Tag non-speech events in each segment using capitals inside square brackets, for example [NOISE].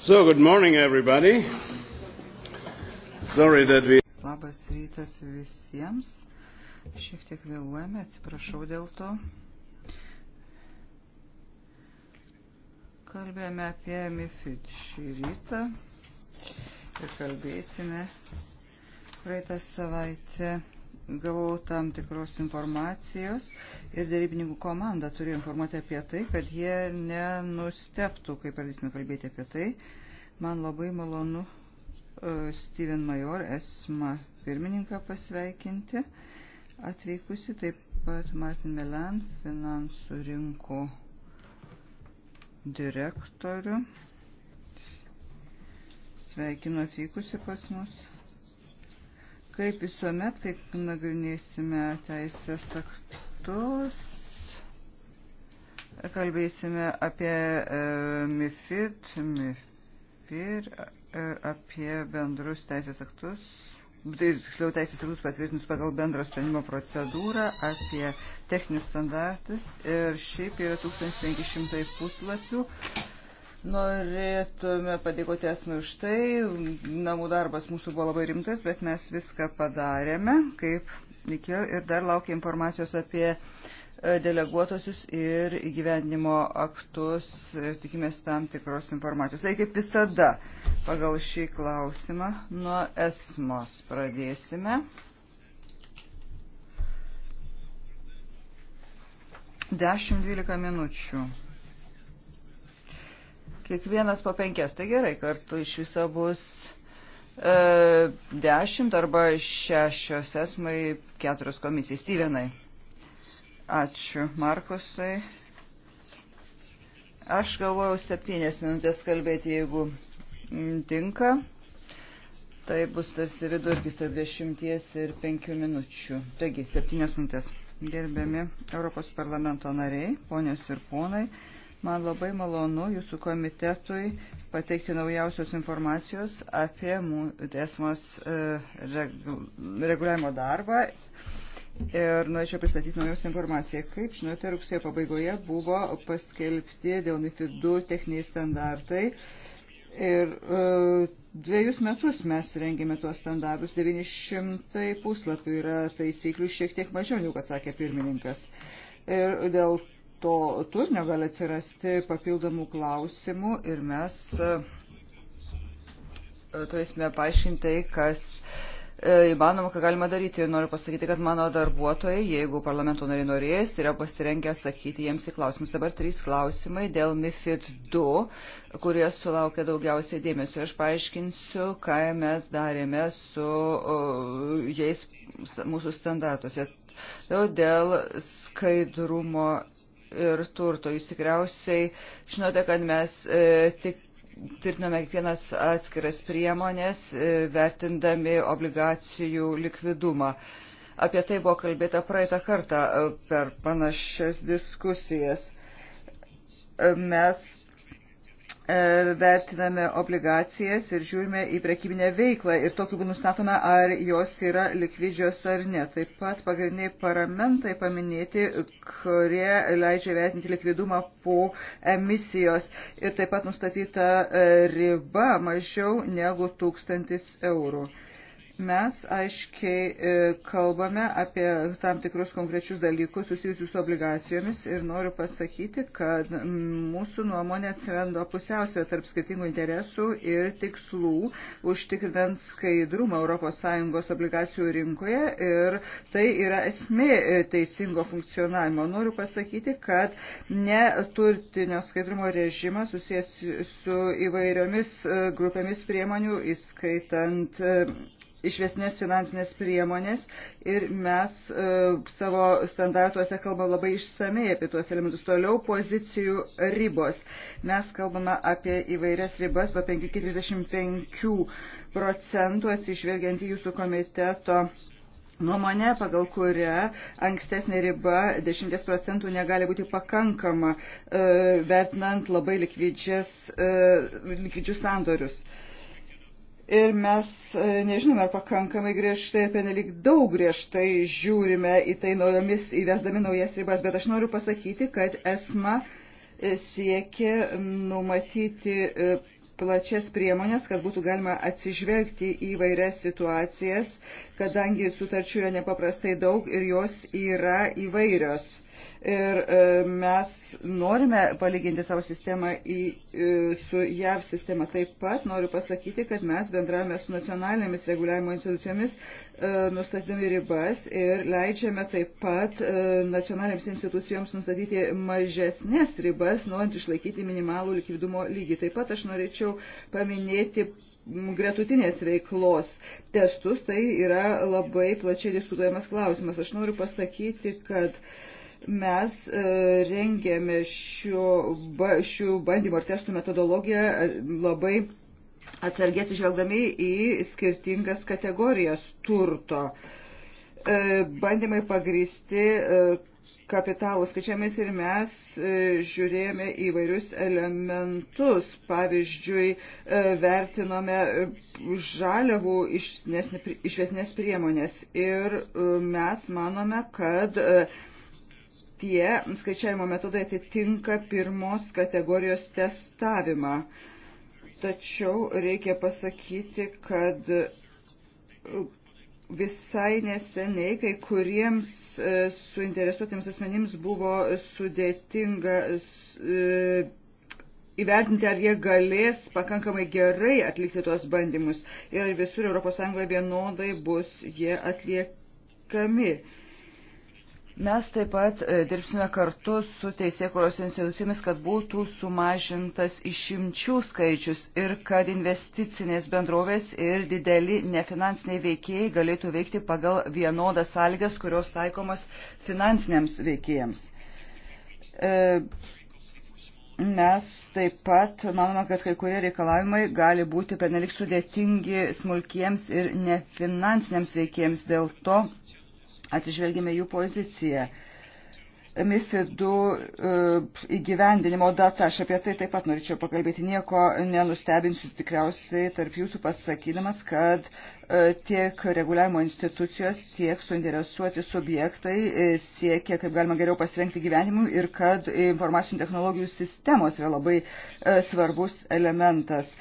So, good morning everybody. Sorry that we... Labas rytas visiems. Šiek tiek vėluojame, atsiprašau dėl to. Kalbėjome apie MIFID šį rytą ir kalbėsime praeitą savaitę gavau tam tikros informacijos ir dėrybininkų komanda turi informuoti apie tai, kad jie nenusteptų, kai pradėsime kalbėti apie tai. Man labai malonu e, Steven Major, esma pirmininką pasveikinti atvykusi, taip pat Martin Melan, finansų rinkų direktorių. Sveikinu atvykusi pas mus. Kaip visuomet, kai nagrinėsime teisės aktus, kalbėsime apie e, MIFID, MIFIR, e, apie bendrus teisės aktus, tai tiksliau teisės aktus patvirtinus pagal bendro sprendimo procedūrą, apie techninius standartus ir šiaip yra 1500 puslapių. E, Norėtume padėkoti esmai už tai. Namų darbas mūsų buvo labai rimtas, bet mes viską padarėme, kaip reikėjo. Ir dar laukia informacijos apie e, deleguotosius ir įgyvendinimo aktus. E, tikimės tam tikros informacijos. Tai kaip visada, pagal šį klausimą nuo esmos pradėsime. Dešimt dvylika minučių. Kiekvienas po penkias, tai gerai, kartu iš viso bus e, dešimt arba šešios esmai keturios komisijos. Stevenai. Ačiū, Markusai. Aš galvojau septynės minutės kalbėti, jeigu tinka. Tai bus tarsi vidurkis tarp dešimties ir penkių minučių. Taigi, septynės minutės. Gerbiami Europos parlamento nariai, ponios ir ponai. Man labai malonu jūsų komitetui pateikti naujausios informacijos apie esmos e, reguliavimo darbą. Ir norėčiau nu, pristatyti naujausią informaciją. Kaip žinote, rugsėjo pabaigoje buvo paskelbti dėl MIFID 2 techniniai standartai. Ir uh, Dviejus metus mes rengėme tuos standartus, 900 puslapių yra taisyklių, šiek tiek mažiau, negu kad sakė pirmininkas. Ir dėl to turinio gali atsirasti papildomų klausimų ir mes e, e, turėsime paaiškinti tai, kas e, įmanoma, ką galima daryti. Ir noriu pasakyti, kad mano darbuotojai, jeigu parlamento nariai norės, yra pasirengę atsakyti jiems į klausimus. Dabar trys klausimai dėl MIFID 2, kurie sulaukia daugiausiai dėmesio. Aš paaiškinsiu, ką mes darėme su jais mūsų standartuose. Dėl skaidrumo ir turto. Jūs tikriausiai žinote, kad mes e, tik tvirtiname kiekvienas atskiras priemonės, e, vertindami obligacijų likvidumą. Apie tai buvo kalbėta praeitą kartą e, per panašias diskusijas. Mes E, vertiname obligacijas ir žiūrime į prekybinę veiklą ir tokiu būdu nustatome, ar jos yra likvidžios ar ne. Taip pat pagrindiniai paramentai paminėti, kurie leidžia vertinti likvidumą po emisijos ir taip pat nustatyta e, riba mažiau negu 1000 eurų. Mes aiškiai e, kalbame apie tam tikrus konkrečius dalykus susijusius su obligacijomis ir noriu pasakyti, kad mūsų nuomonė atsiranda pusiausvė tarp skirtingų interesų ir tikslų, užtikrinant skaidrumą ES obligacijų rinkoje ir tai yra esmė e, teisingo funkcionavimo. Noriu pasakyti, kad neturtinio skaidrumo režimas susijęs su įvairiomis e, grupėmis priemonių, įskaitant išvesnės finansinės priemonės ir mes e, savo standartuose kalbame labai išsamei apie tuos elementus. Toliau pozicijų ribos. Mes kalbame apie įvairias ribas nuo 5 iki 35 procentų atsižvelgiant į jūsų komiteto nuomonę, pagal kurią ankstesnė riba 10 procentų negali būti pakankama, e, vertinant labai e, likvidžius sandorius. E, ir mes e, nežinome, ar pakankamai griežtai, ar penelik daug griežtai žiūrime į tai naujomis, įvesdami naujas ribas, bet aš noriu pasakyti, kad esma e, siekia numatyti e, plačias priemonės, kad būtų galima atsižvelgti į vairias situacijas, kadangi sutarčių yra nepaprastai daug ir jos yra įvairios Ir e, mes norime palyginti savo sistemą į, e, su JAV sistema. Taip pat noriu pasakyti, kad mes bendravome su nacionalinėmis reguliavimo institucijomis, e, nustatydami ribas ir leidžiame taip pat nacionalinėms institucijoms nustatyti mažesnės ribas, norint išlaikyti minimalų likvidumo lygį. Taip pat aš norėčiau paminėti gretutinės veiklos testus, tai yra labai plačiai diskutuojamas klausimas. Aš noriu pasakyti, kad uh, mes e, rengėme šių bandymų ar testų metodologiją e, labai atsargiai atsižvelgdami į skirtingas kategorijas turto. E, bandymai pagristi kapitalų skaičiamis ir mes žiūrėjome įvairius elementus. Pavyzdžiui, vertinome žaliavų išvesnės priemonės ir mes manome, kad tie skaičiavimo metodai atitinka pirmos kategorijos testavimą. Tačiau reikia pasakyti, kad e, visai neseniai kai kuriems e, suinteresuotiems asmenims buvo sudėtinga e, įvertinti, ar jie galės pakankamai gerai atlikti tuos bandymus ir visur ES vienodai bus jie atliekami. Mes taip pat e, dirbsime kartu su teisėkuros institucijomis, kad būtų sumažintas išimčių skaičius ir kad investicinės bendrovės ir dideli nefinansiniai veikėjai galėtų veikti pagal vienodas sąlygas, kurios taikomas finansiniams veikėjams. E, mes taip pat manome, kad kai kurie reikalavimai gali būti pernelik sudėtingi smulkiems ir nefinansiniams veikėjams. Dėl to atsižvelgėme jų poziciją. MIFID 2 e, įgyvendinimo data, aš apie tai taip pat norėčiau pakalbėti, nieko nenustebinsiu tikriausiai tarp jūsų pasakydamas, kad e, tiek reguliavimo institucijos, tiek suinteresuoti subjektai e, siekia, kaip galima geriau pasirengti gyvenimui ir kad informacinių technologijų sistemos yra labai svarbus elementas.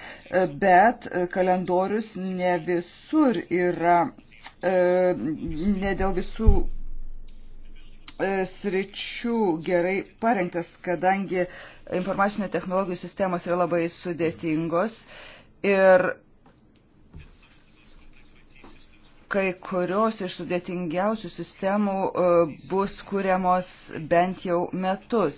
Bet kalendorius ne visur yra E, ne dėl visų e, sričių gerai parengtas, kadangi informacinių technologijų sistemos yra labai sudėtingos ir kai kurios iš sudėtingiausių sistemų e, bus kuriamos bent jau metus.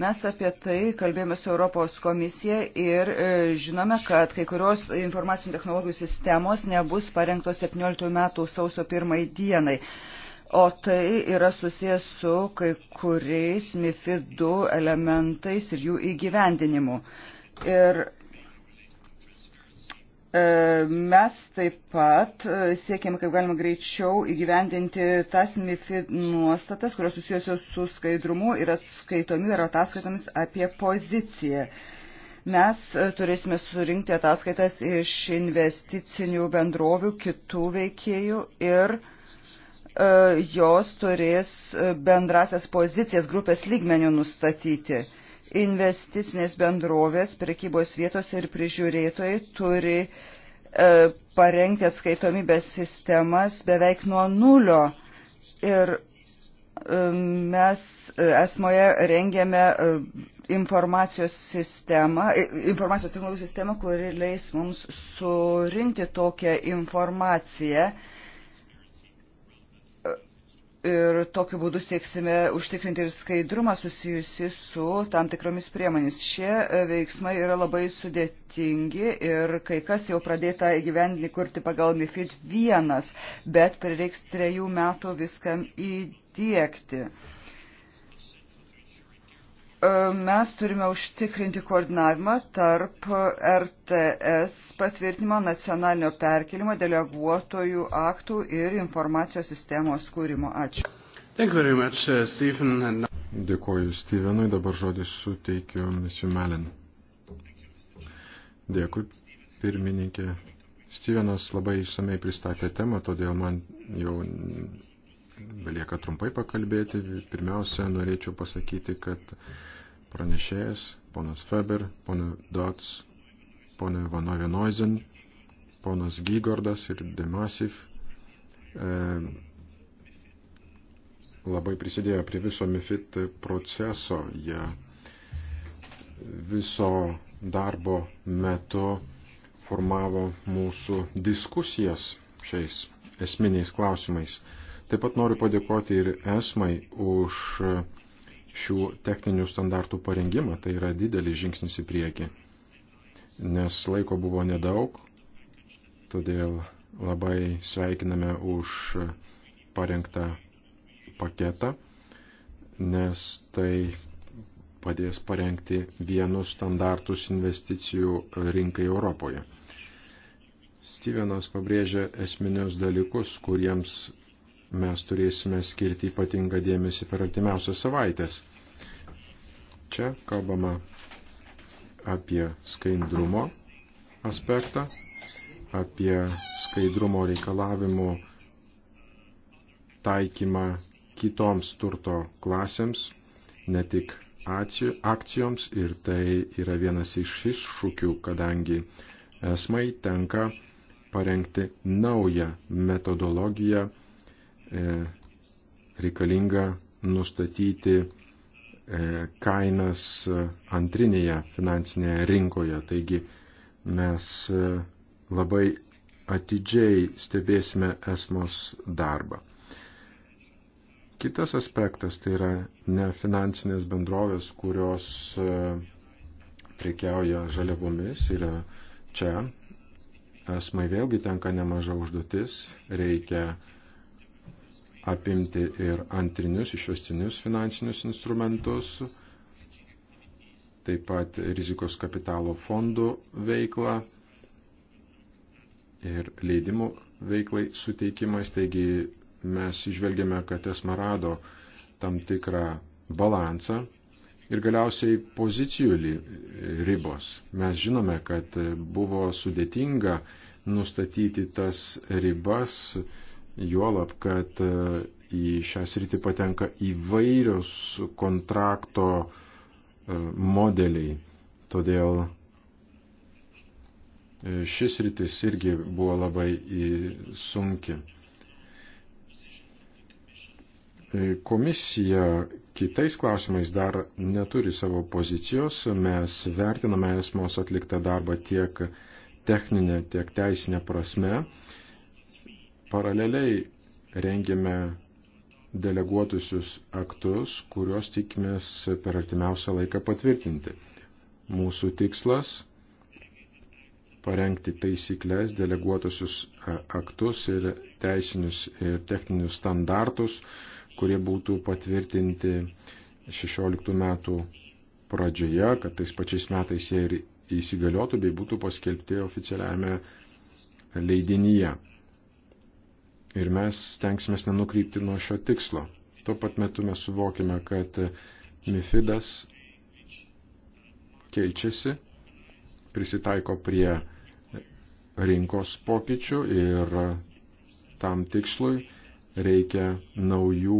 Mes apie tai kalbėjome su Europos komisija ir e, žinome, kad kai kurios informacinių technologijų sistemos nebus parengtos 17 metų sausio 1 dienai. O tai yra susijęs su kai kuriais MIFID 2 elementais ir jų įgyvendinimu. Ir E, mes taip pat e, siekėme, kaip galima greičiau, įgyvendinti tas MIFID nuostatas, kurios susijusios su skaidrumu ir atskaitomi ir ataskaitomis apie poziciją mes e, turėsime surinkti ataskaitas iš investicinių bendrovių, kitų veikėjų ir jos turės bendrasias pozicijas grupės lygmenių nustatyti. Investicinės bendrovės, prekybos vietos ir prižiūrėtojai turi uh, E, parengti atskaitomybės sistemas beveik nuo nulio. Ir e, mes esmoje rengėme e, informacijos sistemą, informacijos technologijų sistemą, kuri leis mums surinkti tokią informaciją ir tokiu būdu sieksime užtikrinti ir skaidrumą susijusi su tam tikromis priemonės. Šie e, veiksmai yra labai sudėtingi ir kai kas jau pradėta įgyvendinti kurti pagal MIFID 1, bet prireiks trejų metų viskam įdėkti. E, mes turime užtikrinti koordinavimą tarp RTS patvirtinimo nacionalinio perkelimo deleguotojų aktų ir informacijos sistemos kūrimo. Ačiū. Much, uh, Stephen, and... Dėkuoju Stevenui, dabar žodį suteikiu Misiu Melin. Dėkui, pirmininkė. Stevenas labai išsamei pristatė temą, todėl man jau belieka trumpai pakalbėti. Pirmiausia, norėčiau pasakyti, kad pranešėjas, ponas Feber, ponas Dots, ponė Vanovė Noizen, ponas Gygordas ir Demasiv e, labai prisidėjo prie viso MIFID proceso. Jie viso darbo metu formavo mūsų diskusijas šiais esminiais klausimais. Taip pat noriu padėkoti ir esmai už šių techninių standartų parengimą, tai yra didelis žingsnis į priekį, nes laiko buvo nedaug, todėl labai sveikiname už parengtą paketą, nes tai padės parengti vienus standartus investicijų rinkai Europoje. Stevenas pabrėžia esminius dalykus, kuriems mes turėsime skirti ypatingą dėmesį per artimiausias savaitės. Čia kalbama apie skaidrumo aspektą, apie skaidrumo reikalavimų taikymą kitoms turto klasėms, ne tik akcijoms ir tai yra vienas iš iššūkių, kadangi esmai tenka parengti naują metodologiją E, reikalinga nustatyti e, kainas e, antrinėje finansinėje rinkoje. Taigi mes labai atidžiai stebėsime esmos darbą. Kitas aspektas tai yra nefinansinės bendrovės, kurios prekiauja žaliavomis, yra čia. Esmai vėlgi tenka nemaža užduotis, reikia apimti ir antrinius išvestinius finansinius instrumentus, taip pat rizikos kapitalo fondų veiklą ir leidimų veiklai suteikimas. Taigi mes išvelgėme, kad esmarado tam tikrą balansą ir galiausiai pozicijų ribos. Mes žinome, kad buvo sudėtinga nustatyti tas ribas, Juolab, kad e, į šią sritį patenka įvairios kontrakto e, modeliai. Todėl e, šis rytis irgi buvo labai sunki. Komisija kitais klausimais dar neturi savo pozicijos. Mes vertiname esmos atliktą darbą tiek techninę, tiek teisinę prasme. Paraleliai rengiame deleguotusius aktus, kuriuos tikimės per artimiausią laiką patvirtinti. Mūsų tikslas - parengti taisyklės, deleguotusius e, aktus ir teisinius ir techninius standartus, kurie būtų patvirtinti 16 metų pradžioje, kad tais pačiais metais jie ir įsigaliotų bei būtų paskelbti oficialiame leidinyje. Ir mes tenksime nenukrypti nuo šio tikslo. Tuo pat metu mes suvokime, kad Mifidas keičiasi, prisitaiko prie rinkos pokyčių ir tam tikslui reikia naujų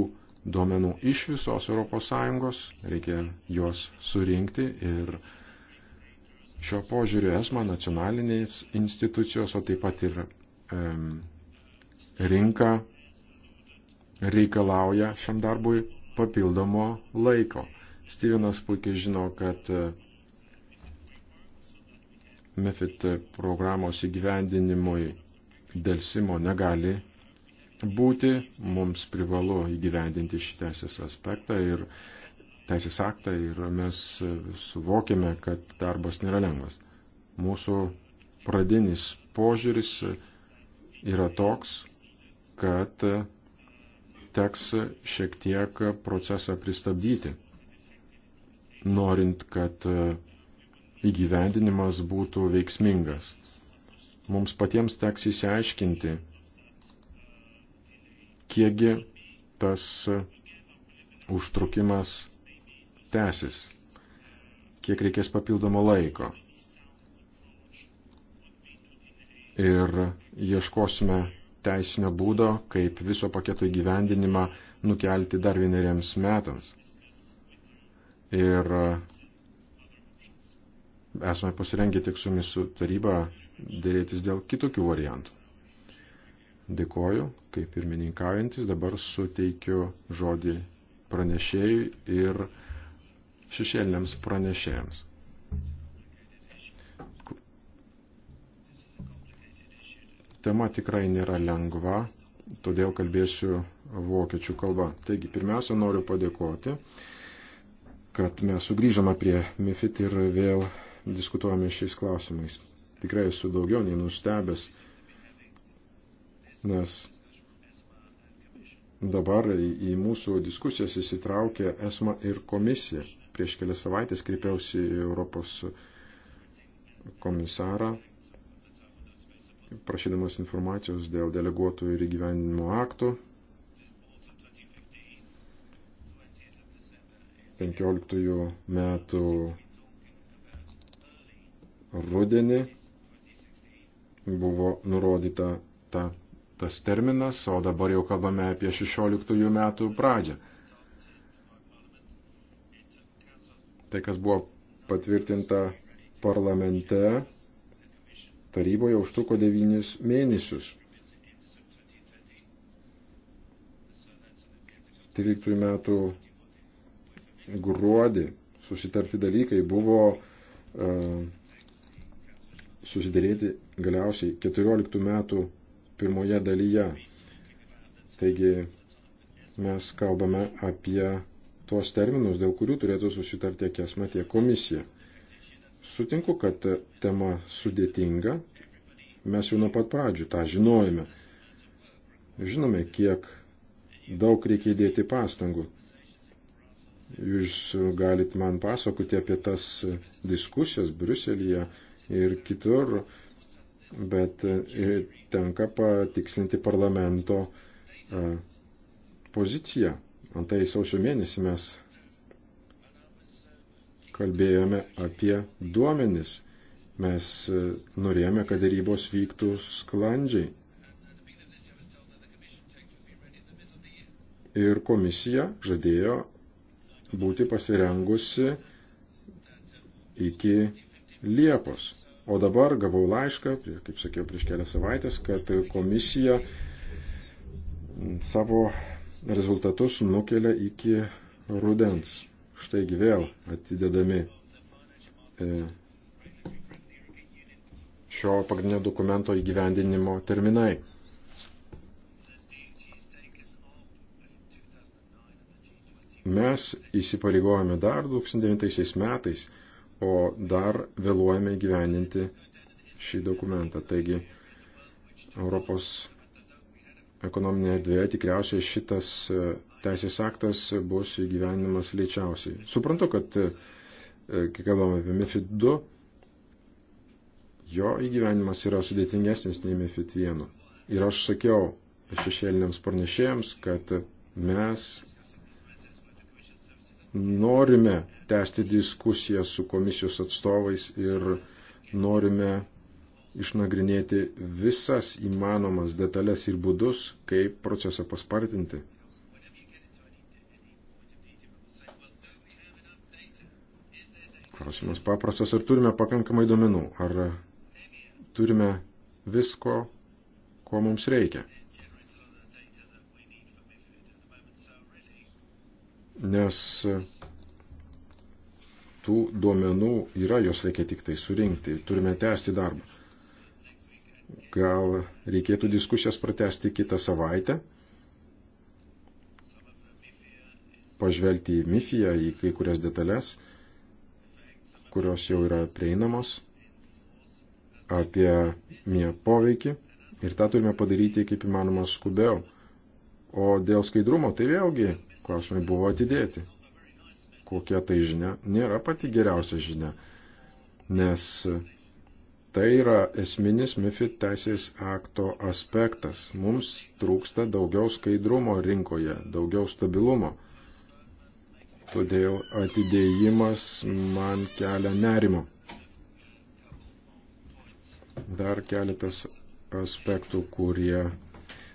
duomenų iš visos ES, reikia juos surinkti ir šio požiūriu esma nacionalinės institucijos, o taip pat ir um, rinka reikalauja šiam darbui papildomo laiko. Stevenas puikiai žino, kad e, MEFIT programos įgyvendinimui dėlsimo negali būti, mums privalu įgyvendinti šį teisės aspektą ir teisės aktą ir mes suvokėme, kad darbas nėra lengvas. Mūsų pradinis požiūris yra toks, kad teks šiek tiek procesą pristabdyti, norint, kad įgyvendinimas būtų veiksmingas. Mums patiems teks įsiaiškinti, kiekgi tas užtrukimas tęsis, kiek reikės papildomo laiko. Ir ieškosime teisinio būdo, kaip viso paketo įgyvendinimą nukelti dar vieneriems metams. Ir e, esame pasirengę tik su misų taryba dėrėtis dėl kitokių variantų. Dėkoju, kaip pirmininkaujantis, dabar suteikiu žodį pranešėjui ir šešėliniams pranešėjams. Tema tikrai nėra lengva, todėl kalbėsiu vokiečių kalba. Taigi, pirmiausia, noriu padėkoti, kad mes sugrįžome prie MIFID ir vėl diskutuojame šiais klausimais. Tikrai esu daugiau nei nustebęs, nes dabar į mūsų diskusijas įsitraukė ESMA ir komisija. Prieš kelias savaitės kreipiausi į Europos komisarą prašydamas informacijos dėl deleguotų ir įgyvendinimo aktų 15 metų rudenį buvo nurodyta ta, tas terminas, o dabar jau kalbame apie 16 metų pradžią. Tai, kas buvo patvirtinta parlamente, taryboje užtruko devynis mėnesius. 13 metų gruodį susitarti dalykai buvo uh, e, susidėrėti galiausiai 14 metų pirmoje dalyje. Taigi mes kalbame apie tuos terminus, dėl kurių turėtų susitarti tiek esma, tiek komisija. Sutinku, kad tema sudėtinga. Mes jau nuo pat pradžių tą žinojame. Žinome, kiek daug reikia įdėti pastangų. Jūs galit man pasakoti apie tas diskusijas Briuselėje ir kitur, bet tenka patikslinti parlamento e, poziciją. Antai sausio mėnesį mes kalbėjome apie duomenis. Mes e, norėjome, kad darybos vyktų sklandžiai. Ir komisija žadėjo būti pasirengusi iki Liepos. O dabar gavau laišką, kaip sakiau, prieš kelias savaitės, kad komisija savo rezultatus nukelia iki rudens štaigi vėl atidedami e, šio pagrindinio dokumento įgyvendinimo terminai. Mes įsipareigojame dar 2009 metais, o dar vėluojame įgyvendinti šį dokumentą. Taigi, Europos ekonominė erdvė tikriausiai šitas e, teisės aktas bus įgyvenimas lėčiausiai. Suprantu, kad, e, kai kalbame apie MIFID 2, jo įgyvenimas yra sudėtingesnis nei MIFID 1. Ir aš sakiau šešėliniams pranešėjams, kad mes norime tęsti diskusiją su komisijos atstovais ir norime išnagrinėti visas įmanomas detalės ir būdus, kaip procesą paspartinti. Klausimas paprastas, ar turime pakankamai domenų, ar turime visko, ko mums reikia. Nes tų duomenų yra, jos reikia tik tai surinkti ir turime tęsti darbą. Gal reikėtų diskusijas pratesti kitą savaitę, pažvelgti į Mifiją, į kai kurias detalės kurios jau yra prieinamos, apie mie poveikį ir tą turime padaryti kaip įmanoma skubiau. O dėl skaidrumo tai vėlgi klausimai buvo atidėti. Kokia tai žinia nėra pati geriausia žinia, nes tai yra esminis MIFID teisės akto aspektas. Mums trūksta daugiau skaidrumo rinkoje, daugiau stabilumo. Todėl atidėjimas man kelia nerimo. Dar keletas aspektų, kurie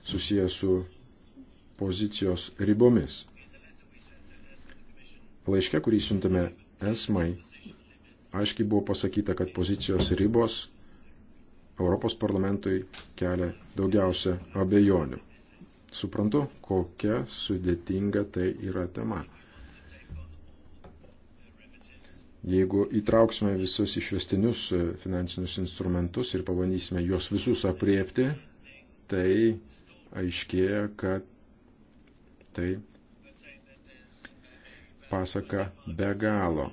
susijęs su pozicijos ribomis. Laiške, kurį siuntame esmai, aiškiai buvo pasakyta, kad pozicijos ribos Europos parlamentui kelia daugiausia abejonių. Suprantu, kokia sudėtinga tai yra tema. Jeigu įtrauksime visus išvestinius e, finansinius instrumentus ir pabandysime juos visus apriepti, tai aiškėja, kad tai pasaka be galo.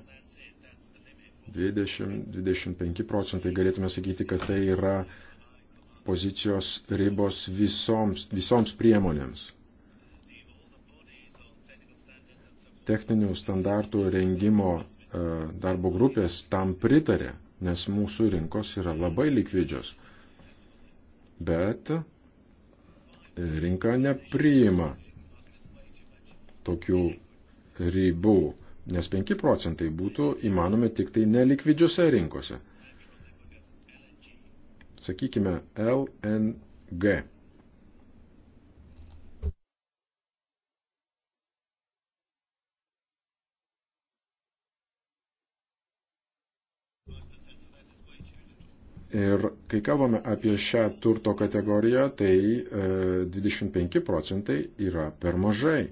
20-25 procentai galėtume sakyti, kad tai yra pozicijos ribos visoms, visoms priemonėms. Techninių standartų rengimo E, darbo grupės tam pritarė, nes mūsų rinkos yra labai likvidžios. Bet rinka nepriima tokių ribų, nes 5 procentai būtų įmanomi tik tai nelikvidžiose rinkose. Sakykime, LNG Ir kai kalbame apie šią turto kategoriją, tai 25 e, procentai yra per mažai.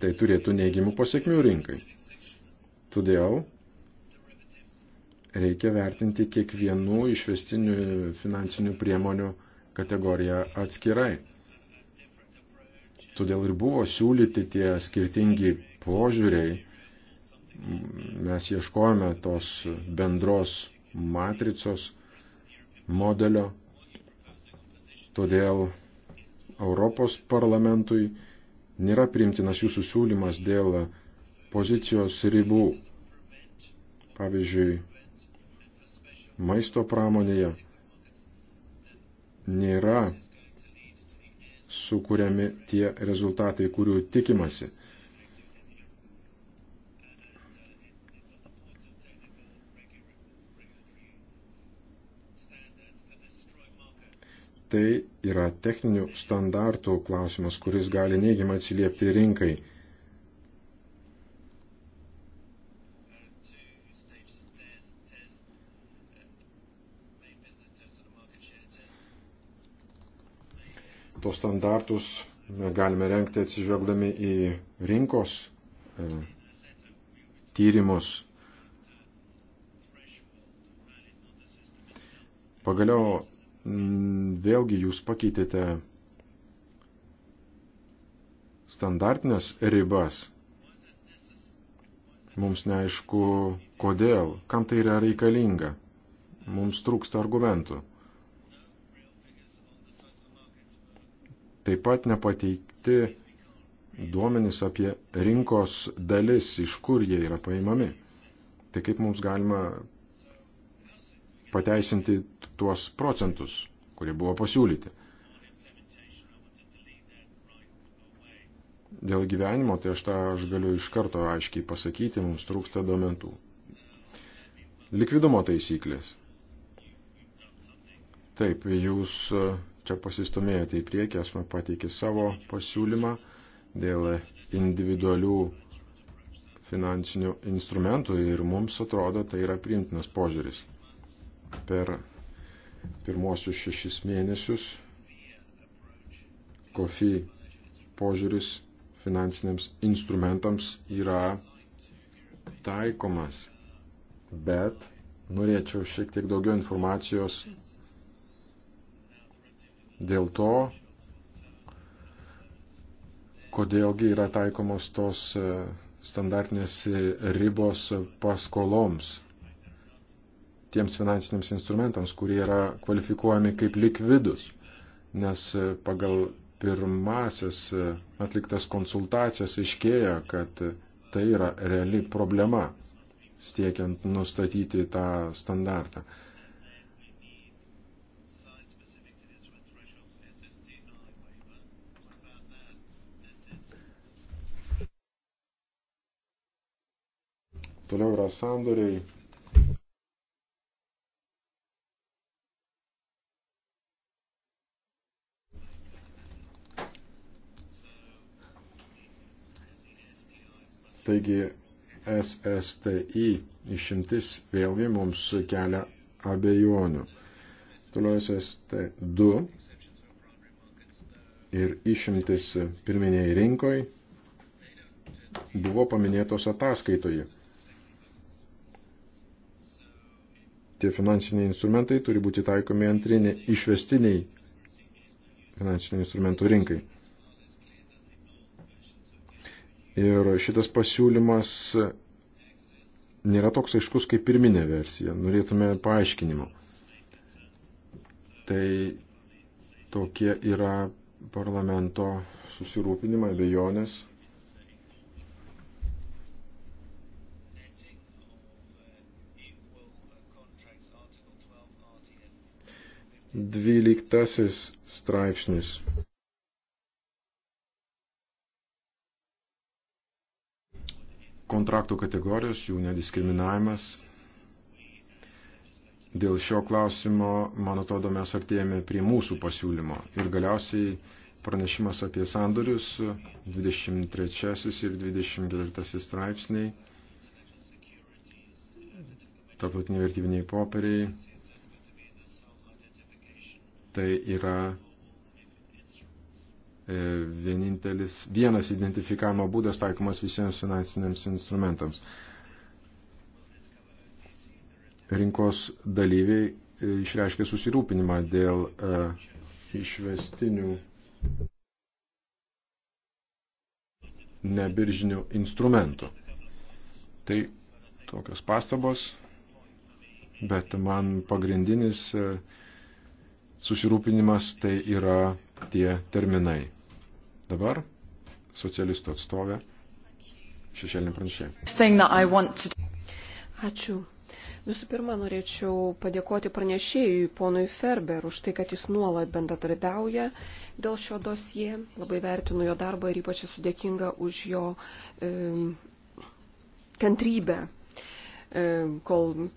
Tai turėtų neigiamų pasiekmių rinkai. Todėl reikia vertinti kiekvienų išvestinių finansinių priemonių kategoriją atskirai. Todėl ir buvo siūlyti tie skirtingi požiūriai mes ieškojame tos bendros matricos modelio, todėl Europos parlamentui nėra priimtinas jūsų siūlymas dėl pozicijos ribų, pavyzdžiui, maisto pramonėje nėra sukūriami tie rezultatai, kurių tikimasi. tai yra techninių standartų klausimas, kuris gali neigiamai atsiliepti rinkai. Tos standartus galime renkti atsižvelgdami į rinkos e, tyrimus. Pagaliau Mm, vėlgi jūs pakeitėte standartinės ribas. Mums neaišku, kodėl, kam tai yra reikalinga. Mums trūksta argumentų. Taip pat nepateikti duomenys apie rinkos dalis, iš kur jie yra paimami. Tai kaip mums galima pateisinti tuos procentus, kurie buvo pasiūlyti. Dėl gyvenimo, tai aš tą aš galiu iš karto aiškiai pasakyti, mums trūksta duomenų. Likvidumo taisyklės. Taip, jūs e, čia pasistumėjote į priekį, esame pateikę savo pasiūlymą dėl individualių finansinių instrumentų ir mums atrodo tai yra priimtinas požiūris. Per pirmosius šešis mėnesius kofi požiūris finansiniams instrumentams yra taikomas, bet norėčiau šiek tiek daugiau informacijos dėl to, kodėlgi yra taikomos tos e, standartinės ribos paskoloms tiems finansiniams instrumentams, kurie yra kvalifikuojami kaip likvidus, nes e, pagal pirmasis e, atliktas konsultacijas iškėja, kad e, tai yra reali problema, stiekiant nustatyti tą standartą. Toliau yra sandoriai Taigi SSTI išimtis vėlgi mums kelia abejonių. Toliau SST2 ir išimtis pirminiai rinkoj buvo paminėtos ataskaitoje. Tie finansiniai instrumentai turi būti taikomi antriniai išvestiniai finansinių instrumentų rinkai. Ir šitas pasiūlymas nėra toks aiškus kaip pirminė versija. Norėtume paaiškinimo. Tai tokie yra parlamento susirūpinimai, abejonės. Dvyliktasis straipsnis. kontraktų kategorijos, jų nediskriminavimas. Dėl šio klausimo, man atrodo, mes artėjame prie mūsų pasiūlymo. Ir galiausiai pranešimas apie sandorius 23 ir 24 straipsniai, tarptautiniai vertybiniai popieriai. Tai yra E, vienintelis, vienas identifikavimo būdas taikomas visiems finansiniams instrumentams. Rinkos dalyviai e, išreiškė susirūpinimą dėl e, išvestinių nebiržinių instrumentų. Tai tokios pastabos, bet man pagrindinis susirūpinimas tai yra tie terminai. Dabar socialistų atstovė šešėlinė pranešė. Ačiū. Visų pirma, norėčiau padėkoti pranešėjui ponui Ferber už tai, kad jis nuolat bendradarbiauja dėl šio dosie. Labai vertinu jo darbą ir ypač esu dėkinga už jo e, kantrybę, e, kol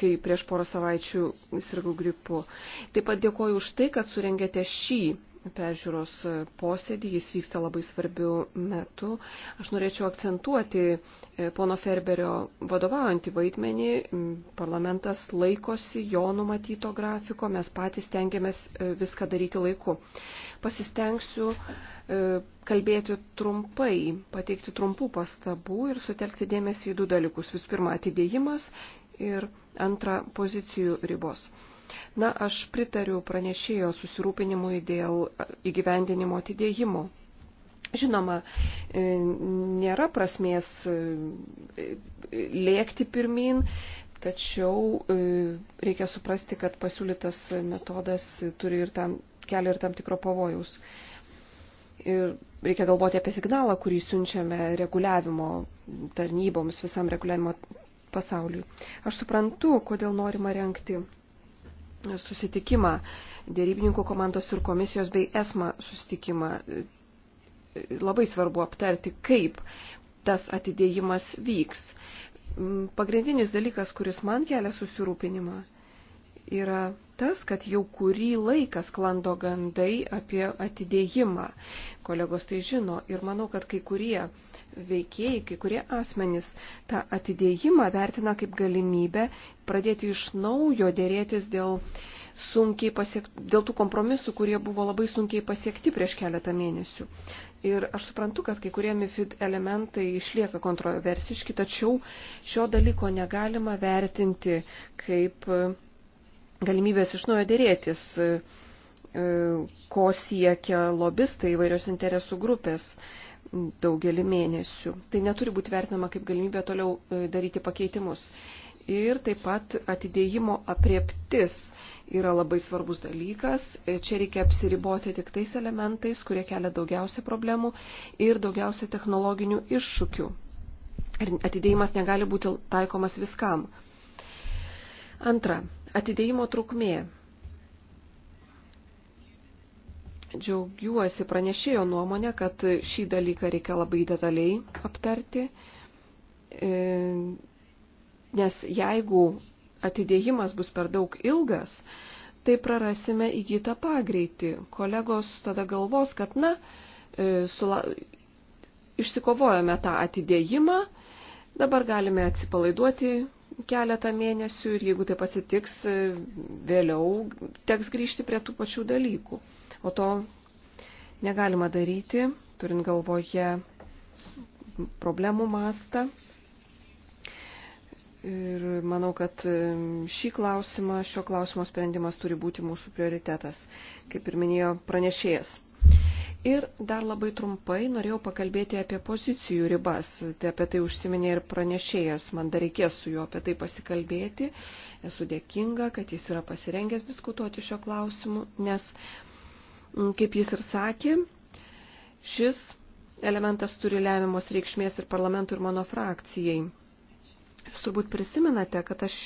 kai prieš porą savaičių sirgau gripu. Taip pat dėkoju už tai, kad surengėte šį peržiūros posėdį, jis vyksta labai svarbių metų. Aš norėčiau akcentuoti e, pono Ferberio vadovaujantį vaidmenį. Parlamentas laikosi jo numatyto grafiko, mes patys tengiamės e, viską daryti laiku. Pasistengsiu e, kalbėti trumpai, pateikti trumpų pastabų ir sutelkti dėmesį į du dalykus. Visų pirma, atidėjimas ir antra, pozicijų ribos. Na, aš pritariu pranešėjo susirūpinimui dėl e, įgyvendinimo atidėjimo. Žinoma, e, nėra prasmės e, lėkti pirmin, tačiau reikia suprasti, kad pasiūlytas metodas turi ir tam, kelia ir tam tikro pavojaus. Ir reikia galvoti apie signalą, kurį siunčiame reguliavimo tarnyboms, visam reguliavimo pasauliui. Aš suprantu, kodėl norima renkti susitikimą, dėrybininkų komandos ir komisijos bei ESMA susitikimą. Labai svarbu aptarti, kaip tas atidėjimas vyks. Pagrindinis dalykas, kuris man kelia susirūpinimą, yra tas, kad jau kurį laiką sklando gandai apie atidėjimą. Kolegos tai žino ir manau, kad kai kurie veikėjai, kai kurie asmenys tą atidėjimą vertina kaip galimybę pradėti iš naujo dėrėtis dėl, pasiek, dėl tų kompromisų, kurie buvo labai sunkiai pasiekti prieš keletą mėnesių. Ir aš suprantu, kad kai kurie MIFID elementai išlieka kontroversiški, tačiau šio dalyko negalima vertinti kaip e, galimybės iš naujo dėrėtis e, e, ko siekia lobistai įvairios interesų grupės daugelį mėnesių. Tai neturi būti vertinama kaip galimybė toliau e, daryti pakeitimus. Ir taip pat atidėjimo apreptis yra labai svarbus dalykas. E, čia reikia apsiriboti tik tais elementais, kurie kelia daugiausia problemų ir daugiausia technologinių iššūkių. Ir atidėjimas negali būti taikomas viskam. Antra, atidėjimo trukmė Džiaugiuosi pranešėjo nuomonė, kad šį dalyką reikia labai detaliai aptarti, e, nes jeigu atidėjimas bus per daug ilgas, tai prarasime įgytą pagreitį. Kolegos tada galvos, kad, na, e, sula... išsikovojame tą atidėjimą, dabar galime atsipalaiduoti keletą mėnesių ir jeigu taip atsitiks, e, vėliau teks grįžti prie tų pačių dalykų o to negalima daryti, turint galvoje problemų mastą. Ir manau, kad šį klausimą, šio klausimo sprendimas turi būti mūsų prioritetas, kaip ir minėjo pranešėjas. Ir dar labai trumpai norėjau pakalbėti apie pozicijų ribas. Tai apie tai užsiminė ir pranešėjas. Man dar reikės su juo apie tai pasikalbėti. Esu dėkinga, kad jis yra pasirengęs diskutuoti šio klausimu, nes Mm, kaip jis ir sakė, šis elementas turi lemiamos reikšmės ir parlamentui, ir mano frakcijai. Jūs turbūt prisimenate, kad aš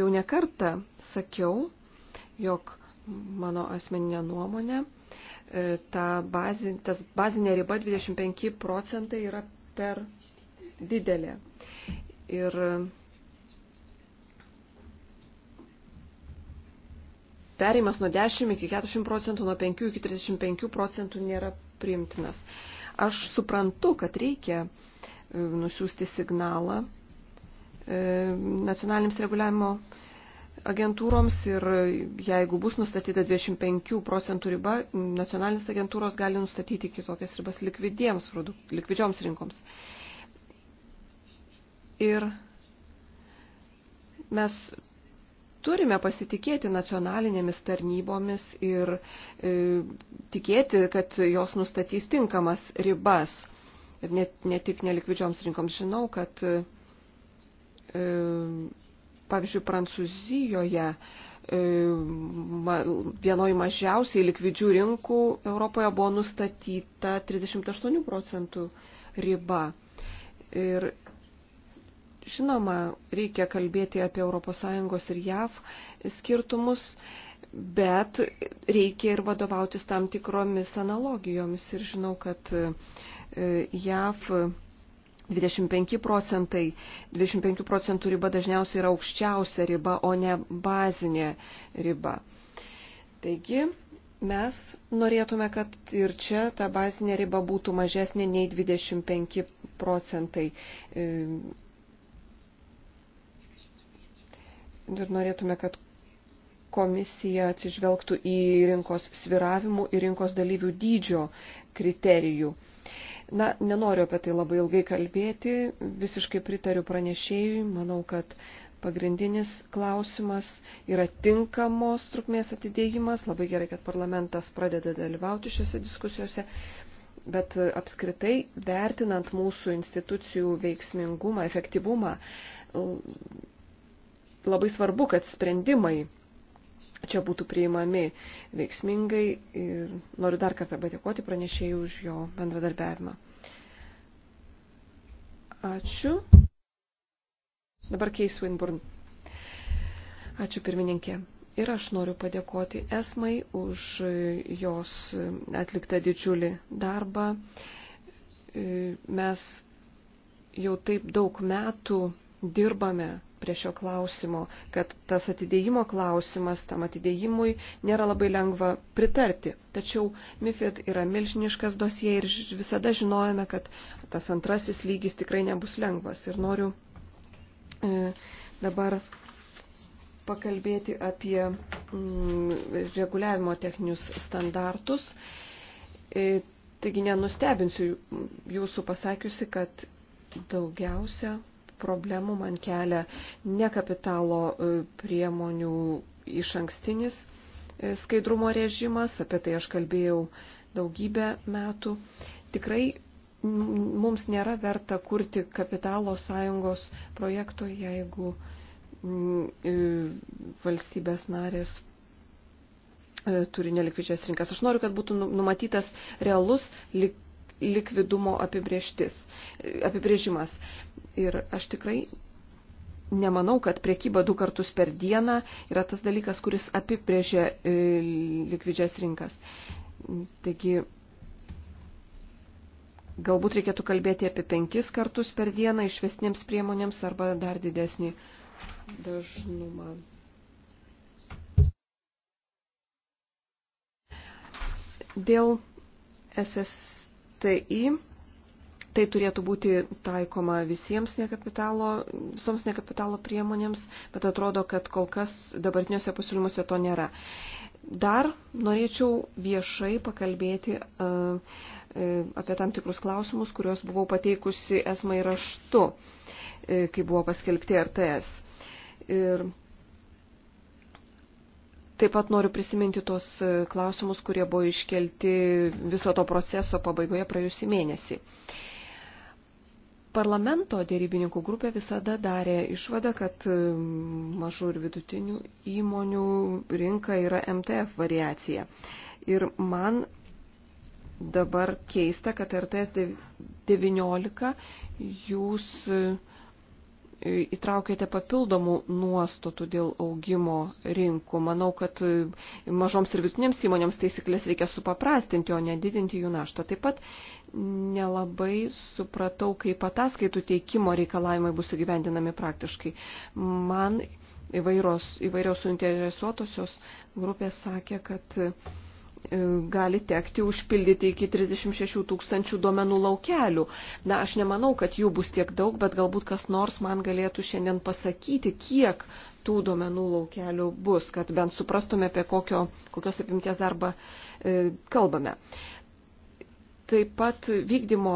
jau nekartą sakiau, jog mano asmeninė nuomonė, e, ta bazin, tas bazinė riba 25 procentai yra per didelė. Ir Perimas nuo 10 iki 40 procentų, nuo 5 iki 35 procentų nėra priimtinas. Aš suprantu, kad reikia e, nusiųsti signalą e, nacionalinėms reguliavimo agentūroms ir jeigu bus nustatyta 25 procentų riba, nacionalinės agentūros gali nustatyti kitokias ribas likvidiems, likvidžioms rinkoms. Ir mes turime pasitikėti nacionalinėmis tarnybomis ir e, tikėti, kad jos nustatys tinkamas ribas. Ir net, ne tik nelikvidžioms rinkoms žinau, kad e, pavyzdžiui Prancūzijoje e, ma, vienoji mažiausiai likvidžių rinkų Europoje buvo nustatyta 38 procentų riba. Ir Žinoma, reikia kalbėti apie ES ir JAV skirtumus, bet reikia ir vadovautis tam tikromis analogijomis. Ir žinau, kad e, JAV 25 procentai, 25 procentų riba dažniausiai yra aukščiausia riba, o ne bazinė riba. Taigi, mes norėtume, kad ir čia ta bazinė riba būtų mažesnė nei 25 procentai e, ir norėtume, kad komisija atsižvelgtų į rinkos sviravimų ir rinkos dalyvių dydžio kriterijų. Na, nenoriu apie tai labai ilgai kalbėti, visiškai pritariu pranešėjui, manau, kad pagrindinis klausimas yra tinkamos trukmės atidėjimas, labai gerai, kad parlamentas pradeda dalyvauti šiuose diskusijose, bet apskritai vertinant mūsų institucijų veiksmingumą, efektyvumą, labai svarbu, kad sprendimai čia būtų priimami veiksmingai ir noriu dar kartą patikoti pranešėjų už jo bendradarbiavimą. Ačiū. Dabar Keis Winburn. Ačiū pirmininkė. Ir aš noriu padėkoti Esmai už jos atliktą didžiulį darbą. Mes jau taip daug metų dirbame prie šio klausimo, kad tas atidėjimo klausimas, tam atidėjimui nėra labai lengva pritarti. Tačiau MIFID yra milžiniškas dosie ir visada žinojame, kad tas antrasis lygis tikrai nebus lengvas. Ir noriu e, dabar pakalbėti apie mm, reguliavimo techninius standartus. E, taigi nenustebinsiu jūsų pasakiusi, kad daugiausia problemų man kelia ne kapitalo e, priemonių iš ankstinis e, skaidrumo režimas, apie tai aš kalbėjau daugybę metų. Tikrai mums nėra verta kurti kapitalo sąjungos projekto, jeigu e, valstybės narės turi nelikvidžias rinkas. Aš noriu, kad būtų nu, numatytas realus lik likvidumo apibrieštis, apibrėžimas. Ir aš tikrai nemanau, kad priekyba du kartus per dieną yra tas dalykas, kuris apibrėžia e, likvidžias rinkas. Taigi, galbūt reikėtų kalbėti apie penkis kartus per dieną išvestinėms priemonėms arba dar didesnį dažnumą. Dėl SSTI Tai turėtų būti taikoma visiems nekapitalo, visoms nekapitalo priemonėms, bet atrodo, kad kol kas dabartiniuose pasiūlymuose to nėra. Dar norėčiau viešai pakalbėti e, e, apie tam tikrus klausimus, kuriuos buvau pateikusi esmai raštu, e, kai buvo paskelbti RTS. Ir Taip pat noriu prisiminti tuos klausimus, kurie buvo iškelti viso to proceso pabaigoje praėjusį mėnesį. Parlamento dėrybininkų grupė visada darė išvadą, kad um, mažų ir vidutinių įmonių rinka yra MTF variacija. Ir man dabar keista, kad RTS 19 jūs įtraukėte papildomų nuostatų dėl augimo rinkų. Manau, kad mažoms ir vidutinėms įmonėms taisyklės reikia supaprastinti, o nedidinti jų naštą. Taip pat nelabai supratau, kaip ataskaitų teikimo reikalavimai bus įgyvendinami praktiškai. Man įvairios, įvairios suinteresuotosios grupės sakė, kad E, gali tekti užpildyti iki 36 tūkstančių duomenų laukelių. Na, aš nemanau, kad jų bus tiek daug, bet galbūt kas nors man galėtų šiandien pasakyti, kiek tų duomenų laukelių bus, kad bent suprastume, apie kokio, kokios apimties darbą e, kalbame. Taip pat vykdymo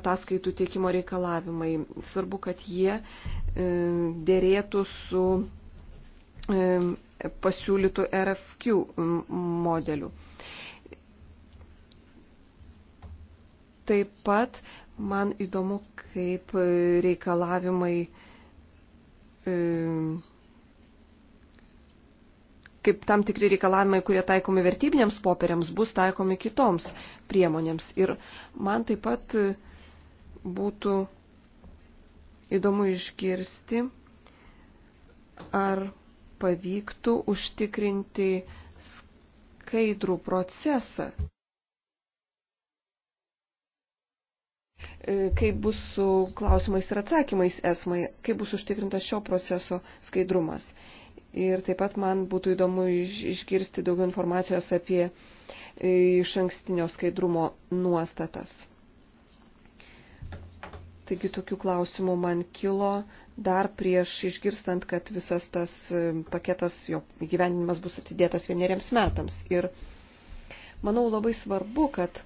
ataskaitų teikimo reikalavimai. Svarbu, kad jie e, dėrėtų su e, pasiūlytų RFQ modeliu. Taip pat man įdomu, kaip reikalavimai, e, kaip tam tikri reikalavimai, kurie taikomi vertybiniams popieriams, bus taikomi kitoms priemonėms. Ir man taip pat e, būtų įdomu išgirsti, ar pavyktų užtikrinti skaidrų procesą. E, kaip bus su klausimais ir atsakymais esmai, kaip bus užtikrintas šio proceso skaidrumas. Ir taip pat man būtų įdomu išgirsti daugiau informacijos apie e, iš ankstinio skaidrumo nuostatas. Taigi tokių klausimų man kilo dar prieš išgirstant, kad visas tas e, paketas, jo įgyvendinimas bus atidėtas vieneriems metams. Ir manau labai svarbu, kad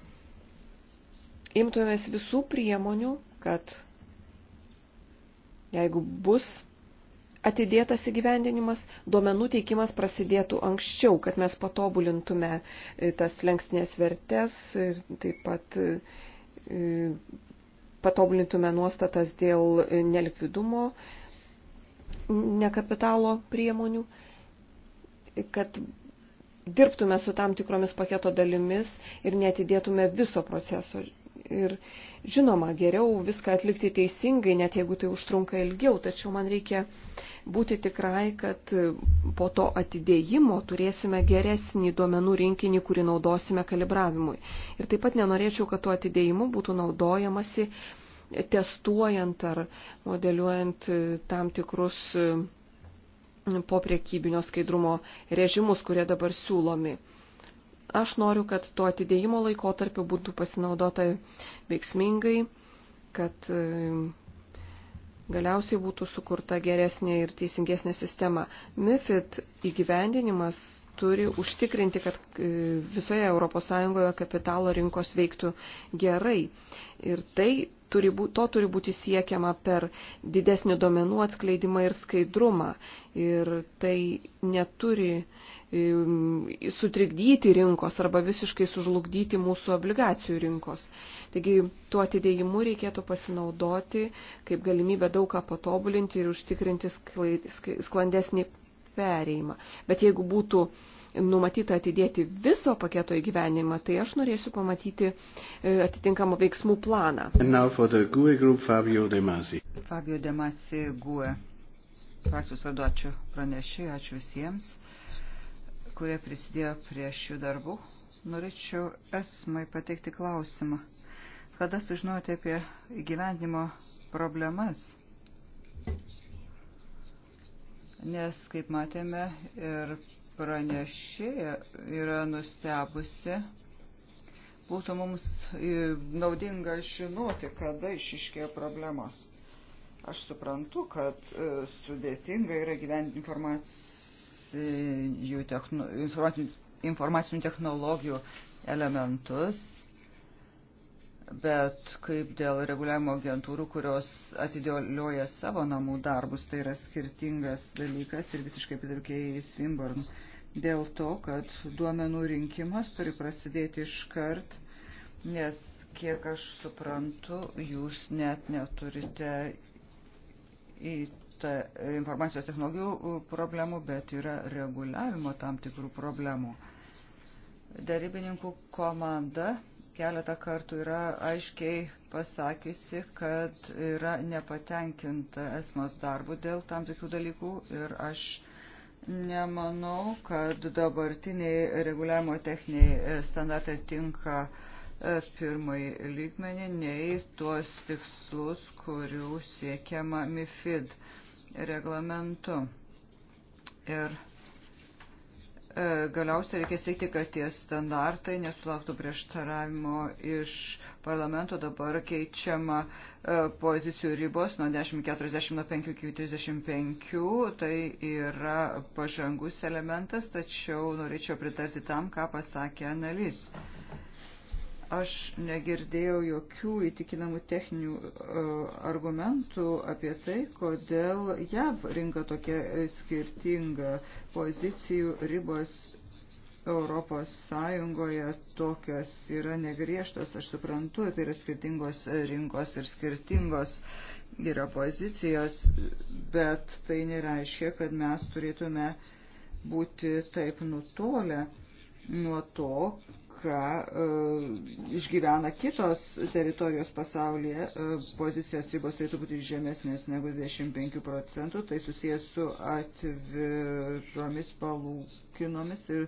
imtumės visų priemonių, kad jeigu bus atidėtas įgyvendinimas, duomenų teikimas prasidėtų anksčiau, kad mes patobulintume e, tas lenkstinės vertės ir taip pat e, e, patobulintume nuostatas dėl nelikvidumo, nekapitalo priemonių, kad dirbtume su tam tikromis paketo dalimis ir netidėtume viso proceso. Ir žinoma, geriau viską atlikti teisingai, net jeigu tai užtrunka ilgiau, tačiau man reikia būti tikrai, kad po to atidėjimo turėsime geresnį duomenų rinkinį, kurį naudosime kalibravimui. Ir taip pat nenorėčiau, kad tuo atidėjimu būtų naudojamasi testuojant ar modeliuojant tam tikrus e, po priekybinio skaidrumo režimus, kurie dabar siūlomi. Aš noriu, kad tuo atidėjimo laikotarpiu būtų pasinaudota veiksmingai, kad e, galiausiai būtų sukurta geresnė ir teisingesnė sistema. MIFID įgyvendinimas turi užtikrinti, kad e, visoje ES kapitalo rinkos veiktų gerai. Ir tai turi būti, to turi būti siekiama per didesnį duomenų atskleidimą ir skaidrumą. Ir tai neturi sutrikdyti rinkos arba visiškai sužlugdyti mūsų obligacijų rinkos. Taigi tuo atidėjimu reikėtų pasinaudoti kaip galimybę daug ką patobulinti ir užtikrinti sklandesnį perėjimą. Bet jeigu būtų numatyta atidėti viso paketo įgyvenimą, tai aš norėsiu pamatyti e, atitinkamą veiksmų planą. Group, Fabio Demasi, Fabio Demasi GUE. Frakcijos vadovačių pranešėjai, ačiū visiems kurie prisidėjo prie šių darbų. Norėčiau esmai pateikti klausimą. Kada sužinojote apie įgyvendimo problemas? Nes, kaip matėme, ir pranešėja yra nustebusi. Būtų mums e, naudinga žinoti, kada išiškėjo problemos. Aš suprantu, kad e, sudėtinga yra gyventi informaciją E, jų techno, informacinių technologijų elementus, bet kaip dėl reguliavimo agentūrų, kurios atidėlioja savo namų darbus, tai yra skirtingas dalykas ir visiškai pridurkėjai Svimborn. Dėl to, kad duomenų rinkimas turi prasidėti iškart, nes kiek aš suprantu, jūs net neturite į ta, e, informacijos technologijų problemų, bet yra reguliavimo tam tikrų problemų. Darybininkų komanda keletą kartų yra aiškiai pasakiusi, kad yra nepatenkinta esmos darbų dėl tam tikrų dalykų ir aš nemanau, kad dabartiniai reguliavimo techniniai e, standartai tinka e, pirmai lygmenį, nei tuos tikslus, kurių siekiama MIFID reglamentu. Ir e, galiausiai reikia siekti, kad tie standartai nesulauktų prieštaravimo iš parlamento. Dabar keičiama e, pozicijų ribos nuo 10.40 nuo 5 iki 35. Tai yra pažangus elementas, tačiau norėčiau pritarti tam, ką pasakė analis. Aš negirdėjau jokių įtikinamų techninių e, argumentų apie tai, kodėl JAV rinka tokia e, skirtinga, pozicijų ribos Europos Sąjungoje tokios yra negriežtos, aš suprantu, tai yra skirtingos rinkos ir skirtingos yra pozicijos, bet tai nereiškia, kad mes turėtume būti taip nutolę nuo to, ką e, išgyvena kitos teritorijos pasaulyje, e, pozicijos ribos turėtų būti žemesnės negu 25 procentų, tai susijęs su atviromis palūkinomis ir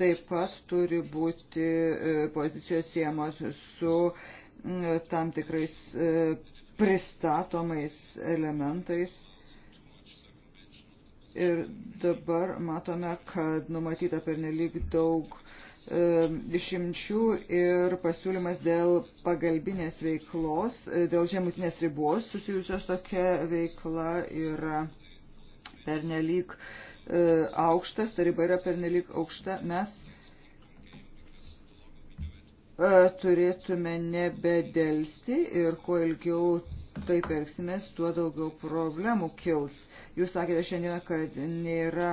taip pat turi būti e, pozicijos siemos su tam tikrais pristatomais elementais. Ir dabar matome, kad numatyta per nelik daug E, išimčių ir pasiūlymas dėl pagalbinės veiklos, e, dėl žemutinės ribos susijusios tokia veikla yra pernelyg e, aukštas, ta riba yra pernelyg aukšta. Mes turėtume nebedelsti ir kuo ilgiau taip elgsimės, tuo daugiau problemų kils. Jūs sakėte šiandieną, kad nėra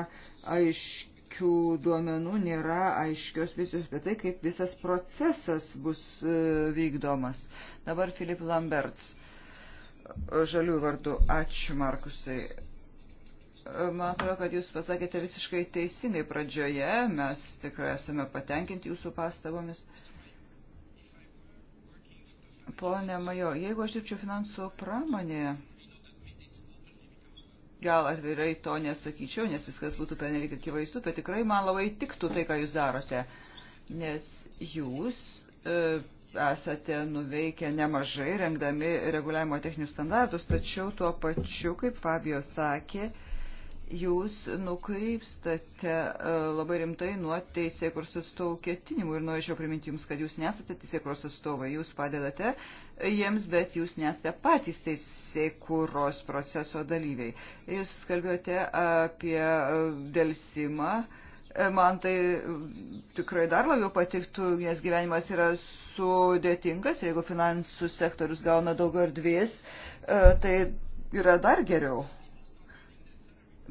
aiškiai jokių duomenų, nėra aiškios vizijos apie tai, kaip visas procesas bus e, vykdomas. Dabar Filip Lamberts, e, žalių vardu. Ačiū, Markusai. E, man atrodo, kad jūs pasakėte visiškai teisingai pradžioje, mes tikrai esame patenkinti jūsų pastabomis. Pone Majo, jeigu aš dirbčiau finansų pramonėje, Gal atvirai to nesakyčiau, nes viskas būtų penelik akivaizdu, bet tikrai man labai tiktų tai, ką jūs darote, nes jūs e, esate nuveikę nemažai, rengdami reguliavimo techninius standartus, tačiau tuo pačiu, kaip Fabio sakė, jūs nukrypstate e, labai rimtai nuo teisėkuros atstovų ketinimų ir norėčiau priminti jums, kad jūs nesate teisėkuros atstovai, jūs padedate jiems, bet jūs nesate patys teisėjai kūros proceso dalyviai. Jūs kalbėjote apie e, dėlsimą. E, man tai e, tikrai dar labiau patiktų, nes gyvenimas yra sudėtingas, jeigu finansų sektorius gauna daugiau erdvės, tai yra dar geriau.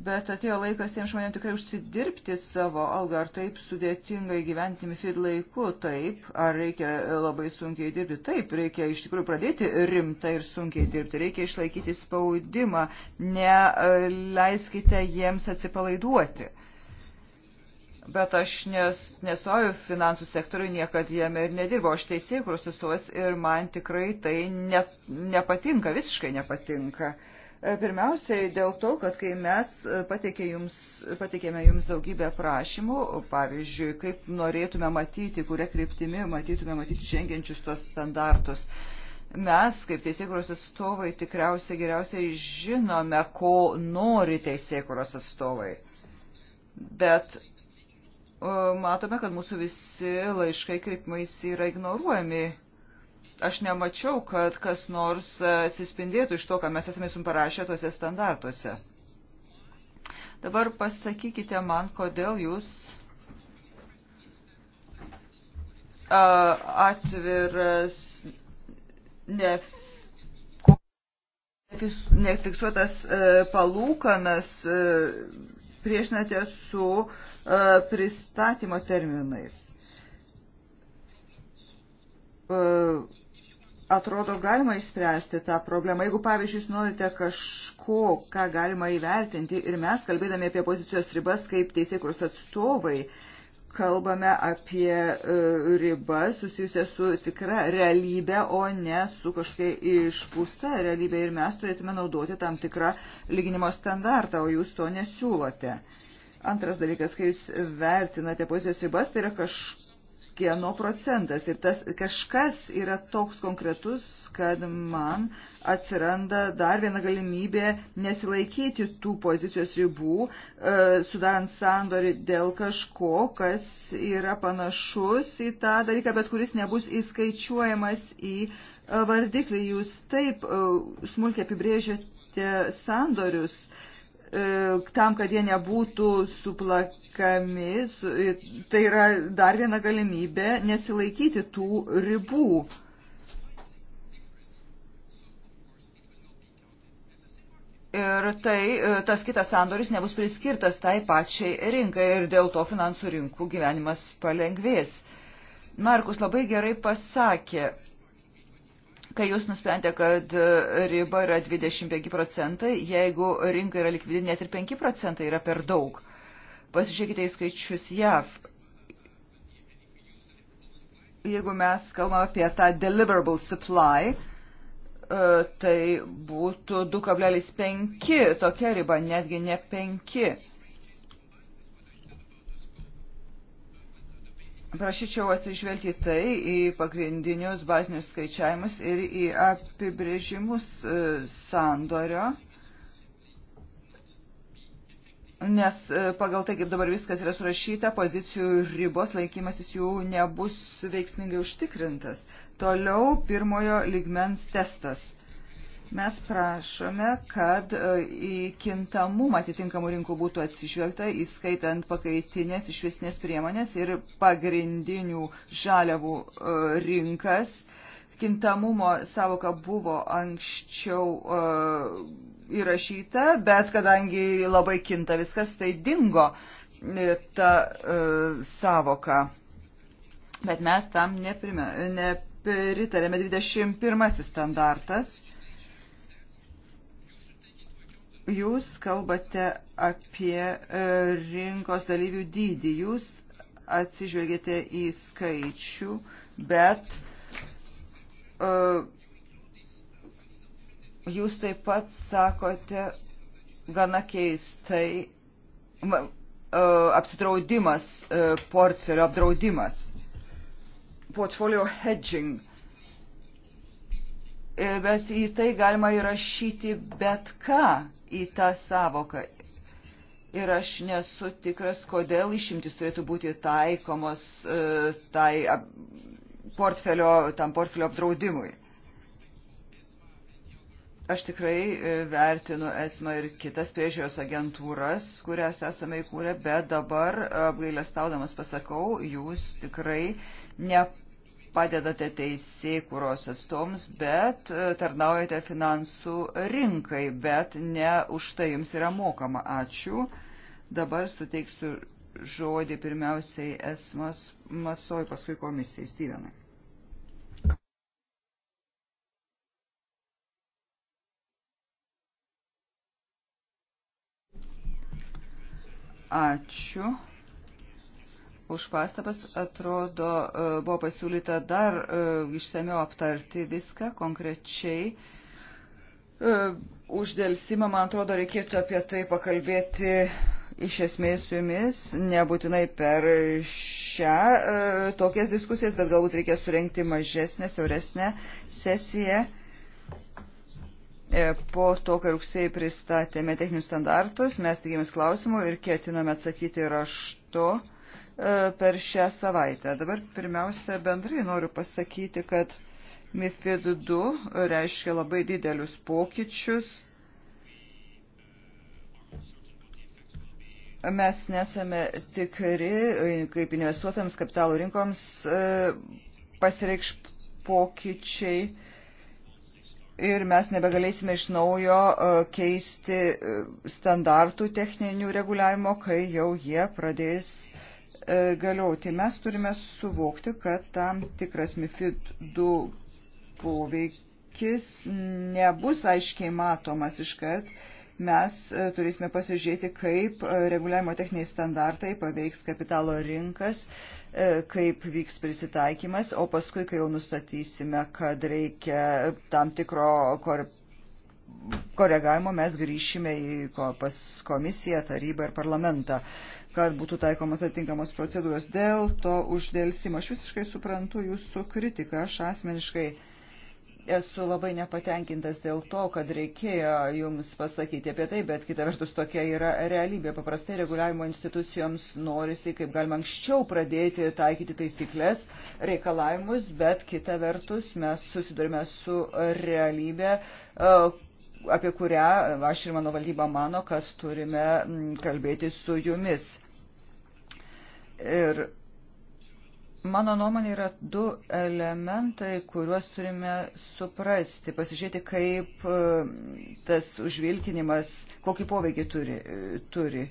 Bet atėjo laikas tiem žmonėm tikrai užsidirbti savo algą, ar taip sudėtingai gyventi MIFID laiku, taip, ar reikia e, labai sunkiai dirbti, taip, reikia iš tikrųjų pradėti rimtai ir sunkiai dirbti, reikia išlaikyti spaudimą, neleiskite e, jiems atsipalaiduoti. Bet aš nes, nesuoju finansų sektoriui, niekad jame ir nedirbu, aš teisėjai, kuris esuos ir man tikrai tai ne, nepatinka, visiškai nepatinka. Uh, E, pirmiausiai dėl to, kad kai mes e, pateikė jums, pateikėme jums daugybę prašymų, pavyzdžiui, kaip norėtume matyti, kuria kryptimi matytume matyti žengiančius tuos standartus, mes, kaip teisėkuros atstovai, tikriausiai geriausiai žinome, ko nori teisėkuros atstovai. Bet e, matome, kad mūsų visi laiškai kreipmais yra ignoruojami aš nemačiau, kad kas nors e, atsispindėtų iš to, ką mes esame jums parašę tuose standartuose. Dabar pasakykite man, kodėl jūs e, atviras nef nefiksuotas e, palūkanas priešinate su pristatymo terminais atrodo galima įspręsti tą problemą. Jeigu, pavyzdžiui, jūs norite kažko, ką galima įvertinti ir mes, kalbėdami apie pozicijos ribas kaip teisėkurs atstovai, kalbame apie e, ribas susijusią su tikra realybė, o ne su kažkokia išpūsta realybė ir mes turėtume naudoti tam tikrą lyginimo standartą, o jūs to nesiūlote. Antras dalykas, kai jūs vertinate pozicijos ribas, tai yra kažkas kieno procentas. Ir tas kažkas yra toks konkretus, kad man atsiranda dar viena galimybė nesilaikyti tų pozicijos ribų, e, sudarant sandorį dėl kažko, kas yra panašus į tą dalyką, bet kuris nebus įskaičiuojamas į e, vardiklį. Jūs taip e, smulkiai apibrėžėte sandorius E, tam, kad jie nebūtų suplakami, tai yra dar viena galimybė nesilaikyti tų ribų. Ir tai e, tas kitas sandoris nebus priskirtas tai pačiai rinkai ir dėl to finansų rinkų gyvenimas palengvės. Markus labai gerai pasakė, kai jūs nusprendė, kad e, riba yra 25 procentai, jeigu rinka yra likvidi, net ir 5 procentai yra per daug. Pasižiūrėkite į skaičius JAV. Jeigu mes kalbame apie tą deliverable supply, e, tai būtų 2,5 tokia riba, netgi ne 5. Prašyčiau atsižvelgti tai į pagrindinius bazinius skaičiavimus ir į apibrėžimus e, sandorio, nes e, pagal tai, kaip dabar viskas yra surašyta, pozicijų ribos laikymasis jų nebus veiksmingai užtikrintas. Toliau pirmojo ligmens testas. Mes prašome, kad e, į kintamumą atitinkamų rinkų būtų atsižvelgta, įskaitant pakaitinės išvesnės priemonės ir pagrindinių žaliavų e, rinkas. Kintamumo savoka buvo anksčiau uh, įrašyta, bet kadangi labai kinta viskas, tai dingo ta uh, savoka. Bet mes tam neprime, nepritarėme 21 standartas Jūs kalbate apie e, rinkos dalyvių dydį, jūs atsižvelgėte į skaičių, bet e, jūs taip pat sakote gana keistai e, apsidraudimas portfelio, apdraudimas, portfolio hedging bet į tai galima įrašyti bet ką į tą savoką. Ir aš nesu tikras, kodėl išimtis turėtų būti taikomos e, tai portfelio, tam portfelio apdraudimui. Aš tikrai e, vertinu esmą ir kitas priežiūros agentūras, kurias esame įkūrę, bet dabar apgailestaudamas pasakau, jūs tikrai nepasakote padedate teisėkuros atstoms, bet e, tarnaujate finansų rinkai, bet ne už tai jums yra mokama. Ačiū. Dabar suteiksiu žodį pirmiausiai esmas masoj, paskui komisijai. Stevenai. Ačiū už pastabas. Atrodo, e, buvo pasiūlyta dar e, išsameu aptarti viską konkrečiai. E, Uždėlsimą, man atrodo, reikėtų apie tai pakalbėti iš esmės su jumis, nebūtinai per šią e, tokias diskusijas, bet galbūt reikės surenkti mažesnę, siauresnę sesiją. E, po to, kai rugsėjai pristatėme techninius standartus, mes tikėjomės klausimų ir ketinome atsakyti raštu. E, per šią savaitę. Dabar pirmiausia, bendrai noriu pasakyti, kad MIFID 2 reiškia labai didelius pokyčius. Mes nesame tikri, kaip investuotams kapitalų rinkoms e, pasireikš pokyčiai ir mes nebegalėsime iš naujo e, keisti standartų techninių reguliavimo, kai jau jie pradės uh, E, galioti. Mes turime suvokti, kad tam tikras MIFID 2 poveikis nebus aiškiai matomas iškart. Mes e, turėsime pasižiūrėti, kaip e, reguliavimo techniniai standartai paveiks kapitalo rinkas, kaip vyks prisitaikymas, o paskui, kai jau nustatysime, kad reikia tam tikro koregavimo, mes grįšime į pas komisiją, tarybą ir parlamentą kad būtų taikomas atitinkamos procedūros. Dėl to uždėlsimo aš visiškai suprantu jūsų kritiką, aš asmeniškai esu labai nepatenkintas dėl to, kad reikėjo jums pasakyti apie tai, bet kita vertus tokia yra realybė. Paprastai reguliavimo institucijoms norisi, kaip galima anksčiau pradėti taikyti taisyklės, reikalavimus, bet kita vertus mes susidurime su realybė, e, apie kurią aš ir mano valdyba mano, kad turime kalbėti su jumis. Ir mano nuomonė yra du elementai, kuriuos turime suprasti, pasižiūrėti, kaip e, tas užvilkinimas, kokį poveikį turi. E, turi.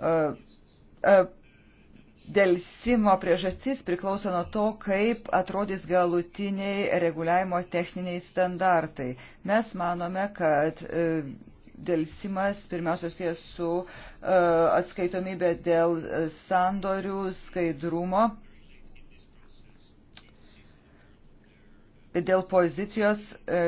E, Dėlsimo priežastis priklauso nuo to, kaip atrodys galutiniai reguliavimo techniniai standartai. Mes manome, kad dėlsimas pirmiausia susijęs su e, atskaitomybė dėl sandorių skaidrumo. Dėl pozicijos e,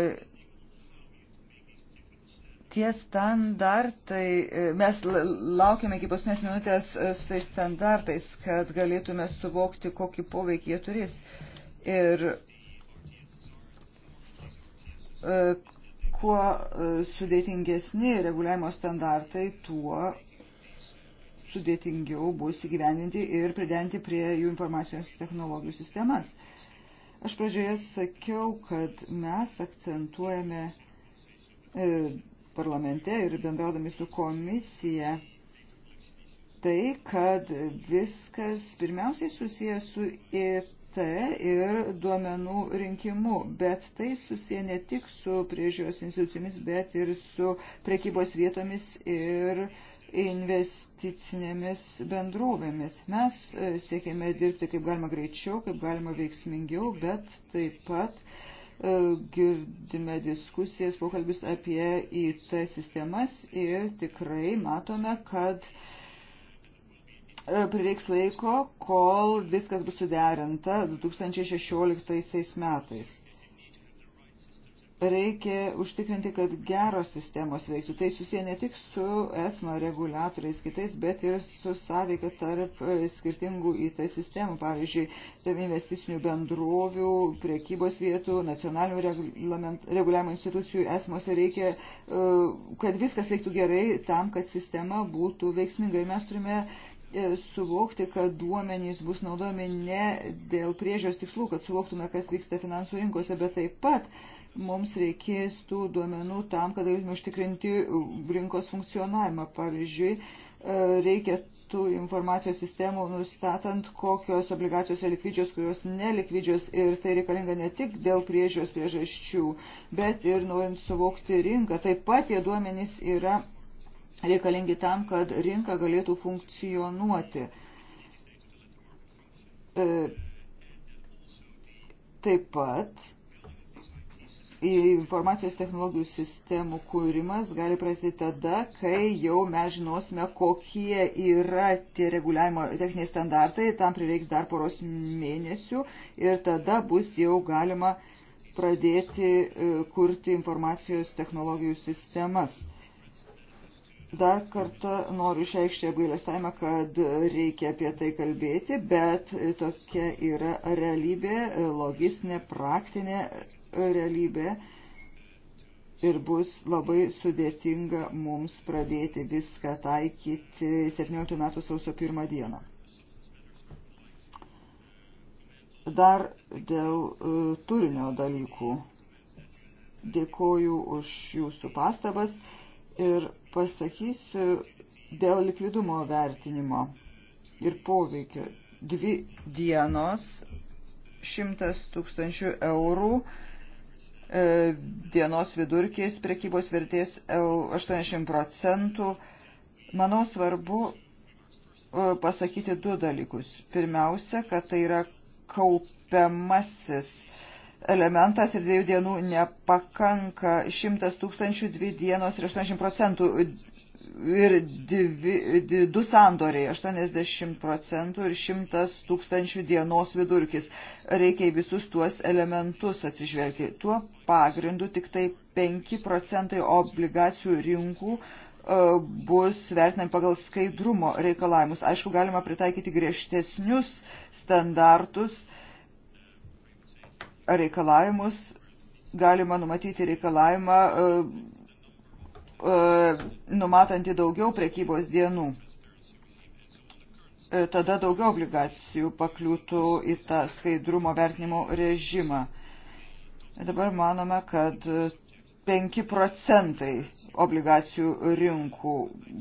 tie standartai, e, mes laukiame iki pasmės minutės su tais standartais, kad galėtume suvokti, kokį poveikį jie turės ir Kuo e, sudėtingesni reguliavimo standartai, tuo sudėtingiau bus įgyvendinti ir pridenti prie jų informacijos technologijų sistemas. Aš pradžioje sakiau, kad mes akcentuojame e, parlamente ir bendraudami su komisija tai, kad viskas pirmiausiai susijęs su IT IT ir duomenų rinkimu, bet tai susiję ne tik su priežiūros institucijomis, bet ir su prekybos vietomis ir investicinėmis bendrovėmis. Mes e, siekėme dirbti kaip galima greičiau, kaip galima veiksmingiau, bet taip pat e, girdime diskusijas, pokalbius apie IT sistemas ir tikrai matome, kad uh, E, prireiks laiko, kol viskas bus suderinta 2016 metais. Reikia užtikrinti, kad geros sistemos veiktų. Tai susiję ne tik su ESMA reguliatoriais kitais, bet ir su sąveika tarp e, skirtingų IT sistemų, pavyzdžiui, tarp investicinių bendrovių, priekybos vietų, nacionalinių reguliavimo institucijų ESMOse reikia, e, kad viskas veiktų gerai tam, kad sistema būtų veiksminga. Ir mes turime uh, E, suvokti, kad duomenys bus naudojami ne dėl priežios tikslų, kad suvoktume, kas vyksta finansų rinkose, bet taip pat mums reikės tų duomenų tam, kad galėtume užtikrinti rinkos funkcionavimą. Pavyzdžiui, e, reikia tų informacijos sistemų nustatant, kokios obligacijos yra likvidžios, kurios nelikvidžios ir tai reikalinga ne tik dėl priežios priežasčių, bet ir norint suvokti rinką. Taip pat tie duomenys yra reikalingi tam, kad rinka galėtų funkcionuoti. E, taip pat informacijos technologijų sistemų kūrimas gali prasidėti tada, kai jau mes žinosime, kokie yra tie reguliavimo techniniai standartai, tam prireiks dar poros mėnesių ir tada bus jau galima pradėti e, kurti informacijos technologijų sistemas. Dar kartą noriu išreikšti apgailestavimą, kad reikia apie tai kalbėti, bet tokia yra realybė, logistinė, praktinė realybė ir bus labai sudėtinga mums pradėti viską taikyti 17 metų sausio 1 dieną. Dar dėl uh, turinio dalykų. Dėkoju už jūsų pastabas ir pasakysiu dėl likvidumo vertinimo ir poveikio. Dvi dienos, šimtas tūkstančių eurų, e, dienos vidurkiais prekybos vertės 80 procentų. Manau svarbu e, pasakyti du dalykus. Pirmiausia, kad tai yra kaupiamasis elementas ir dviejų dienų nepakanka. 100 tūkstančių, dvi dienos ir 80 procentų ir dvi, dvi, du sandoriai 80 procentų ir 100 tūkstančių dienos vidurkis. Reikia į visus tuos elementus atsižvelgti. Tuo pagrindu tik tai 5 procentai obligacijų rinkų e, bus vertinami pagal skaidrumo reikalavimus. Aišku, galima pritaikyti griežtesnius standartus, uh, reikalavimus, galima numatyti reikalavimą e, e, numatantį daugiau prekybos dienų. E, tada daugiau obligacijų pakliūtų į tą skaidrumo vertinimo režimą. Dabar manome, kad 5 procentai obligacijų rinkų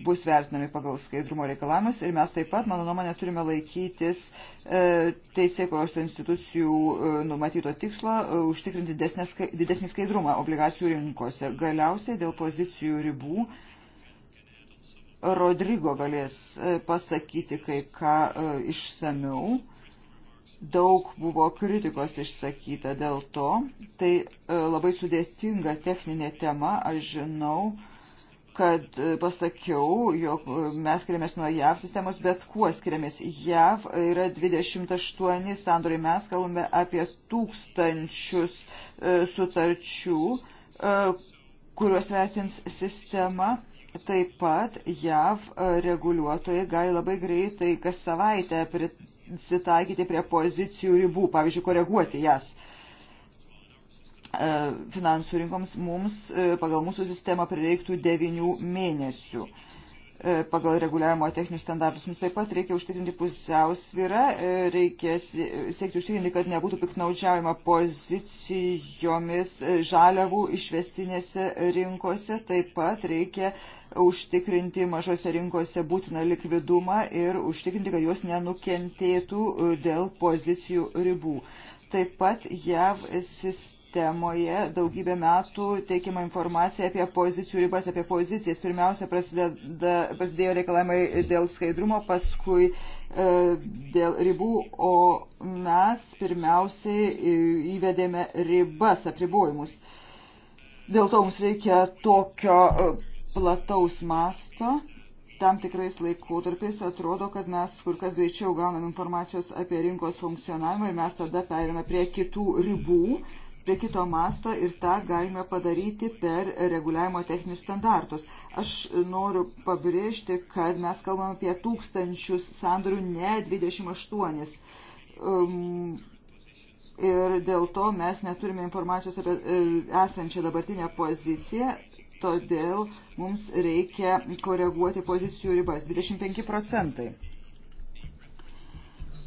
bus vertinami pagal skaidrumo reikalavimus ir mes taip pat, mano nuomonė, turime laikytis e, teisėkojos institucijų e, numatyto tikslo e, užtikrinti didesnį skaidrumą obligacijų rinkose. Galiausiai dėl pozicijų ribų Rodrigo galės pasakyti kai ką išsamiau. Daug buvo kritikos išsakyta dėl to. Tai e, labai sudėtinga techninė tema. Aš žinau, kad e, pasakiau, jog mes skiriamės nuo JAV sistemos, bet kuo skiriamės? JAV yra 28 sandoriai, mes kalbame apie tūkstančius e, sutarčių, kuriuos vertins sistema. Taip pat JAV reguliuotojai gali labai greitai kas savaitę prit prisitaikyti prie pozicijų ribų, pavyzdžiui, koreguoti jas e, finansų rinkoms mums e, pagal mūsų sistemą prireiktų devinių mėnesių. E, pagal reguliavimo techninius standartus. Mums taip pat reikia užtikrinti pusiausvyrą, e, reikia e, siekti užtikrinti, kad nebūtų piknaudžiavimo pozicijomis žaliavų išvestinėse rinkose. Taip pat reikia užtikrinti mažose rinkose būtiną likvidumą ir užtikrinti, kad jos nenukentėtų dėl pozicijų ribų. Taip pat JAV sistema temoje daugybę metų teikiama informacija apie pozicijų ribas, apie pozicijas. Pirmiausia, prasideda, prasidėjo reikalavimai dėl skaidrumo, paskui e, dėl ribų, o mes pirmiausiai įvedėme ribas, apribojimus. Dėl to mums reikia tokio e, plataus masto tam tikrais laikotarpiais atrodo, kad mes kur kas greičiau gaunam informacijos apie rinkos funkcionavimą ir mes tada perėmėme prie kitų ribų prie kito masto ir tą galime padaryti per reguliavimo techninius standartus. Aš noriu pabrėžti, kad mes kalbam apie tūkstančius sandorių, ne 28. Um, ehm, ir dėl to mes neturime informacijos apie e, esančią dabartinę poziciją, todėl mums reikia koreguoti pozicijų ribas 25 procentai.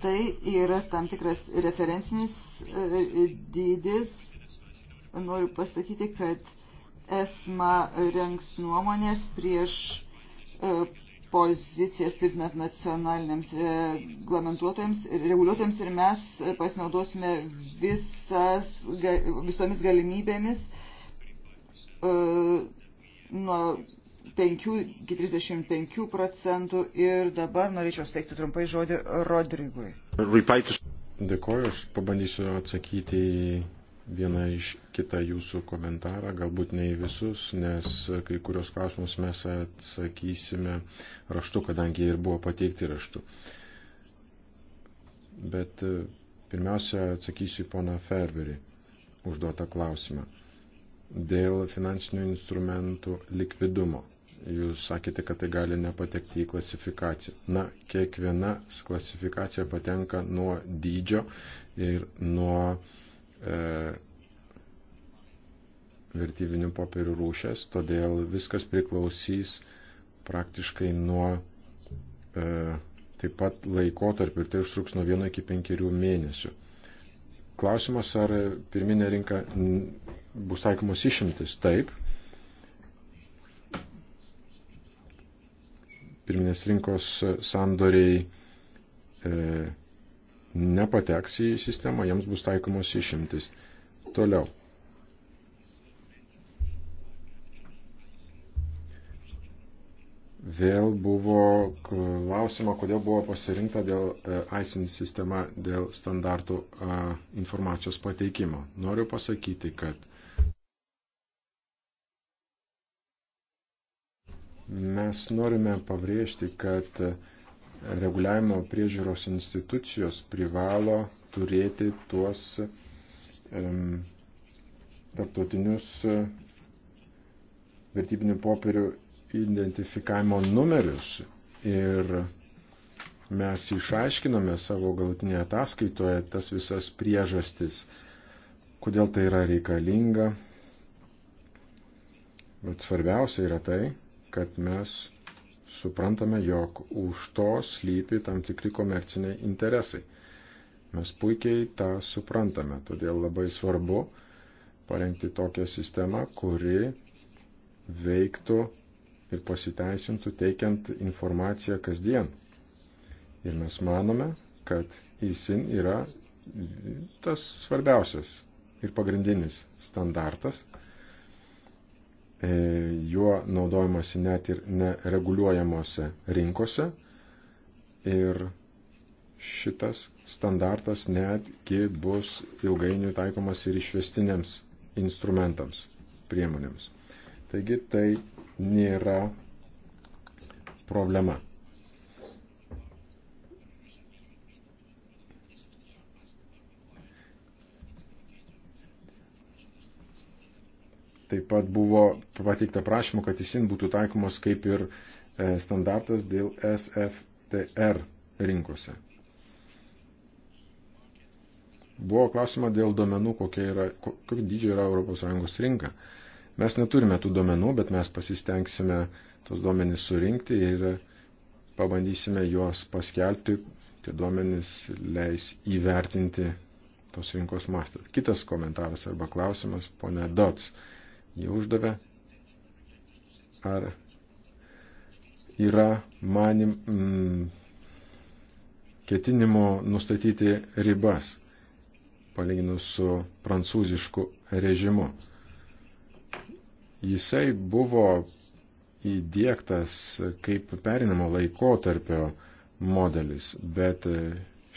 Tai yra tam tikras referencinis e, dydis. Noriu pasakyti, kad ESMA rengs nuomonės prieš e, pozicijas tvirtinant nacionaliniams e, reglamentuotojams ir reguliuotojams ir mes pasinaudosime visas, visomis galimybėmis nuo 5 iki 35 procentų ir dabar norėčiau steigti trumpai žodį Rodrigui. Dėkoju, aš pabandysiu atsakyti į vieną iš kitą jūsų komentarą, galbūt ne į visus, nes kai kurios klausimus mes atsakysime raštu, kadangi ir buvo pateikti raštu. Bet e, pirmiausia, atsakysiu į poną Ferverį užduotą klausimą dėl finansinių instrumentų likvidumo jūs sakėte, kad tai gali nepatekti į klasifikaciją. Na, kiekviena klasifikacija patenka nuo dydžio ir nuo e, vertybinių popierių rūšės, todėl viskas priklausys praktiškai nuo e, taip pat laikotarpio ir tai užtruks nuo 1 iki 5 mėnesių. Klausimas, ar pirminė rinka bus taikomos išimtis? Taip, pirminės rinkos sandoriai e, nepateks į sistemą, jiems bus taikomos išimtis. Toliau. Vėl buvo klausima, kodėl buvo pasirinkta dėl e, ISIN sistema dėl standartų informacijos pateikimo. Noriu pasakyti, kad Mes norime pabrėžti, kad reguliavimo priežiūros institucijos privalo turėti tuos um, tarptautinius vertybinių popierių identifikavimo numerius. Ir mes išaiškinome savo galutinėje ataskaitoje tas visas priežastis, kodėl tai yra reikalinga. Bet svarbiausia yra tai, kad mes suprantame, jog už to slypi tam tikri komerciniai interesai. Mes puikiai tą suprantame, todėl labai svarbu parengti tokią sistemą, kuri veiktų ir pasiteisintų teikiant informaciją kasdien. Ir mes manome, kad įsin yra tas svarbiausias ir pagrindinis standartas, E, juo naudojamasi net ir nereguliuojamuose rinkose. Ir šitas standartas netgi bus ilgainiui taikomas ir išvestiniams instrumentams, priemonėms. Taigi tai nėra problema. Taip pat buvo pateikta prašymų, kad jis būtų taikomos kaip ir e, standartas dėl SFTR rinkose. Buvo klausima dėl domenų, kokia yra, kokio dydžio yra ES rinka. Mes neturime tų domenų, bet mes pasistengsime tos duomenys surinkti ir pabandysime juos paskelbti. Tie duomenys leis įvertinti tos rinkos mastą. Kitas komentaras arba klausimas, ponė Dots jį uždavė, ar yra manim mm, ketinimo nustatyti ribas, palyginus su prancūzišku režimu. Jisai buvo įdėktas kaip perinamo laikotarpio modelis, bet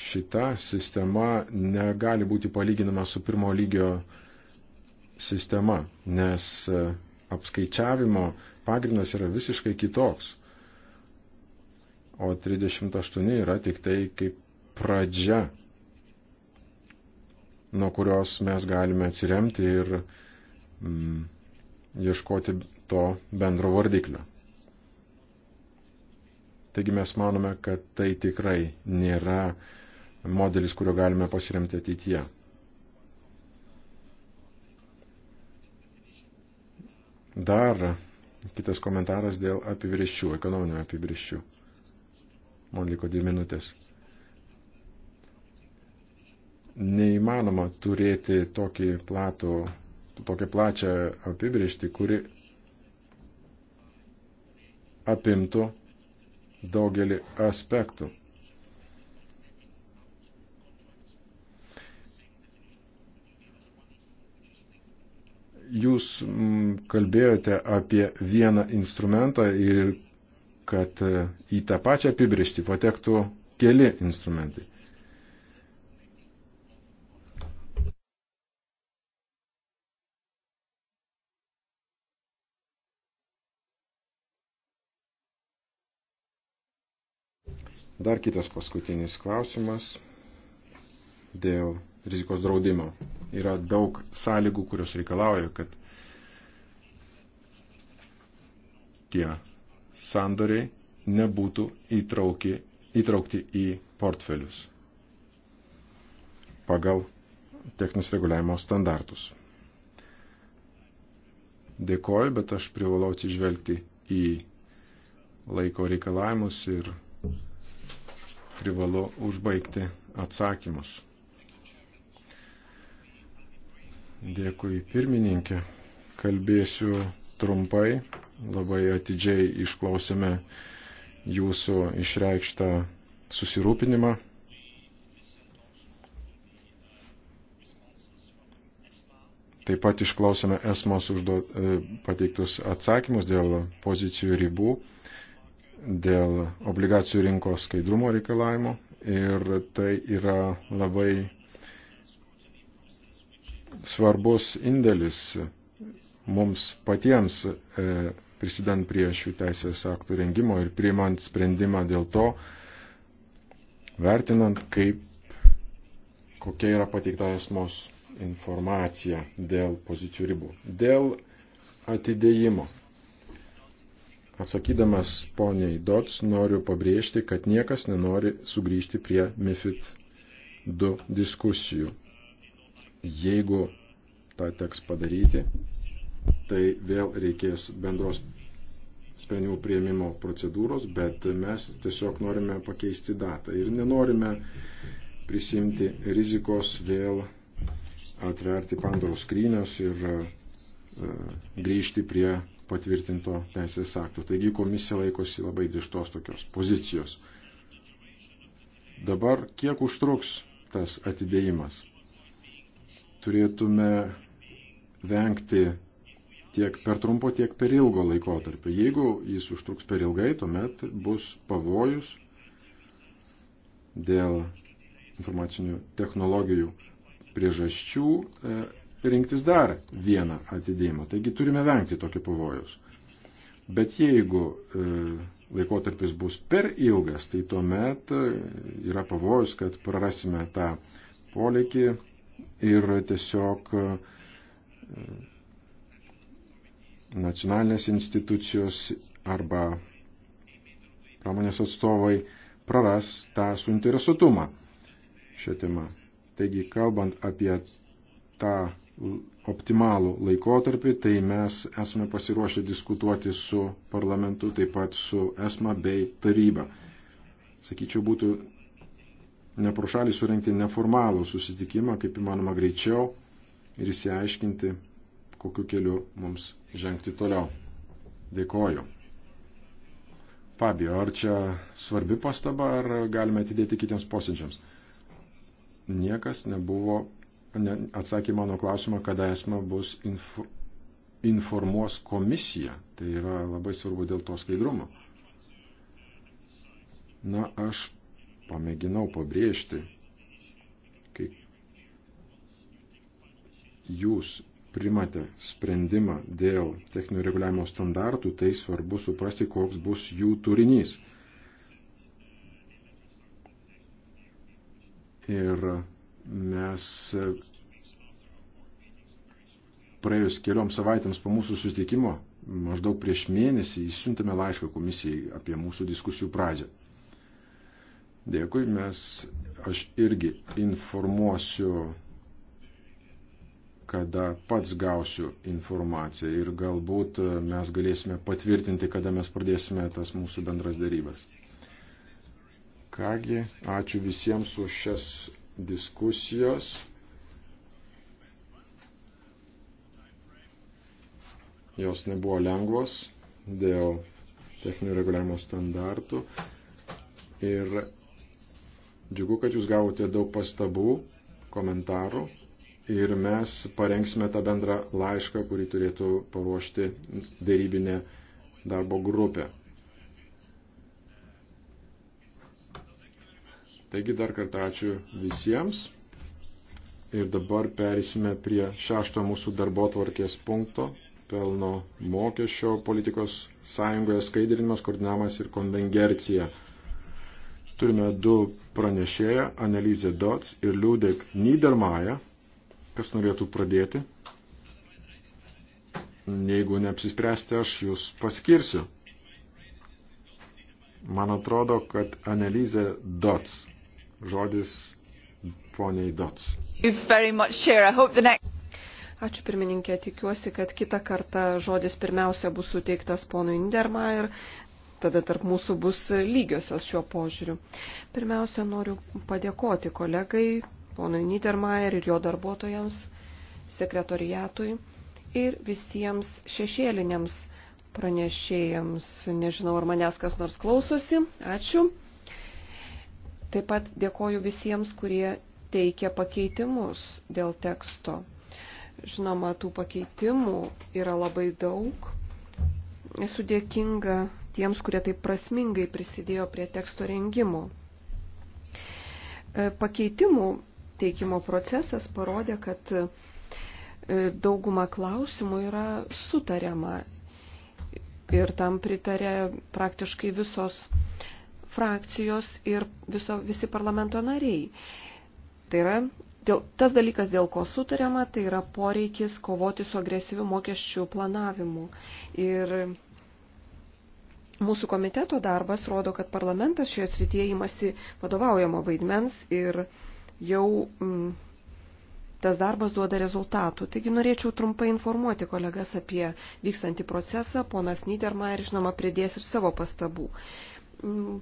šita sistema negali būti palyginama su pirmo lygio sistema, nes e, apskaičiavimo pagrindas yra visiškai kitoks. O 38 yra tik tai kaip pradžia, nuo kurios mes galime atsiremti ir mm, ieškoti to bendro vardiklio. Taigi mes manome, kad tai tikrai nėra modelis, kurio galime pasiremti ateityje. Dar kitas komentaras dėl apibrieščių, ekonominio apibrieščių. Man liko dvi minutės. Neįmanoma turėti tokį platų, tokią plačią apibriešti, kuri apimtų daugelį aspektų. Jūs mm, kalbėjote apie vieną instrumentą ir kad e, į tą pačią apibrėžtį patektų keli instrumentai. Dar kitas paskutinis klausimas dėl rizikos draudimo. Yra daug sąlygų, kurios reikalauja, kad tie sandoriai nebūtų įtrauki, įtraukti į portfelius pagal techninius reguliavimo standartus. Dėkoju, bet aš privalau atsižvelgti į laiko reikalavimus ir privalu užbaigti atsakymus. Dėkui pirmininkė. Kalbėsiu trumpai, labai atidžiai išklausėme jūsų išreikštą susirūpinimą. Taip pat išklausėme esmos užduot, e, pateiktus atsakymus dėl pozicijų ribų, dėl obligacijų rinkos skaidrumo reikalavimų ir tai yra labai svarbus indėlis mums patiems e, prisidant prie šių teisės aktų rengimo ir priimant sprendimą dėl to, vertinant, kaip, kokia yra pateikta esmos informacija dėl pozicijų ribų. Dėl atidėjimo. Atsakydamas poniai Dots, noriu pabrėžti, kad niekas nenori sugrįžti prie MIFID 2 diskusijų. Jeigu tą teks padaryti, tai vėl reikės bendros sprendimų prieimimo procedūros, bet mes tiesiog norime pakeisti datą ir nenorime prisimti rizikos vėl atverti Pandoros skrynios ir e, grįžti prie patvirtinto teisės akto. Taigi komisija laikosi labai dištos tokios pozicijos. Dabar kiek užtruks tas atidėjimas? turėtume vengti tiek per trumpo, tiek per ilgo laikotarpio. Jeigu jis užtruks per ilgai, tuomet bus pavojus dėl informacinių technologijų priežasčių e, rinktis dar vieną atidėjimą. Taigi turime vengti tokio pavojus. Bet jeigu e, laikotarpis bus per ilgas, tai tuomet e, yra pavojus, kad prarasime tą polikį ir tiesiog e, nacionalinės institucijos arba pramonės atstovai praras tą suinteresuotumą šią temą. Taigi, kalbant apie tą optimalų laikotarpį, tai mes esame pasiruošę diskutuoti su parlamentu, taip pat su ESMA bei taryba. Sakyčiau, būtų nepro šalį surenkti neformalų susitikimą, kaip įmanoma greičiau, ir įsiaiškinti, kokiu keliu mums žengti toliau. Dėkoju. Fabio, ar čia svarbi pastaba, ar galime atidėti kitiems posėdžiams? Niekas nebuvo, ne, atsakė mano klausimą, kada esma bus info, informuos komisija. Tai yra labai svarbu dėl to skaidrumo. Na, aš pamėginau pabrėžti, kai jūs primate sprendimą dėl techninio reguliavimo standartų, tai svarbu suprasti, koks bus jų turinys. Ir mes praėjus kelioms savaitėms po mūsų susitikimo, maždaug prieš mėnesį, įsiuntėme laišką komisijai apie mūsų diskusijų pradžią. Dėkui, mes, aš irgi informuosiu, kada pats gausiu informaciją ir galbūt e, mes galėsime patvirtinti, kada mes pradėsime tas mūsų bendras darybas. Kągi, ačiū visiems už šias diskusijos. Jos nebuvo lengvos dėl techninio reguliavimo standartų ir Džiugu, kad jūs gavote daug pastabų, komentarų ir mes parengsime tą bendrą laišką, kurį turėtų paruošti dėrybinė darbo grupė. Taigi dar kartą ačiū visiems. Ir dabar perėsime prie šešto mūsų darbo tvarkės punkto - pelno mokesčio politikos sąjungoje skaidrinimas, koordinavimas ir konvengercija. Turime du pranešėją, Analizė Dots ir Liūdek Niedermaja. Kas norėtų pradėti? Jeigu neapsispręsite, aš jūs paskirsiu. Man atrodo, kad Analizė Dots. Žodis poniai Dots. Ačiū pirmininkė, tikiuosi, kad kitą kartą žodis pirmiausia bus suteiktas ponui Inderma ir tada tarp mūsų bus lygiosios šiuo požiūriu. Pirmiausia, noriu padėkoti kolegai, ponui Niedermayer ir jo darbuotojams, sekretoriatui ir visiems šešėliniams pranešėjams. Nežinau, ar manęs kas nors klausosi. Ačiū. Taip pat dėkoju visiems, kurie teikia pakeitimus dėl teksto. Žinoma, tų pakeitimų yra labai daug. Esu dėkinga tiems, kurie taip prasmingai prisidėjo prie teksto rengimo. E, pakeitimų teikimo procesas parodė, kad e, dauguma klausimų yra sutariama ir tam pritarė praktiškai visos frakcijos ir viso, visi parlamento nariai. Tai yra dėl, tas dalykas, dėl ko sutariama, tai yra poreikis kovoti su agresyviu mokesčių planavimu. Ir Mūsų komiteto darbas rodo, kad parlamentas šioje srityje imasi vadovaujamo vaidmens ir jau mm, tas darbas duoda rezultatų. Taigi norėčiau trumpai informuoti kolegas apie vykstantį procesą. Ponas Niedermayer, žinoma, pridės ir savo pastabų. Mm,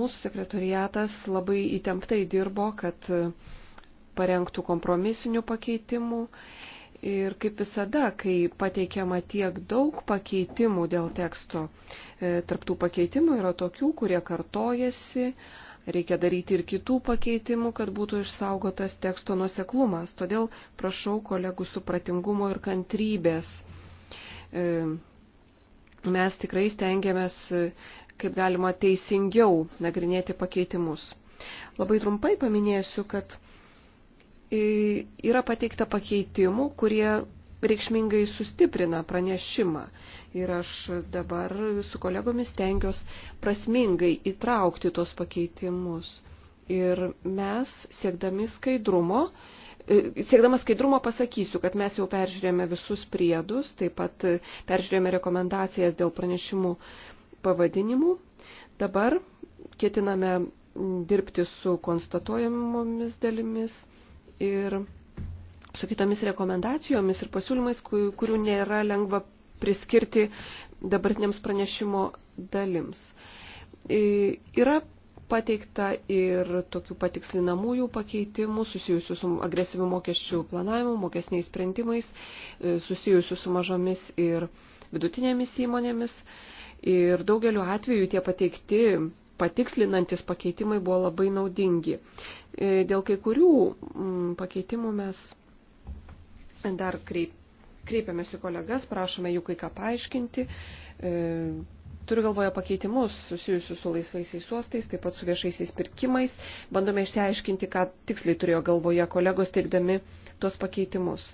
mūsų sekretoriatas labai įtemptai dirbo, kad parengtų kompromisinių pakeitimų Ir kaip visada, kai pateikiama tiek daug pakeitimų dėl teksto, e, tarptų pakeitimų yra tokių, kurie kartojasi, reikia daryti ir kitų pakeitimų, kad būtų išsaugotas teksto nuseklumas. Todėl prašau kolegų supratingumo ir kantrybės. E, mes tikrai stengiamės, e, kaip galima teisingiau nagrinėti pakeitimus. Labai trumpai paminėsiu, kad yra pateikta pakeitimų, kurie reikšmingai sustiprina pranešimą. Ir aš dabar su kolegomis tenkios prasmingai įtraukti tos pakeitimus. Ir mes, siekdami skaidrumo, e, siekdama skaidrumo pasakysiu, kad mes jau peržiūrėjome visus priedus, taip pat peržiūrėjome rekomendacijas dėl pranešimų pavadinimų. Dabar ketiname dirbti su konstatuojamomis dalimis ir su kitomis rekomendacijomis ir pasiūlymais, kurių nėra lengva priskirti dabartiniams pranešimo dalims. E, yra pateikta ir tokių patikslinamųjų pakeitimų susijusių su agresyviu mokesčių planavimu, mokesniais sprendimais, e, susijusių su mažomis ir vidutinėmis įmonėmis. Ir daugeliu atveju tie pateikti patikslinantis pakeitimai buvo labai naudingi. E, dėl kai kurių mm, pakeitimų mes dar kreip, kreipiamės į kolegas, prašome jų kai ką paaiškinti. E, turiu galvoje pakeitimus susijusius su laisvaisiais uostais, taip pat su viešaisiais pirkimais. Bandome išsiaiškinti, ką tiksliai turėjo galvoje kolegos teikdami tuos pakeitimus.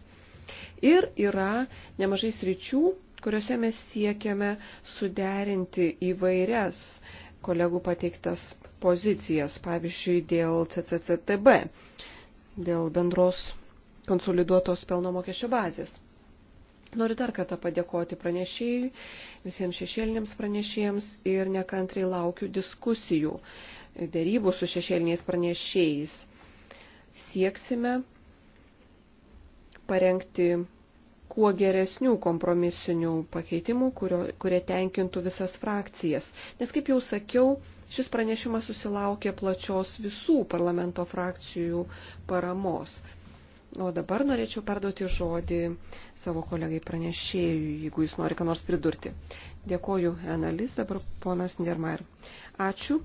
Ir yra nemažai sričių, kuriuose mes siekiame suderinti įvairias kolegų pateiktas pozicijas, pavyzdžiui, dėl CCCTB, dėl bendros konsoliduotos pelno mokesčio bazės. Noriu dar kartą padėkoti pranešėjui, visiems šešėlinėms pranešėjams ir nekantrai laukiu diskusijų, dėrybų su šešėliniais pranešėjais. Sieksime parengti kuo geresnių kompromisinių pakeitimų, kurio, kurie tenkintų visas frakcijas. Nes, kaip jau sakiau, šis pranešimas susilaukė plačios visų parlamento frakcijų paramos. O dabar norėčiau perduoti žodį savo kolegai pranešėjui, jeigu jis nori ką nors pridurti. Dėkoju, Analis, dabar ponas Nirmair. Ačiū.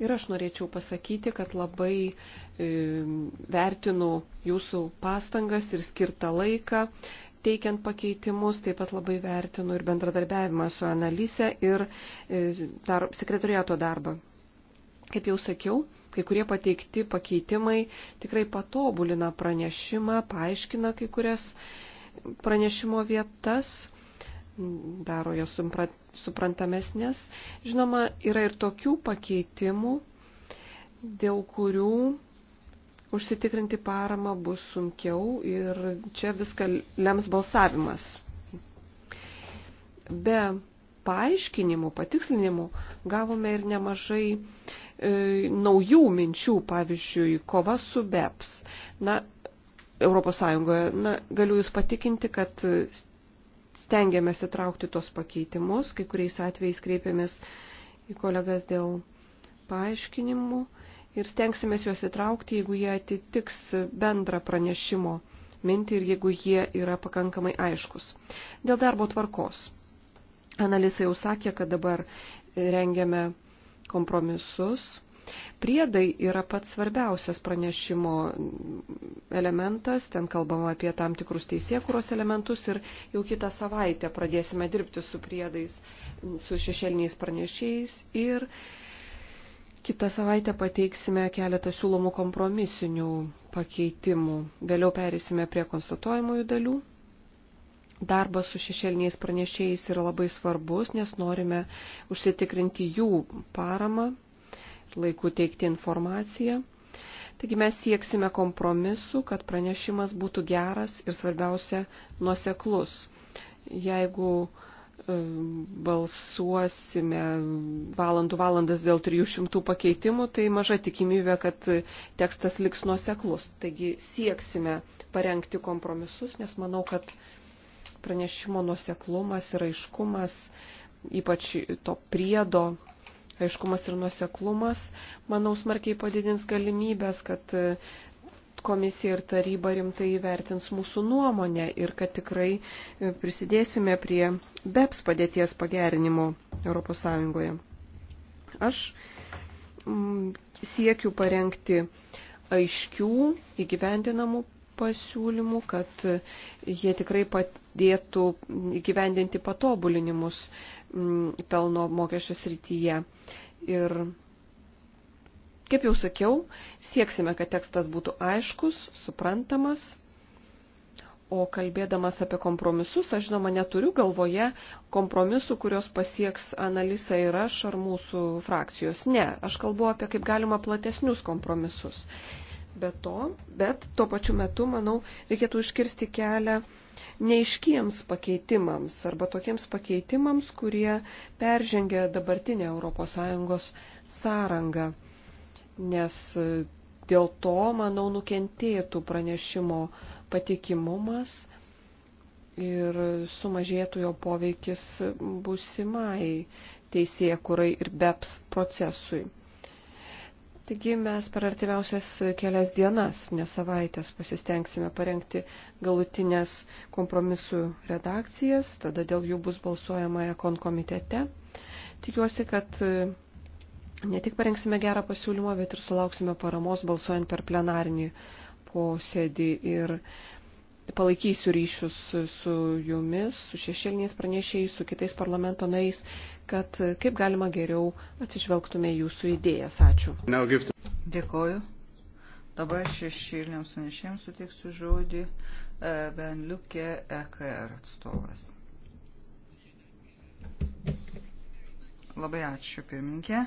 Ir aš norėčiau pasakyti, kad labai e, vertinu jūsų pastangas ir skirtą laiką teikiant pakeitimus, taip pat labai vertinu ir bendradarbiavimą su analise ir e, dar, sekretoriato darbą. Kaip jau sakiau, kai kurie pateikti pakeitimai tikrai patobulina pranešimą, paaiškina kai kurias pranešimo vietas, daro jas suprantamesnės. Žinoma, yra ir tokių pakeitimų, dėl kurių užsitikrinti paramą bus sunkiau ir čia viską lems balsavimas. Be paaiškinimų, patikslinimų gavome ir nemažai e, naujų minčių, pavyzdžiui, kova su BEPS. Na, ES, na, galiu Jūs patikinti, kad stengiamės įtraukti tos pakeitimus, kai kuriais atvejais kreipiamės į kolegas dėl paaiškinimų ir stengsime juos įtraukti, jeigu jie atitiks bendrą pranešimo mintį ir jeigu jie yra pakankamai aiškus. Dėl darbo tvarkos. Analisa jau sakė, kad dabar rengiame kompromisus. Priedai yra pats svarbiausias pranešimo elementas, ten kalbama apie tam tikrus teisėkuros elementus ir jau kitą savaitę pradėsime dirbti su priedais, su šešėliniais pranešėjais ir uh, Kita savaitė pateiksime keletą siūlomų kompromisinių pakeitimų. Vėliau perėsime prie konstatuojamųjų dalių. Darbas su šešėliniais pranešėjais yra labai svarbus, nes norime užsitikrinti jų paramą ir laiku teikti informaciją. Taigi mes sieksime kompromisu, kad pranešimas būtų geras ir svarbiausia nuoseklus. Jeigu uh, balsuosime valandų valandas dėl 300 pakeitimų, tai maža tikimybė, kad tekstas liks nuoseklus. Taigi sieksime parengti kompromisus, nes manau, kad pranešimo nuoseklumas ir aiškumas, ypač to priedo aiškumas ir nuoseklumas, manau, smarkiai padidins galimybės, kad komisija ir taryba rimtai įvertins mūsų nuomonę ir kad tikrai e, prisidėsime prie BEPS padėties pagerinimo ES. Aš siekiu parengti aiškių įgyvendinamų pasiūlymų, kad jie tikrai padėtų įgyvendinti patobulinimus pelno mokesčio srityje. Ir Kaip jau sakiau, sieksime, kad tekstas būtų aiškus, suprantamas. O kalbėdamas apie kompromisus, aš žinoma neturiu galvoje kompromisų, kurios pasieks Analisa ir aš ar mūsų frakcijos. Ne, aš kalbu apie kaip galima platesnius kompromisus. Be to, bet tuo pačiu metu, manau, reikėtų iškirsti kelią neiškiems pakeitimams arba tokiems pakeitimams, kurie peržengia dabartinę ES sąrangą nes e, dėl to, manau, nukentėtų pranešimo patikimumas ir sumažėtų jo poveikis būsimai teisėkurai ir BEPS procesui. Taigi mes per artimiausias kelias dienas, ne savaitės, pasistengsime parengti galutinės kompromisų redakcijas, tada dėl jų bus balsuojama ekon komitete. Tikiuosi, kad ne tik parengsime gerą pasiūlymą, bet ir sulauksime paramos balsuojant per plenarinį posėdį. Ir palaikysiu ryšius su jumis, su šešėliniais pranešėjais, su kitais parlamento nariais, kad kaip galima geriau atsižvelgtume jūsų idėjas. Ačiū. Dėkoju. Dabar šešėliniams pranešėjams suteiksiu žodį e, Ben Liukė EKR atstovas. Labai ačiū pirminkė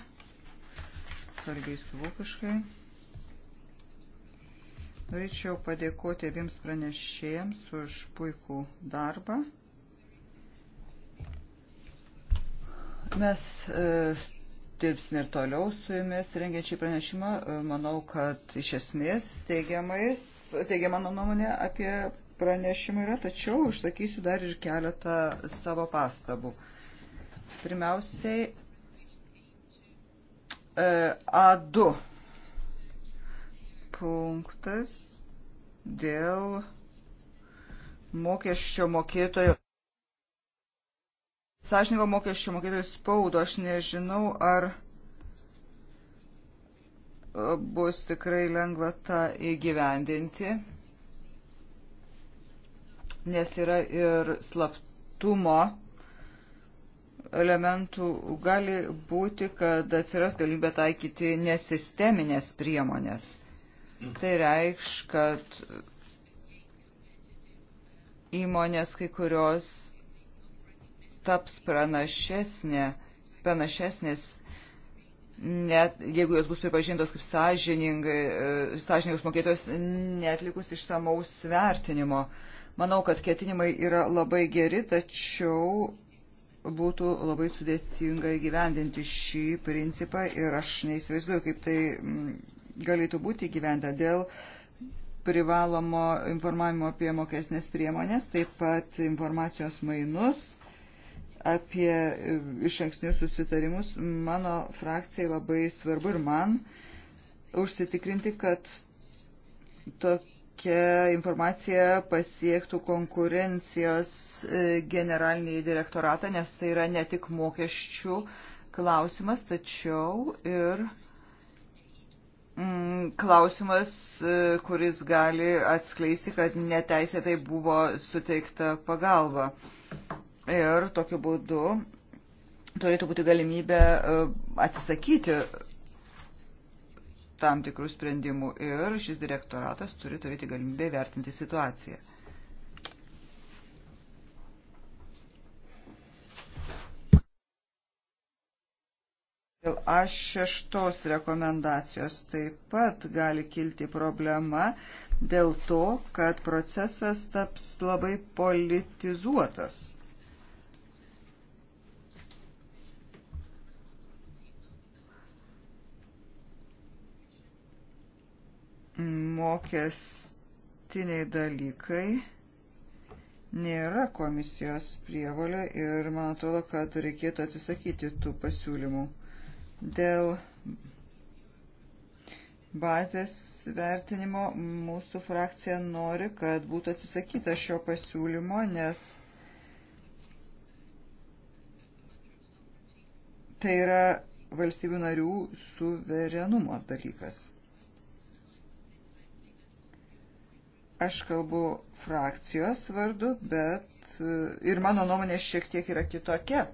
kalbėsiu vokiškai. Norėčiau padėkoti abiems pranešėjams už puikų darbą. Mes e, dirbsime ir toliau su jumis rengiančiai pranešimą. E, manau, kad iš esmės teigiama mano nuomonė apie pranešimą yra, tačiau užsakysiu dar ir keletą savo pastabų. Pirmiausiai, E, A2 punktas dėl mokesčio mokėtojo. Sąžininko mokesčio mokėtojų spaudo, aš nežinau, ar bus tikrai lengva tą įgyvendinti, nes yra ir slaptumo elementų gali būti, kad atsiras galimybė taikyti nesisteminės priemonės. Tai reikš, kad įmonės kai kurios taps pranašesnė, pranašesnės, net jeigu jos bus pripažintos kaip e, sąžiningos mokėtos, netlikus išsamaus vertinimo. Manau, kad ketinimai yra labai geri, tačiau būtų labai sudėtinga įgyvendinti šį principą ir aš neįsivaizduoju, kaip tai mm, galėtų būti įgyvenda dėl privalomo informavimo apie mokesnės priemonės, taip pat informacijos mainus apie e, iš ankstinius susitarimus. Mano frakcijai labai svarbu ir man užsitikrinti, kad tokia tokia informacija pasiektų konkurencijos e, generalinį direktoratą, nes tai yra ne tik mokesčių klausimas, tačiau ir mm, klausimas, e, kuris gali atskleisti, kad neteisėtai buvo suteikta pagalba. Ir tokiu būdu turėtų būti galimybė e, atsisakyti tam tikrų sprendimų ir šis direktoratas turi turėti galimybę vertinti situaciją. Dėl A6 rekomendacijos taip pat gali kilti problema dėl to, kad procesas taps labai politizuotas. mokestiniai dalykai nėra komisijos prievalė ir man atrodo, kad reikėtų atsisakyti tų pasiūlymų. Dėl bazės vertinimo mūsų frakcija nori, kad būtų atsisakyta šio pasiūlymo, nes tai yra valstybių narių suverenumo dalykas. Aš kalbu frakcijos vardu, bet e, ir mano nuomonė šiek tiek yra kitokia. E,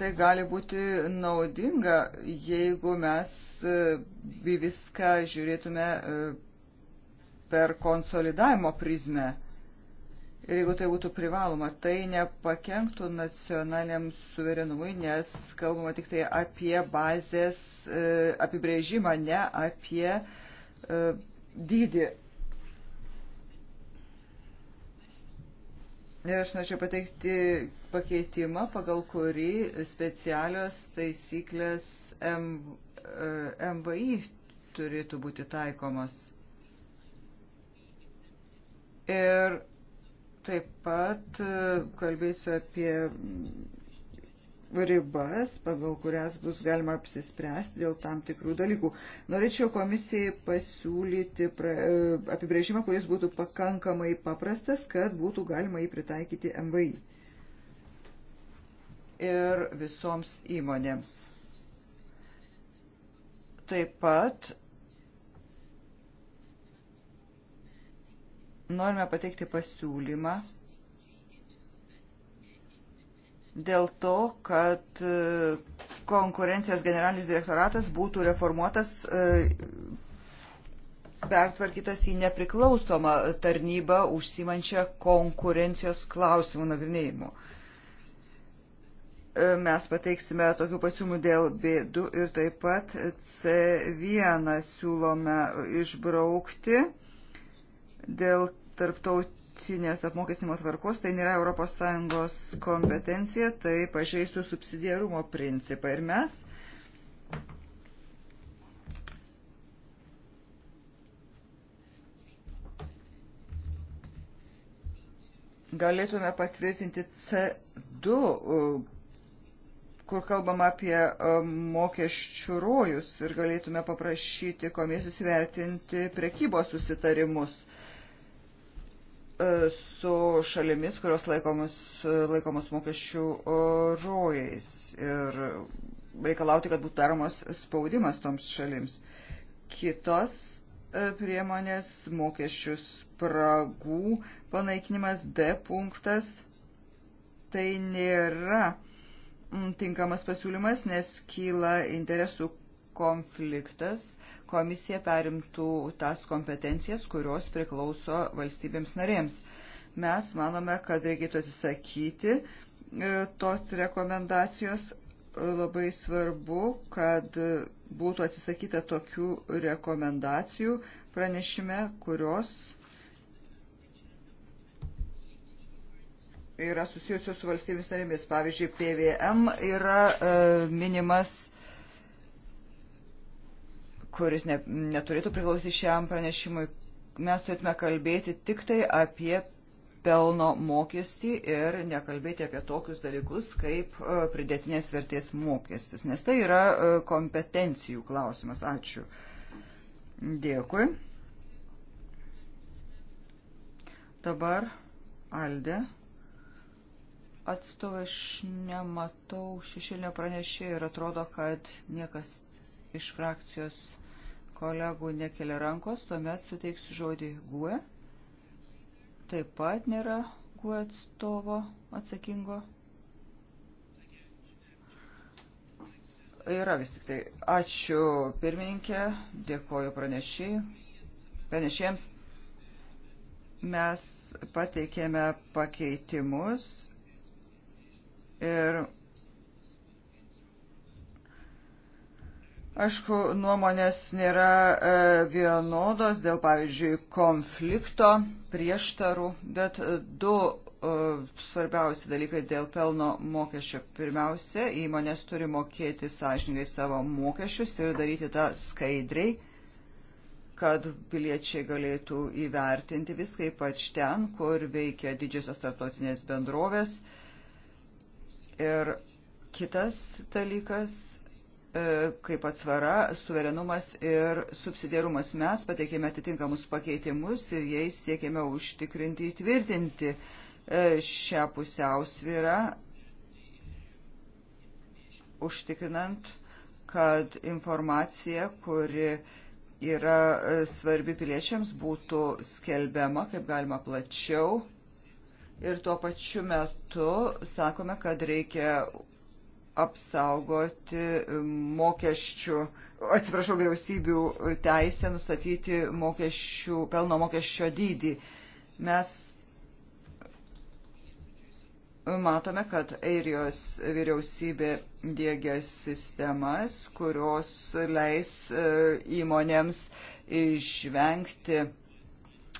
tai gali būti naudinga, jeigu mes e, viską žiūrėtume per konsolidavimo prizmę. Ir jeigu tai būtų privaloma, tai nepakenktų nacionaliniam suverenumui, nes kalbama tik tai apie bazės e, apibrėžimą, ne apie e, dydį. Ir aš norėčiau pateikti pakeitimą, pagal kurį specialios taisyklės M, e, MVI turėtų būti taikomos. Ir Taip pat e, kalbėsiu apie ribas, pagal kurias bus galima apsispręsti dėl tam tikrų dalykų. Norėčiau komisijai pasiūlyti pra, e, apibrėžimą, kuris būtų pakankamai paprastas, kad būtų galima jį pritaikyti MVI ir visoms įmonėms. Taip pat norime pateikti pasiūlymą dėl to, kad e, konkurencijos generalinis direktoratas būtų reformuotas, e, pertvarkytas į nepriklausomą tarnybą užsimančią konkurencijos klausimų nagrinėjimu. E, mes pateiksime tokių pasiūlymų dėl B2 ir taip pat C1 siūlome išbraukti dėl tarptautinės apmokestinimo tvarkos, tai nėra ES kompetencija, tai pažeistų subsidiarumo principą. Ir mes galėtume patvirtinti C2, kur kalbama apie e, mokesčių rojus ir galėtume paprašyti komisijos vertinti prekybos susitarimus. E, su šalimis, kurios laikomus, e, laikomus mokesčių rojais ir reikalauti, kad būtų daromas spaudimas toms šalims. Kitos e, priemonės mokesčių spragų panaikinimas D punktas tai nėra tinkamas pasiūlymas, nes kyla interesų konfliktas komisija perimtų tas kompetencijas, kurios priklauso valstybėms narėms. Mes manome, kad reikėtų atsisakyti e, tos rekomendacijos. Labai svarbu, kad būtų atsisakyta tokių rekomendacijų pranešime, kurios yra susijusios su valstybės narėmis. Pavyzdžiui, PVM yra e, minimas kuris ne, neturėtų priklausyti šiam pranešimui, mes turėtume kalbėti tik tai apie pelno mokestį ir nekalbėti apie tokius dalykus kaip e, pridėtinės vertės mokestis, nes tai yra e, kompetencijų klausimas. Ačiū. Dėkui. Dabar Aldė. Atstovai aš nematau šešėlinio pranešėjo ir atrodo, kad niekas iš frakcijos kolegų nekelia rankos, tuomet suteiksiu žodį GUE. Taip pat nėra GUE atstovo atsakingo. Yra vis tik tai. Ačiū pirmininkė, dėkoju pranešėjams. Mes pateikėme pakeitimus ir Aišku, nuomonės nėra e, vienodos dėl, pavyzdžiui, konflikto, prieštarų, bet e, du e, svarbiausi dalykai dėl pelno mokesčio. Pirmiausia, įmonės turi mokėti sąžininkai savo mokesčius ir daryti tą skaidriai, kad piliečiai galėtų įvertinti viską, ypač ten, kur veikia didžiosios tarptautinės bendrovės. Ir kitas dalykas E, kaip atsvara suverenumas ir subsidiarumas. Mes pateikėme atitinkamus pakeitimus ir jais siekėme užtikrinti įtvirtinti e, šią pusiausvyrą, užtikrinant, kad informacija, kuri yra e, svarbi piliečiams, būtų skelbiama kaip galima plačiau. Ir tuo pačiu metu sakome, kad reikia apsaugoti mokesčių, atsiprašau, vyriausybių teisę nustatyti mokesčių, pelno mokesčio dydį. Mes matome, kad Airijos vyriausybė dėgia sistemas, kurios leis e, įmonėms išvengti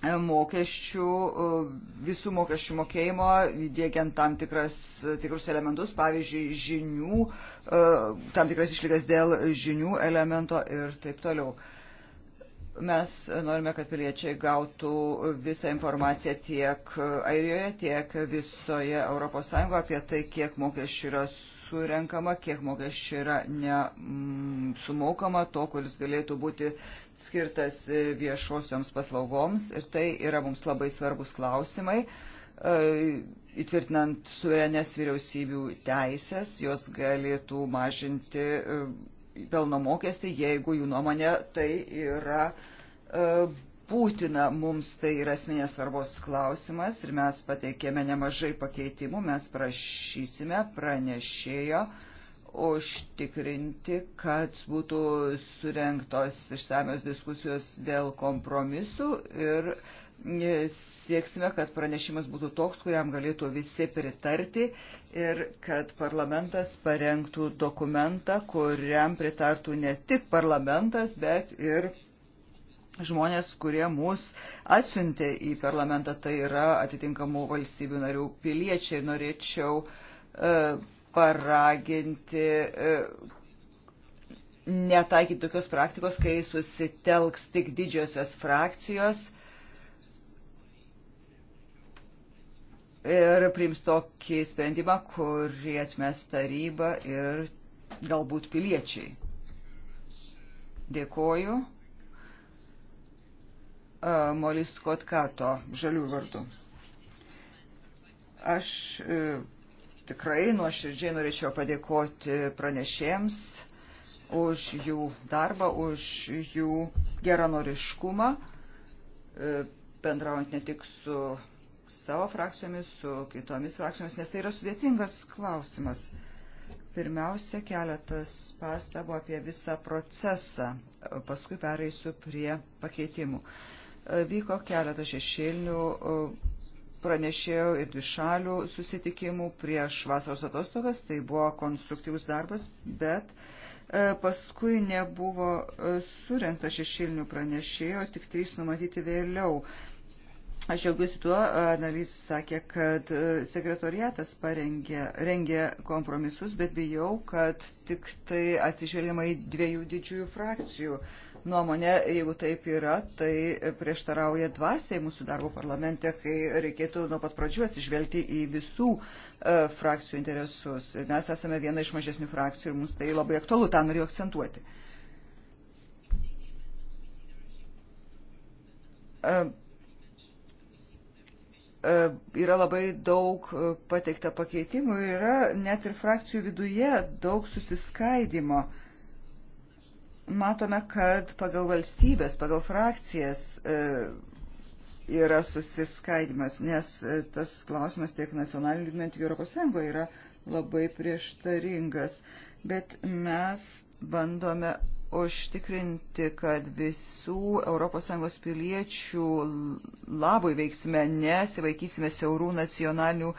mokesčių, e, visų mokesčių mokėjimo, dėgiant tam tikras, tikrus elementus, pavyzdžiui, žinių, e, tam tikras išlygas dėl žinių elemento ir taip toliau. Mes norime, kad piliečiai gautų visą informaciją tiek Airijoje, tiek visoje ES apie tai, kiek mokesčių yra surenkama, kiek mokesčių yra nesumokama, mm, to, kuris galėtų būti skirtas e, viešosioms paslaugoms ir tai yra mums labai svarbus klausimai, e, įtvirtinant suverenės vyriausybių teisės, jos galėtų mažinti e, pelno mokestį, jeigu jų nuomonė tai yra būtina, mums tai yra asmenės svarbos klausimas ir mes pateikėme nemažai pakeitimų, mes prašysime pranešėjo uh, užtikrinti, kad būtų surenktos išsamios diskusijos dėl kompromisų ir sieksime, kad pranešimas būtų toks, kuriam galėtų visi pritarti ir kad parlamentas parengtų dokumentą, kuriam pritartų ne tik parlamentas, bet ir žmonės, kurie mus atsiuntė į parlamentą, tai yra atitinkamų valstybių narių piliečiai. Norėčiau uh, paraginti e, netaikyti tokios praktikos, kai susitelks tik didžiosios frakcijos ir priims tokį sprendimą, kurį atmes taryba ir galbūt piliečiai. Dėkoju. E, Molis Kotkato, žalių vardu. Aš e, tikrai nuoširdžiai norėčiau padėkoti pranešėjams už jų darbą, už jų geranoriškumą, e, bendraujant ne tik su savo frakcijomis, su kitomis frakcijomis, nes tai yra sudėtingas klausimas. Pirmiausia, keletas pastabų apie visą procesą, paskui pereisiu prie pakeitimų. E, vyko keletas šešėlinių e, pranešėjų ir dvišalių susitikimų prieš vasaros atostogas. Tai buvo konstruktyvus darbas, bet e, paskui nebuvo e, surinkta šešilinių pranešėjo, tik trys numatyti vėliau. Aš džiaugiuosi tuo, e, analys sakė, kad sekretoriatas parengė, rengė kompromisus, bet bijau, kad tik tai atsižvelgiama į dviejų didžiųjų frakcijų uh, nuomonė, jeigu taip yra, tai prieštarauja dvasiai mūsų darbo parlamente, kai reikėtų nuo pat pradžių atsižvelgti į visų e, frakcijų interesus. Ir mes esame viena iš mažesnių frakcijų ir mums tai labai aktualu, tą noriu akcentuoti. E, e yra labai daug pateikta pakeitimų ir yra net ir frakcijų viduje daug susiskaidimo. E, matome, kad pagal valstybės, pagal frakcijas e, yra susiskaidimas, nes e, tas klausimas tiek nacionaliniu lygmeniu, tiek Europos Sąjungoje yra labai prieštaringas. Bet mes bandome užtikrinti, kad visų ES piliečių labui veiksime, nesivaikysime siaurų nacionalinių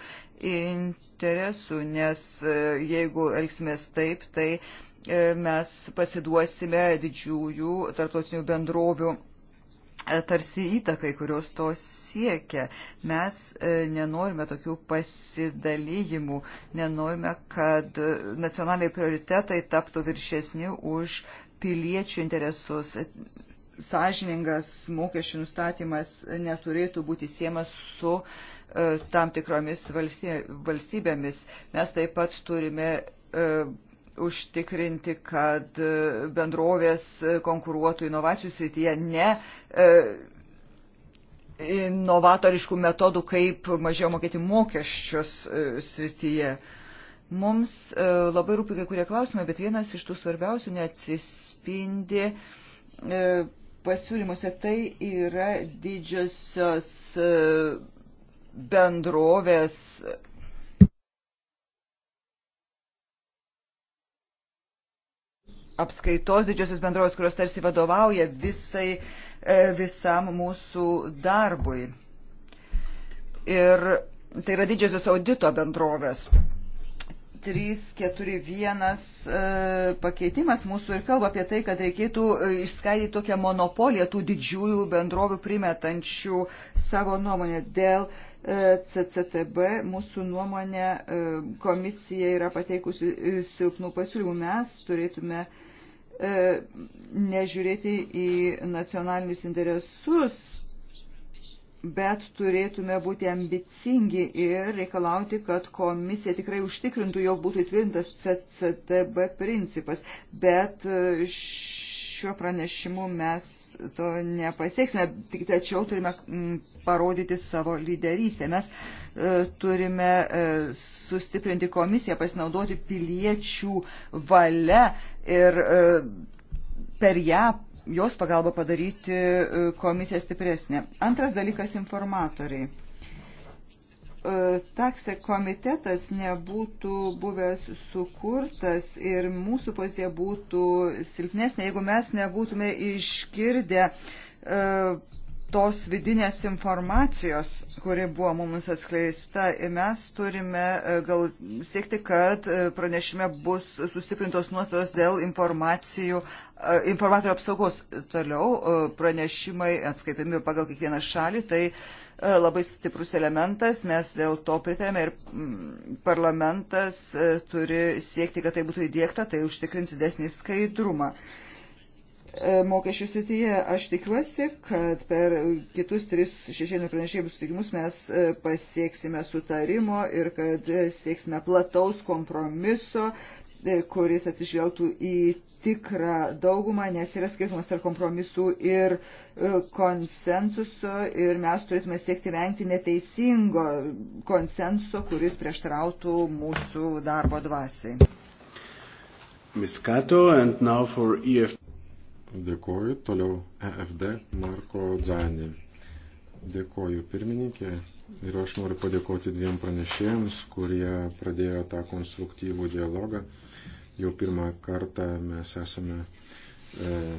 interesų, nes e, jeigu elgsimės taip, tai uh, E, mes pasiduosime didžiųjų tarptautinių bendrovių e, tarsi įtakai, kurios to siekia. Mes e, nenorime tokių pasidalyjimų, nenorime, kad nacionaliniai prioritetai taptų viršesni už piliečių interesus. Sažiningas mokesčių nustatymas neturėtų būti siemas su tam tikromis valstybėmis. Mes taip pat turime užtikrinti, kad bendrovės konkuruotų inovacijų srityje ne e, inovatoriškų metodų, kaip mažiau mokėti mokesčius e, srityje. Mums e, labai rūpi kai kurie klausimai, bet vienas iš tų svarbiausių neatsispindi pasiūlymuose. Tai yra didžiosios bendrovės apskaitos didžiosios bendrovės, kurios tarsi vadovauja visai, e, visam mūsų darbui. Ir tai yra didžiosios audito bendrovės. 341 e, pakeitimas mūsų ir kalba apie tai, kad reikėtų e, išskaidyti tokią monopoliją tų didžiųjų bendrovių primetančių savo nuomonę. Dėl CCTB mūsų nuomonė komisija yra pateikusi silpnų pasiūlymų. Mes turėtume uh, E, nežiūrėti į nacionalinius interesus, bet turėtume būti ambicingi ir reikalauti, kad komisija tikrai užtikrintų, jog būtų įtvirtintas CCTB principas. Bet e, šiuo pranešimu mes to nepasieksime, tik tačiau turime mm, parodyti savo lyderystę. Mes e, turime e, sustiprinti komisiją, pasinaudoti piliečių valia ir e, per ją jos pagalba padaryti komisiją stipresnę. Antras dalykas - informatoriai E, taksė komitetas nebūtų buvęs sukurtas ir mūsų pozicija būtų silpnesnė, jeigu mes nebūtume išgirdę e, tos vidinės informacijos, kuri buvo mums atskleista. Ir mes turime e, gal siekti, kad pranešime bus sustiprintos nuostatos dėl informacijų, informatorių apsaugos. Toliau pranešimai atskaitami pagal kiekvieną šalį. Tai E, labai stiprus elementas, mes dėl to pritarėme ir mm, parlamentas e, turi siekti, kad tai būtų įdėkta, tai užtikrins didesnį skaidrumą. E, mokesčių srityje aš tikiuosi, kad per kitus tris šešėlinių pranešėjimų sutikimus mes pasieksime sutarimo ir kad sieksime plataus kompromiso E, kuris atsižvelgtų į tikrą daugumą, nes yra skirtumas tarp kompromisų ir e, konsensuso ir mes turėtume siekti vengti neteisingo konsensuso, kuris prieštarautų mūsų darbo dvasiai. Miskato and now for EFT. Dėkoju, toliau EFD Marko Dzanė. Dėkoju pirmininkė, Ir aš noriu padėkoti dviem pranešėjams, kurie pradėjo tą konstruktyvų dialogą. Jau pirmą kartą mes esame e,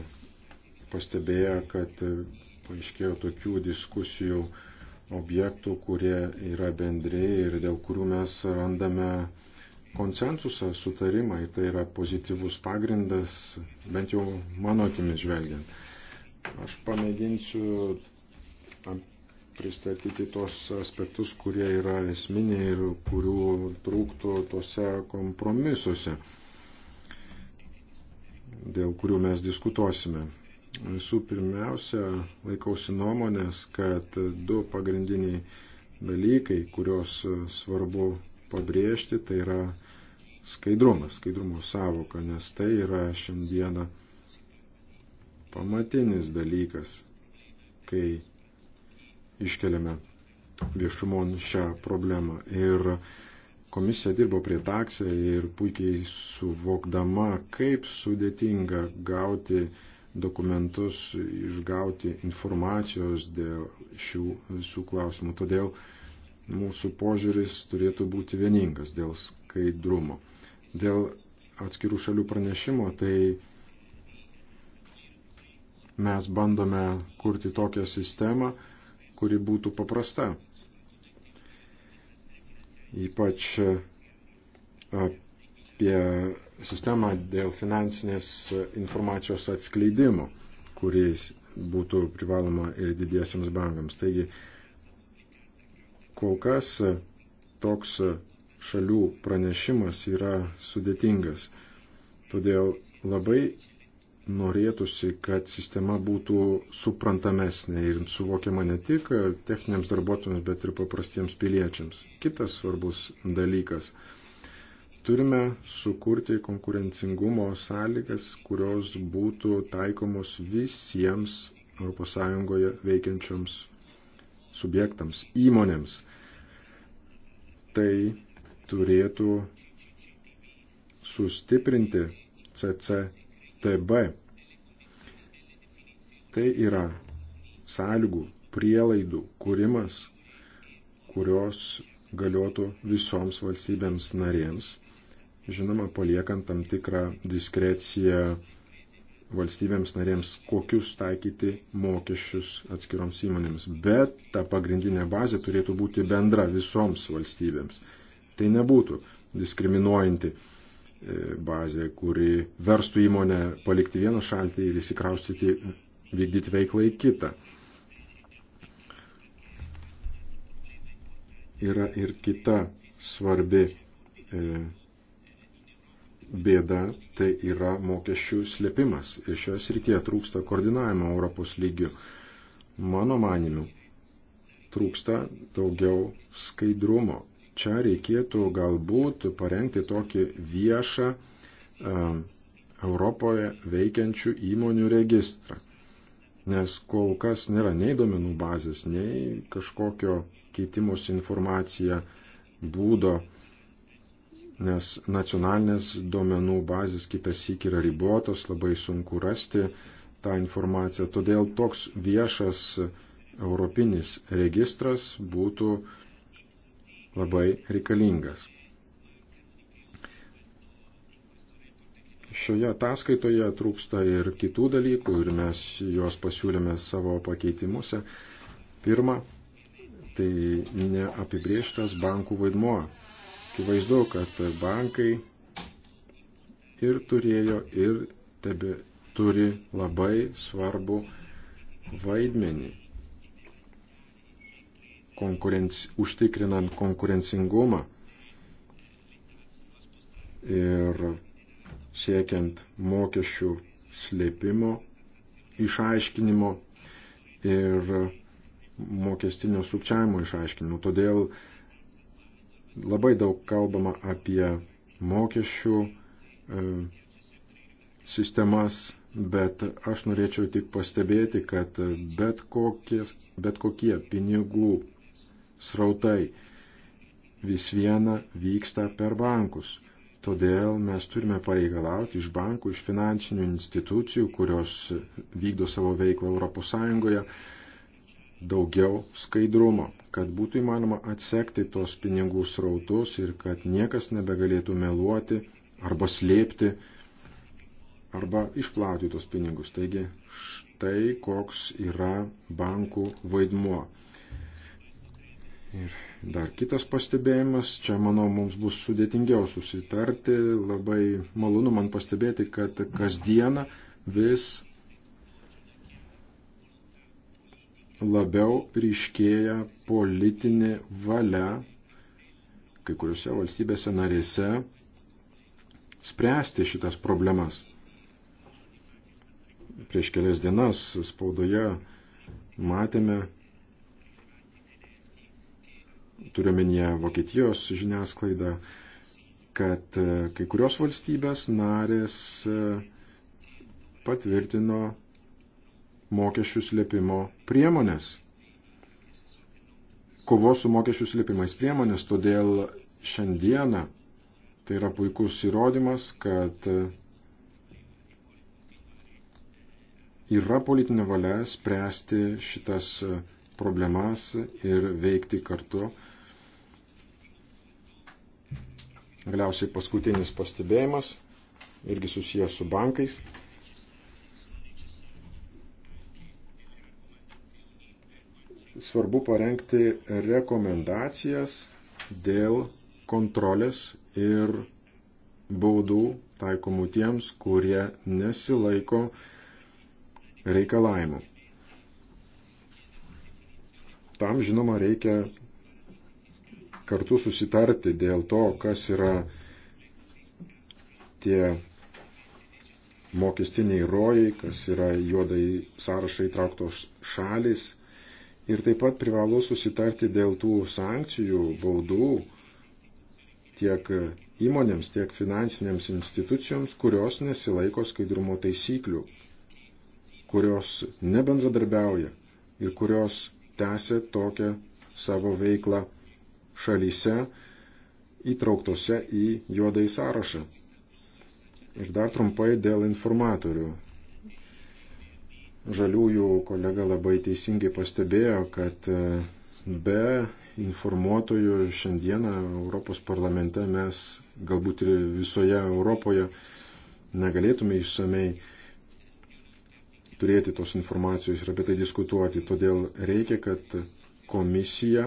pastebėję, kad e, paaiškėjo tokių diskusijų objektų, kurie yra bendrėjai ir dėl kurių mes randame konsensusą, sutarimą ir tai yra pozityvus pagrindas, bent jau mano akimis žvelgiant. Aš pamėginsiu pristatyti tos aspektus, kurie yra esminiai ir kurių trūktų tose kompromisuose dėl kurių mes diskutuosime. Visų pirmiausia, laikausi nuomonės, kad du pagrindiniai dalykai, kuriuos svarbu pabrėžti, tai yra skaidrumas, skaidrumo savoka, nes tai yra šiandieną pamatinis dalykas, kai iškeliame viešumon šią problemą. Ir Komisija dirbo prie taksę ir puikiai suvokdama, kaip sudėtinga gauti dokumentus, išgauti informacijos dėl šių visų klausimų. Todėl mūsų požiūris turėtų būti vieningas dėl skaidrumo. Dėl atskirų šalių pranešimo, tai mes bandome kurti tokią sistemą, kuri būtų paprasta ypač e, apie sistemą dėl finansinės informacijos atskleidimo, kuris būtų privaloma ir didiesiams bankams. Taigi, kol kas e, toks e, šalių pranešimas yra sudėtingas. Todėl labai norėtųsi, kad sistema būtų suprantamesnė ir suvokiama ne tik techniniams darbuotojams, bet ir paprastiems piliečiams. Kitas svarbus dalykas. Turime sukurti konkurencingumo sąlygas, kurios būtų taikomos visiems ES veikiančioms subjektams, įmonėms. Tai turėtų sustiprinti CC TB. Tai yra sąlygų, prielaidų kūrimas, kurios galiotų visoms valstybėms narėms, žinoma, paliekant tam tikrą diskreciją valstybėms narėms, kokius taikyti mokesčius atskiroms įmonėms. Bet ta pagrindinė bazė turėtų būti bendra visoms valstybėms. Tai nebūtų diskriminuojanti E, bazė, kuri verstų įmonę palikti vieną šaltį ir įsikraustyti vykdyti veiklą į kitą. Yra ir kita svarbi e, bėda, tai yra mokesčių slėpimas. Ir šioje srityje trūksta koordinavimo Europos lygių. Mano manimu, trūksta daugiau skaidrumo, čia reikėtų galbūt parengti tokį viešą e, Europoje veikiančių įmonių registrą. Nes kol kas nėra nei domenų bazės, nei kažkokio keitimus informacija būdo, nes nacionalinės domenų bazės kitas įk yra ribotos, labai sunku rasti tą informaciją. Todėl toks viešas europinis registras būtų uh, labai reikalingas. Šioje ataskaitoje trūksta ir kitų dalykų ir mes juos pasiūlėme savo pakeitimuose. Pirma, tai neapibrieštas bankų vaidmuo. Kivaizdu, kad bankai ir turėjo ir tebe turi labai svarbu vaidmenį konkurenci, užtikrinant konkurencingumą ir siekiant mokesčių slėpimo, išaiškinimo ir mokestinio sukčiavimo išaiškinimo. Todėl labai daug kalbama apie mokesčių e, sistemas, bet aš norėčiau tik pastebėti, kad bet, kokies, bet kokie pinigų srautai vis viena vyksta per bankus. Todėl mes turime pareigalauti iš bankų, iš finansinių institucijų, kurios vykdo savo veiklą ES, daugiau skaidrumo, kad būtų įmanoma atsekti tos pinigų srautus ir kad niekas nebegalėtų meluoti arba slėpti arba išplauti tos pinigus. Taigi štai koks yra bankų vaidmuo. Ir dar kitas pastebėjimas, čia manau mums bus sudėtingiau susitarti, labai malonu man pastebėti, kad kasdieną vis labiau ryškėja politinė valia kai kuriuose valstybėse narėse spręsti šitas problemas. Prieš kelias dienas spaudoje matėme turiuomenėje Vokietijos žiniasklaidą, kad e, kai kurios valstybės narės e, patvirtino mokesčių slėpimo priemonės. Kovos su mokesčių slėpimais priemonės, todėl šiandieną tai yra puikus įrodymas, kad e, yra politinė valia spręsti šitas problemas problemas ir veikti kartu. Galiausiai paskutinis pastebėjimas, irgi susijęs su bankais. Svarbu parengti rekomendacijas dėl kontrolės ir baudų taikomų tiems, kurie nesilaiko reikalavimų. Tam, žinoma, reikia kartu susitarti dėl to, kas yra tie mokestiniai rojai, kas yra juodai sąrašai įtrauktos šalis. Ir taip pat privalu susitarti dėl tų sankcijų, baudų tiek įmonėms, tiek finansinėms institucijoms, kurios nesilaiko skaidrumo taisyklių, kurios nebendradarbiauja ir kurios tęsia tokią savo veiklą šalyse įtrauktose į juodai sąrašą. Ir dar trumpai dėl informatorių. Žaliųjų kolega labai teisingai pastebėjo, kad e, be informuotojų šiandieną Europos parlamente mes galbūt ir visoje Europoje negalėtume išsamei turėti tos informacijos ir apie tai diskutuoti. Todėl reikia, kad komisija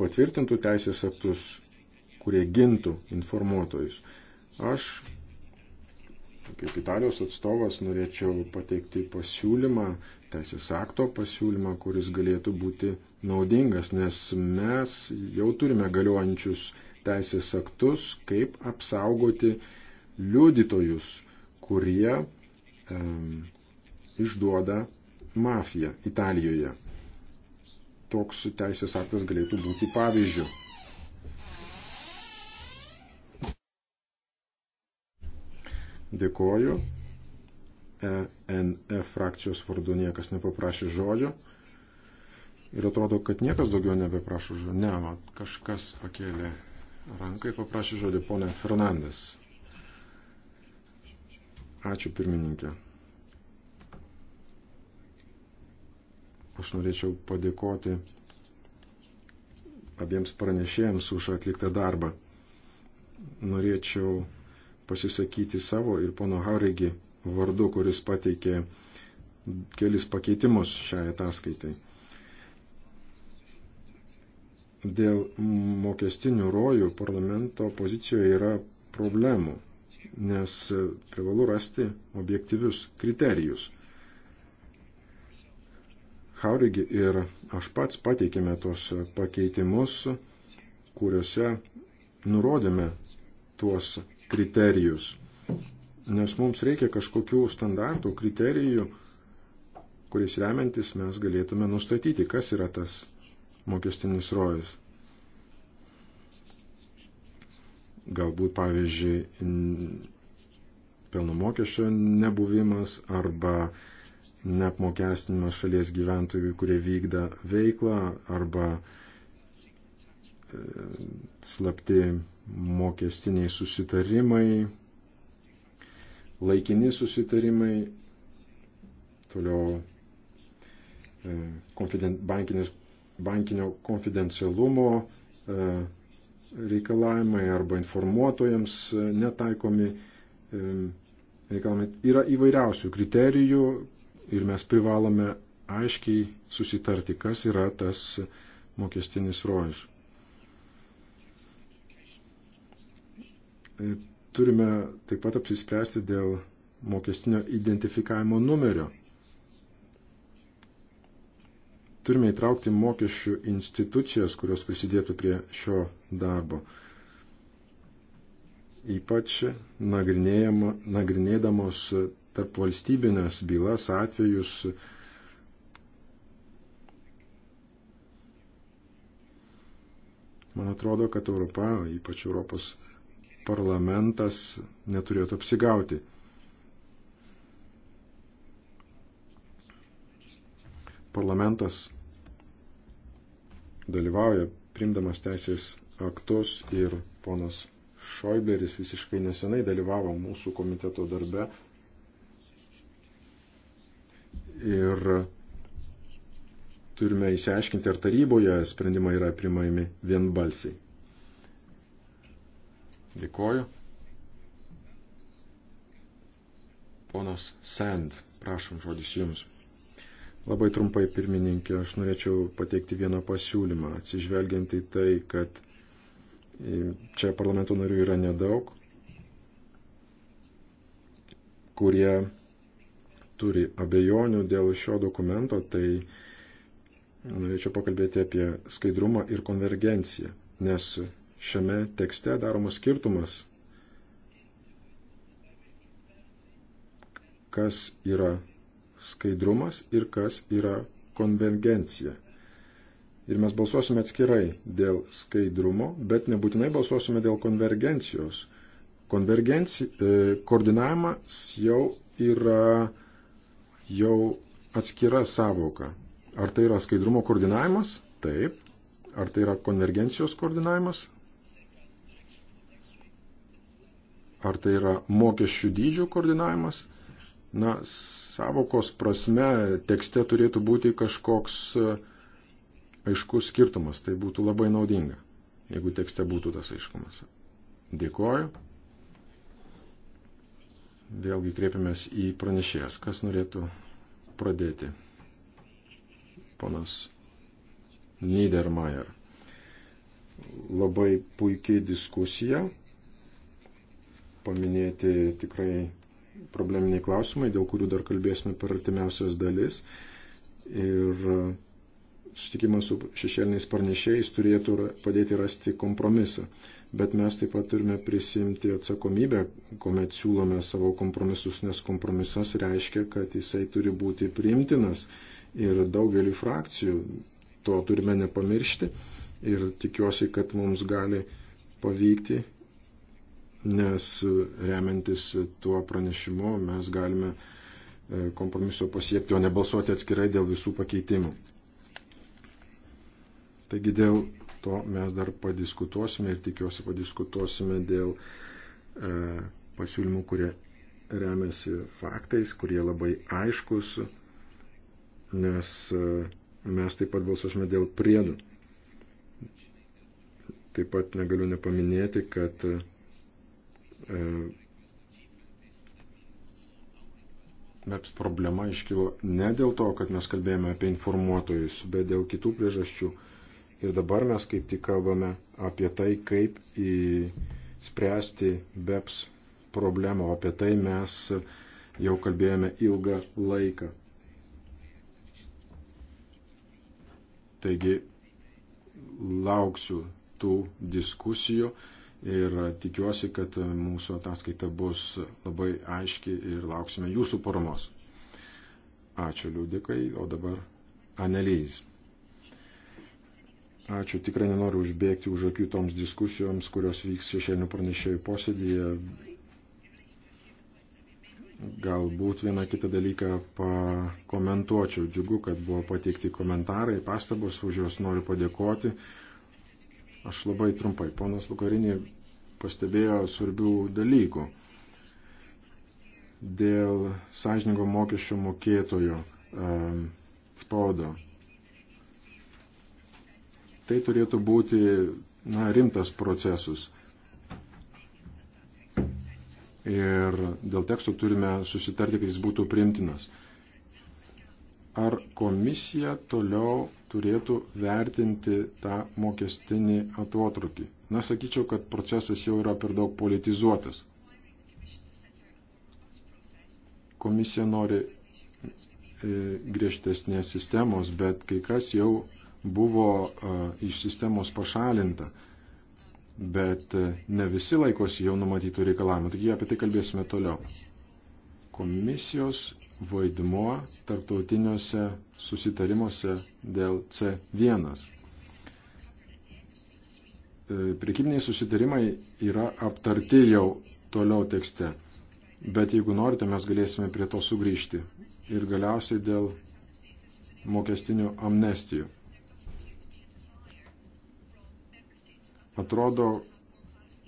patvirtintų teisės aktus, kurie gintų informuotojus. Aš, kaip Italijos atstovas, norėčiau pateikti pasiūlymą, teisės akto pasiūlymą, kuris galėtų būti naudingas, nes mes jau turime galiojančius teisės aktus, kaip apsaugoti liudytojus kurie um, išduoda mafiją Italijoje. Toks teisės aktas galėtų būti pavyzdžių. Dėkoju. ENF frakcijos vardu niekas nepaprašė žodžio. Ir atrodo, kad niekas daugiau nebeprašo žodžio. Ne, mat, kažkas pakėlė ranką ir paprašė žodį ponė Fernandes. Ačiū pirmininkė. Aš norėčiau padėkoti abiems pranešėjams už atliktą darbą. Norėčiau pasisakyti savo ir pono Harigi vardu, kuris pateikė kelis pakeitimus šiai ataskaitai. Dėl mokestinių rojų parlamento pozicijoje yra problemų nes privalu rasti objektyvius kriterijus. Haurigi ir aš pats pateikėme tos pakeitimus, kuriuose nurodėme tuos kriterijus. Nes mums reikia kažkokių standartų, kriterijų, kuris remiantis mes galėtume nustatyti, kas yra tas mokestinis rojus. Galbūt, pavyzdžiui, pelno mokesčio nebuvimas arba neapmokestinimas šalies gyventojų, kurie vykda veiklą arba e, slapti mokestiniai susitarimai, laikini susitarimai, toliau e, bankinius, bankinio konfidencialumo e, reikalavimai arba informuotojams netaikomi e, reikalavimai. Yra įvairiausių kriterijų ir mes privalome aiškiai susitarti, kas yra tas mokestinis rojus. E, turime taip pat apsispręsti dėl mokestinio identifikavimo numerio. Turime įtraukti mokesčių institucijas, kurios prisidėtų prie šio darbo. Ypač nagrinėdamos tarp valstybinės bylas atvejus, Man atrodo, kad Europa, ypač Europos parlamentas, neturėtų apsigauti. Parlamentas dalyvauja primdamas teisės aktus ir ponas Šoibleris visiškai nesenai dalyvavo mūsų komiteto darbe ir turime įsiaiškinti, ar taryboje sprendimai yra primami vienbalsiai. Dėkoju. Ponas Sand, prašom žodis jums. Labai trumpai, pirmininkė, aš norėčiau pateikti vieną pasiūlymą, atsižvelgiant į tai, kad e, čia parlamento narių yra nedaug, kurie turi abejonių dėl šio dokumento, tai norėčiau pakalbėti apie skaidrumą ir konvergenciją, nes šiame tekste daromas skirtumas, kas yra skaidrumas ir kas yra konvergencija. Ir mes balsuosime atskirai dėl skaidrumo, bet nebūtinai balsuosime dėl konvergencijos. Konvergenci, e, koordinavimas jau yra jau atskira savoka. Ar tai yra skaidrumo koordinavimas? Taip. Ar tai yra konvergencijos koordinavimas? Ar tai yra mokesčių dydžių koordinavimas? Na, savokos prasme tekste turėtų būti kažkoks e, aiškus skirtumas. Tai būtų labai naudinga, jeigu tekste būtų tas aiškumas. Dėkoju. Vėlgi kreipiamės į pranešėjas. Kas norėtų pradėti? Ponas Niedermayer. Labai puikiai diskusija. Paminėti tikrai probleminiai klausimai, dėl kurių dar kalbėsime per artimiausias dalis. Ir e, sutikimas su šešėliniais parnešėjais turėtų padėti rasti kompromisą. Bet mes taip pat turime prisimti atsakomybę, kuomet siūlome savo kompromisus, nes kompromisas reiškia, kad jisai turi būti priimtinas ir daugelį frakcijų. To turime nepamiršti ir tikiuosi, kad mums gali pavykti nes e, remiantis tuo pranešimu mes galime e, kompromiso pasiekti, o ne balsuoti atskirai dėl visų pakeitimų. Taigi dėl to mes dar padiskutuosime ir tikiuosi padiskutuosime dėl e, pasiūlymų, kurie remiasi faktais, kurie labai aiškus, nes e, mes taip pat balsuosime dėl priedų. Taip pat negaliu nepaminėti, kad e, Bet problema iškilo ne dėl to, kad mes kalbėjome apie informuotojus, bet dėl kitų priežasčių. Ir dabar mes kaip tik kalbame apie tai, kaip įspręsti BEPS problemą. Apie tai mes jau kalbėjome ilgą laiką. Taigi lauksiu tų diskusijų ir tikiuosi, kad mūsų ataskaita bus labai aiški ir lauksime jūsų paramos. Ačiū liūdikai, o dabar analizė. Ačiū, tikrai nenoriu užbėgti už akių toms diskusijoms, kurios vyks šešėlinių pranešėjų posėdėje. Galbūt vieną kitą dalyką pakomentuočiau. Džiugu, kad buvo pateikti komentarai, pastabos, už juos noriu padėkoti. Aš labai trumpai. Ponas Lukarinė pastebėjo svarbių dalykų dėl sąžininko mokesčio mokėtojo spaudo. Tai turėtų būti na, rimtas procesus. Ir dėl teksto turime susitarti, kad jis būtų primtinas ar komisija toliau turėtų vertinti tą mokestinį atotrukį. Na, sakyčiau, kad procesas jau yra per daug politizuotas. Komisija nori e, griežtesnės sistemos, bet kai kas jau buvo e, iš sistemos pašalinta, bet e, ne visi laikosi jau numatytų reikalavimų. Taigi apie tai kalbėsime toliau. Komisijos vaidmuo tarptautiniuose susitarimuose dėl C1. E, prekybiniai susitarimai yra aptarti jau toliau tekste, bet jeigu norite, mes galėsime prie to sugrįžti. Ir galiausiai dėl mokestinių amnestijų. Atrodo,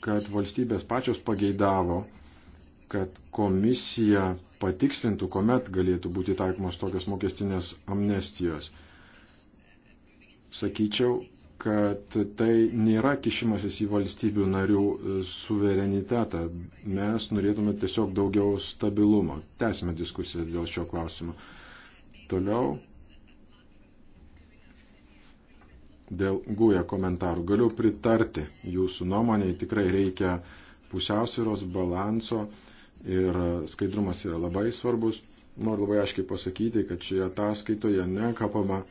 kad valstybės pačios pageidavo, kad komisija patikslintų, kuomet galėtų būti taikomos tokios mokestinės amnestijos. Sakyčiau, kad tai nėra kišimasis į valstybių narių e, suverenitetą. Mes norėtume tiesiog daugiau stabilumo. Tęsime diskusiją dėl šio klausimo. Toliau dėl guja komentarų. Galiu pritarti jūsų nuomonėje, tikrai reikia pusiausvėros balanso ir skaidrumas yra labai svarbus. Noriu labai aiškiai pasakyti, kad šioje ataskaitoje nekapama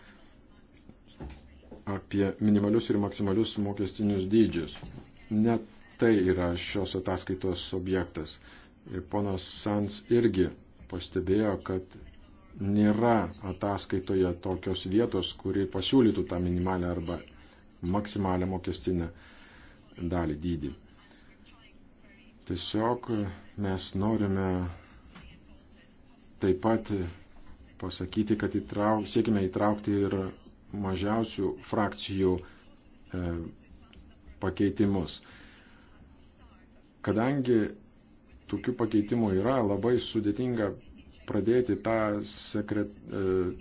apie minimalius ir maksimalius mokestinius dydžius. Net tai yra šios ataskaitos objektas. Ir ponas Sans irgi pastebėjo, kad nėra ataskaitoje tokios vietos, kuri pasiūlytų tą minimalę arba maksimalę mokestinę dalį dydį. Tiesiog mes norime taip pat pasakyti, kad įtrauk, siekime įtraukti ir mažiausių frakcijų e, pakeitimus. Kadangi tokių pakeitimų yra, labai sudėtinga pradėti tą, sekret, e,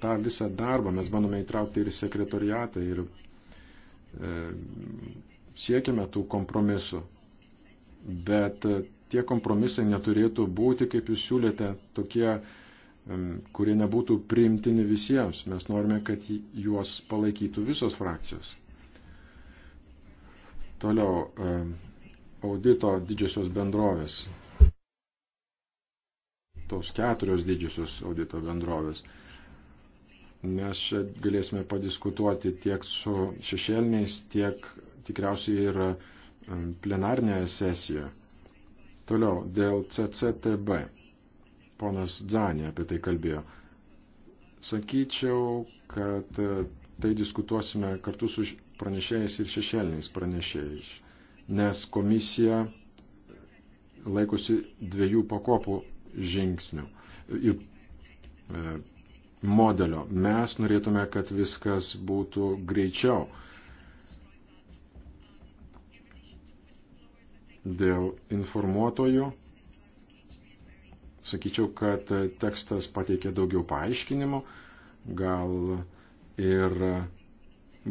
tą visą darbą. Mes bandome įtraukti ir sekretoriatą ir e, siekime tų kompromisų bet e, tie kompromisai neturėtų būti, kaip jūs siūlėte, tokie, kurie nebūtų priimtini visiems. Mes norime, kad juos palaikytų visos frakcijos. Toliau, audito didžiosios bendrovės. Tos keturios didžiosios audito bendrovės. Mes čia galėsime padiskutuoti tiek su šešėliniais, tiek tikriausiai ir uh, plenarnėje sesijoje. Toliau, dėl CCTB. Ponas Dzanė apie tai kalbėjo. Sakyčiau, kad e, tai diskutuosime kartu su pranešėjais ir šešėliniais pranešėjais, nes komisija laikosi dviejų pakopų žingsnių ir e, modelio. Mes norėtume, kad viskas būtų greičiau Dėl informuotojų sakyčiau, kad tekstas pateikė daugiau paaiškinimų, gal ir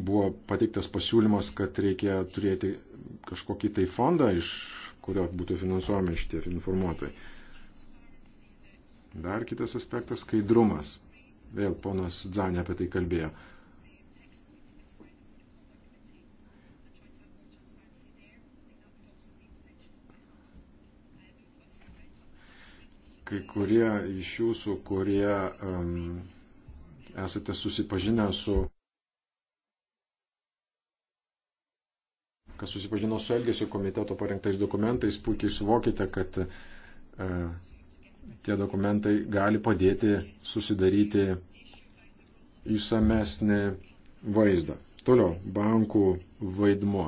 buvo pateiktas pasiūlymas, kad reikia turėti kažkokį tai fondą, iš kurio būtų finansuojami šitie informuotojai. Dar kitas aspektas - skaidrumas. Vėl ponas Dzanė apie tai kalbėjo. kai kurie iš jūsų, kurie um, esate susipažinę su kas susipažino su Elgesio komiteto parengtais dokumentais, puikiai suvokite, kad e, tie dokumentai gali padėti susidaryti įsamesnį vaizdą. Toliau, bankų vaidmuo.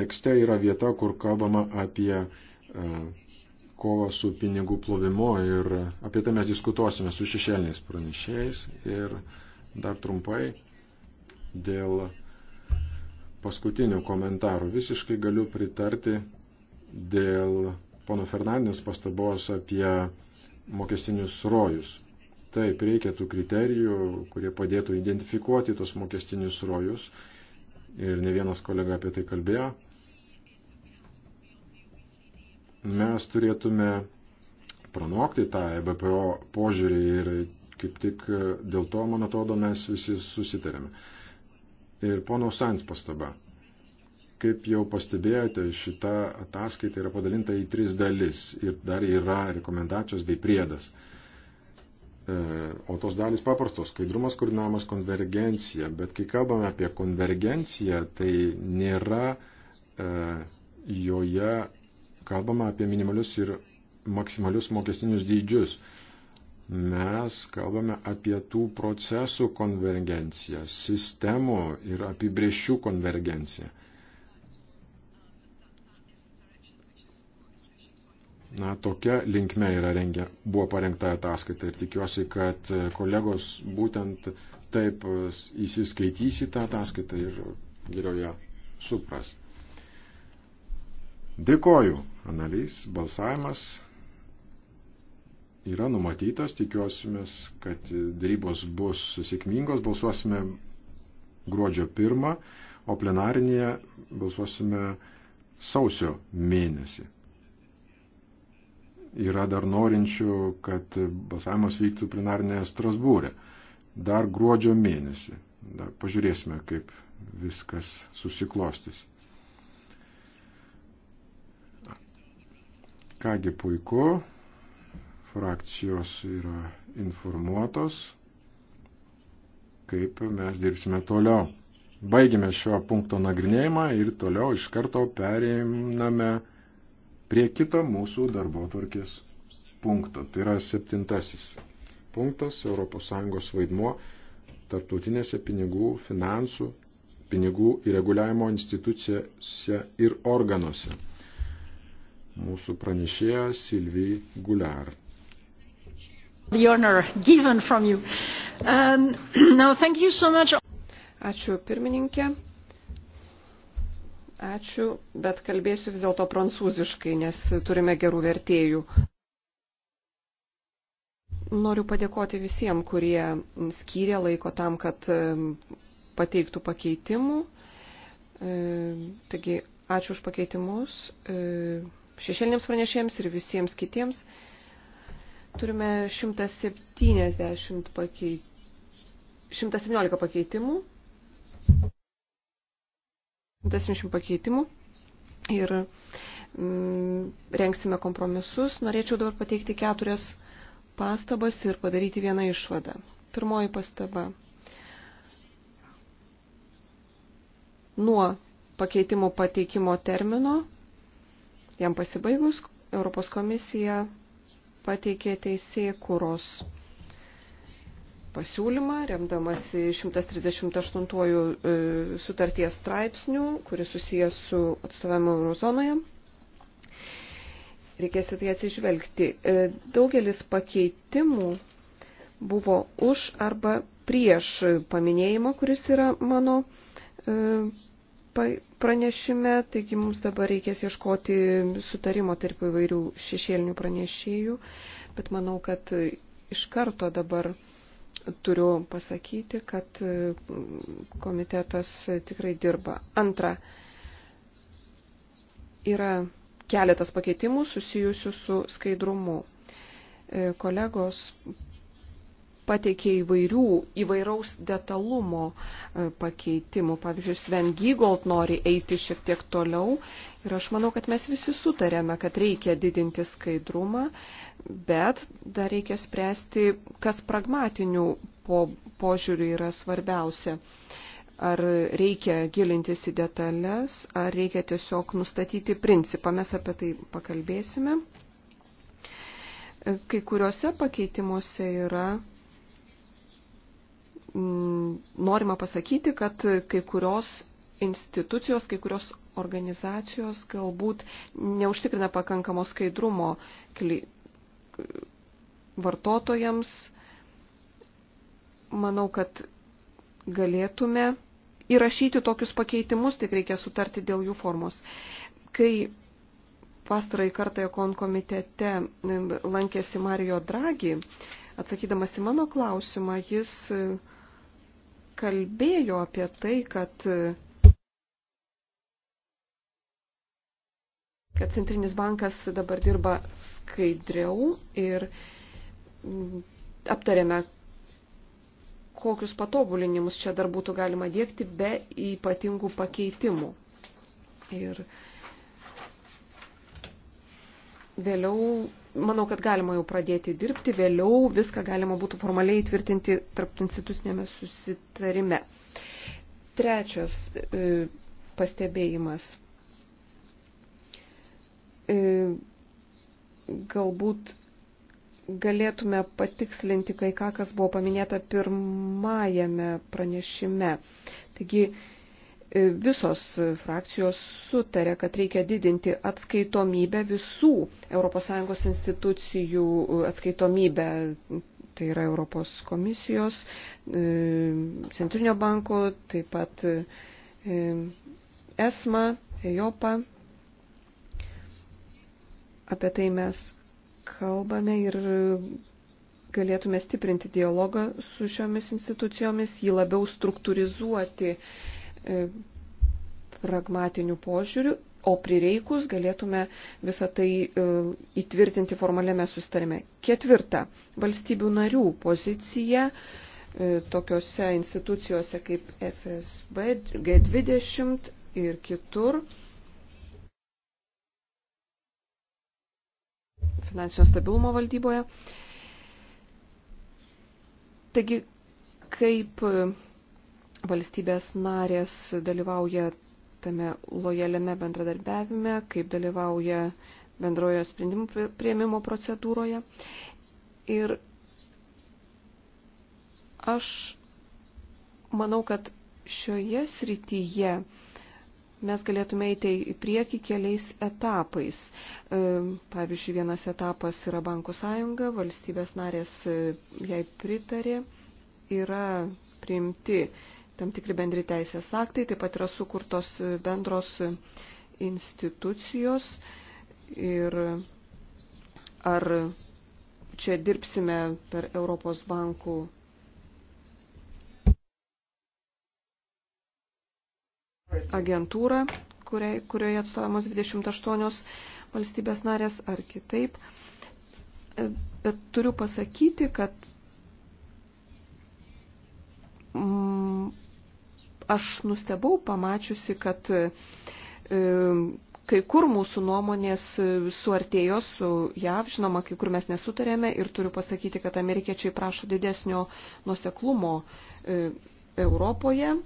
Tekste yra vieta, kur kalbama apie e, kovą su pinigų plovimu ir apie tai mes diskutuosime su šešėliniais pranešėjais ir dar trumpai dėl paskutinių komentarų. Visiškai galiu pritarti dėl pono Fernandės pastabos apie mokestinius rojus. Taip, reikia tų kriterijų, kurie padėtų identifikuoti tos mokestinius rojus. Ir ne vienas kolega apie tai kalbėjo mes turėtume pranokti tą EBPO požiūrį ir kaip tik e, dėl to, man atrodo, mes visi susitarėme. Ir pono Sans pastaba. Kaip jau pastebėjote, šita ataskaita yra padalinta į tris dalis ir dar yra rekomendacijos bei priedas. E, o tos dalys paprastos - skaidrumas, koordinavimas, konvergencija. Bet kai kalbame apie konvergenciją, tai nėra e, joje kalbama apie minimalius ir maksimalius mokestinius dydžius. Mes kalbame apie tų procesų konvergenciją, sistemų ir apibrėžčių konvergenciją. Na, tokia linkme yra rengia, buvo parengta ataskaita ir tikiuosi, kad kolegos būtent taip įsiskaitys į tą ataskaitą ir geriau ją supras. Dėkoju analys, balsavimas yra numatytas, tikiuosimės, kad dėrybos bus sėkmingos, balsuosime gruodžio 1, o plenarinėje balsuosime sausio mėnesį. Yra dar norinčių, kad balsavimas vyktų plenarinėje Strasbūrė. Dar gruodžio mėnesį. Dar pažiūrėsime, kaip viskas susiklostys. Kągi puiku, frakcijos yra informuotos, kaip mes dirbsime toliau. Baigime šio punkto nagrinėjimą ir toliau iš karto pereiname prie kito mūsų darbo tvarkės punkto. Tai yra septintasis punktas ES vaidmuo tarptautinėse pinigų, finansų, pinigų ir reguliavimo institucijose ir organuose mūsų pranešėja Silvija Guliar. Um, [CLEARS THROAT] no, so much. Ačiū pirmininkė. Ačiū, bet kalbėsiu vis dėlto prancūziškai, nes turime gerų vertėjų. Noriu padėkoti visiems, kurie skyrė laiko tam, kad um, pateiktų pakeitimų. Um, taigi, ačiū už pakeitimus. Um, šešėliniams pranešėjams ir visiems kitiems. Turime 170 pakeitimų. 117 pakeitimų. 170 pakeitimų. Ir mm, rengsime kompromisus. Norėčiau dabar pateikti keturias pastabas ir padaryti vieną išvadą. Pirmoji pastaba. Nuo pakeitimo pateikimo termino Jam pasibaigus Europos komisija pateikė teisėjų kūros pasiūlymą, remdamas 138 e, sutarties straipsnių, kuris susijęs su atstovavimu eurozonoje. Reikės į tai atsižvelgti. E, daugelis pakeitimų buvo už arba prieš paminėjimą, kuris yra mano e, pranešime, taigi mums dabar reikės ieškoti sutarimo tarp įvairių šešėlinių pranešėjų, bet manau, kad iš karto dabar turiu pasakyti, kad mm, komitetas tikrai dirba. Antra, yra keletas pakeitimų susijusių su skaidrumu. E, kolegos pateikė įvairių, įvairaus detalumo e, pakeitimų. Pavyzdžiui, Sven Gygold nori eiti šiek tiek toliau ir aš manau, kad mes visi sutarėme, kad reikia didinti skaidrumą, bet dar reikia spręsti, kas pragmatinių po, požiūrių yra svarbiausia. Ar reikia gilintis į detalės, ar reikia tiesiog nustatyti principą. Mes apie tai pakalbėsime. E, kai kuriuose pakeitimuose yra Mm, norima pasakyti, kad kai kurios institucijos, kai kurios organizacijos galbūt neužtikrina pakankamo skaidrumo vartotojams. Manau, kad galėtume įrašyti tokius pakeitimus, tik reikia sutarti dėl jų formos. Kai pastarąjį kartą Ekon komitete mm, lankėsi Mario Draghi, atsakydamas į mano klausimą, jis kalbėjo apie tai, kad, kad Centrinis bankas dabar dirba skaidriau ir mm, aptarėme, kokius patobulinimus čia dar būtų galima dėkti be ypatingų pakeitimų. Ir vėliau manau, kad galima jau pradėti dirbti, vėliau viską galima būtų formaliai įtvirtinti tarp institucinėme susitarime. Trečias e, pastebėjimas. E, galbūt galėtume patikslinti kai ką, kas buvo paminėta pirmajame pranešime. Taigi, visos frakcijos sutarė, kad reikia didinti atskaitomybę visų ES institucijų atskaitomybę. Tai yra Europos komisijos, e, Centrinio banko, taip pat e, ESMA, EJOPA. Apie tai mes kalbame ir galėtume stiprinti dialogą su šiomis institucijomis, jį labiau struktūrizuoti E, pragmatiniu požiūriu, o prireikus galėtume visą tai e, įtvirtinti formaliame sustarime. Ketvirta, valstybių narių pozicija e, tokiose institucijose kaip FSB, G20 ir kitur. Finansinio stabilumo valdyboje. Taigi, kaip valstybės narės dalyvauja tame lojaliame bendradarbiavime, kaip dalyvauja bendrojo sprendimų prieimimo procedūroje. Ir aš manau, kad šioje srityje mes galėtume eiti į priekį keliais etapais. E, pavyzdžiui, vienas etapas yra bankų sąjunga, valstybės narės e, jai pritarė, yra priimti tam tikri bendri teisės aktai, taip pat yra sukurtos bendros institucijos ir ar čia dirbsime per Europos bankų agentūrą, kurioje atstovamos 28 valstybės narės ar kitaip. Bet turiu pasakyti, kad mm, aš nustebau pamačiusi, kad e, kai kur mūsų nuomonės suartėjo su JAV, žinoma, kai kur mes nesutarėme ir turiu pasakyti, kad amerikiečiai prašo didesnio nuseklumo e, Europoje e,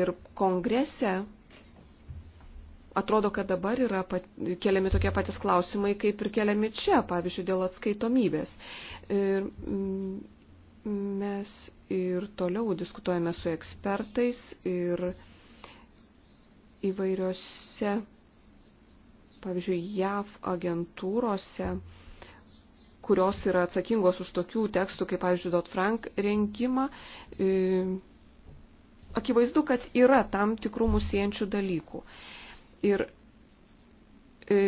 ir kongrese. Atrodo, kad dabar yra keliami tokie patys klausimai, kaip ir keliami čia, pavyzdžiui, dėl atskaitomybės. Ir Mes ir toliau diskutuojame su ekspertais ir įvairiose, pavyzdžiui, JAV agentūrose, kurios yra atsakingos už tokių tekstų, kaip, pavyzdžiui, Dot-Frank rengimą, e, akivaizdu, kad yra tam tikrų musiejančių dalykų. Ir e,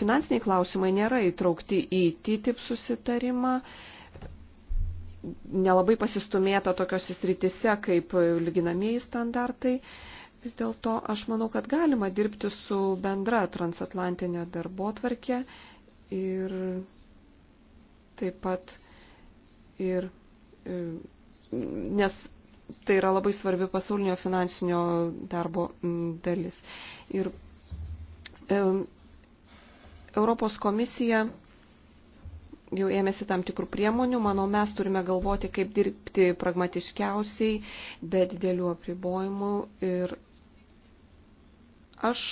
finansiniai klausimai nėra įtraukti į TTIP susitarimą. E, nelabai pasistumėta tokiuose sritise kaip lyginamieji standartai. Vis dėlto aš manau, kad galima dirbti su bendra transatlantinė darbo tvarkė ir taip pat ir, e, nes tai yra labai svarbi pasaulinio finansinio darbo dalis. Ir Europos komisija jau ėmėsi tam tikrų priemonių. Manau, mes turime galvoti, kaip dirbti pragmatiškiausiai, be didelių apribojimų. Ir aš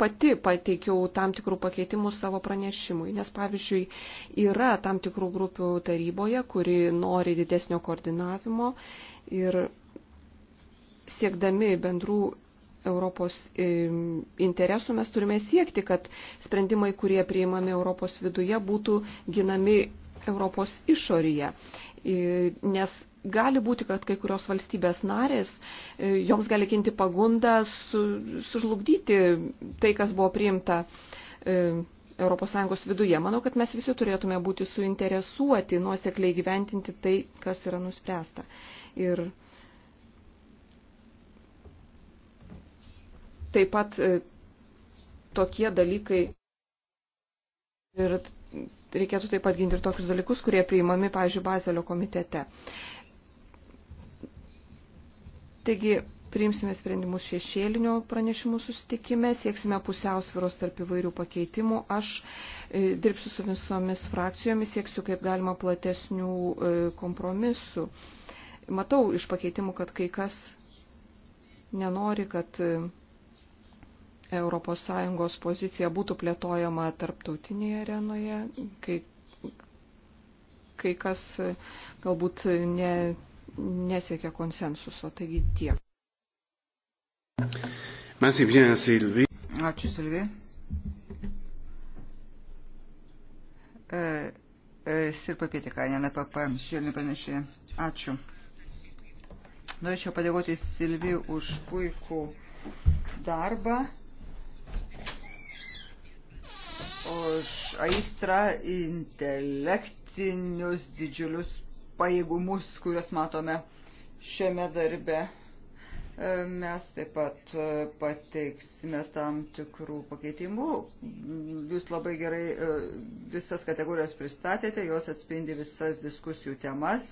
pati pateikiau tam tikrų pakeitimų savo pranešimui, nes pavyzdžiui, yra tam tikrų grupių taryboje, kuri nori didesnio koordinavimo ir siekdami bendrų Europos interesų mes turime siekti, kad sprendimai, kurie priimami Europos viduje, būtų ginami Europos išorėje. Nes gali būti, kad kai kurios valstybės narės, e, joms gali kinti pagundą su, sužlugdyti tai, kas buvo priimta ES viduje. Manau, kad mes visi turėtume būti suinteresuoti nuosekliai gyventinti tai, kas yra nuspręsta. Ir taip pat e, tokie dalykai ir reikėtų taip pat ginti ir tokius dalykus, kurie priimami, pavyzdžiui, Bazelio komitete. Taigi, priimsime sprendimus šešėlinio pranešimų susitikime, sieksime pusiausviros tarp įvairių pakeitimų. Aš e, dirbsiu su visomis frakcijomis, sieksiu kaip galima platesnių e, kompromisų. Matau iš pakeitimų, kad kai kas nenori, kad ES pozicija būtų plėtojama tarptautinėje arenoje, kai, kai kas galbūt ne, nesiekia konsensuso. Taigi tiek. Merci bien, Sylvie. Ačiū, Silvi. E, e, Sirpa Pietikainė, NPP, šilni panešė. Ačiū. Norėčiau padėkoti Silvi už puikų darbą. už aistrą, intelektinius didžiulius pajėgumus, kuriuos matome šiame darbe. E, mes taip pat e, pateiksime tam tikrų pakeitimų. Jūs labai gerai e, visas kategorijas pristatėte, jos atspindi visas diskusijų temas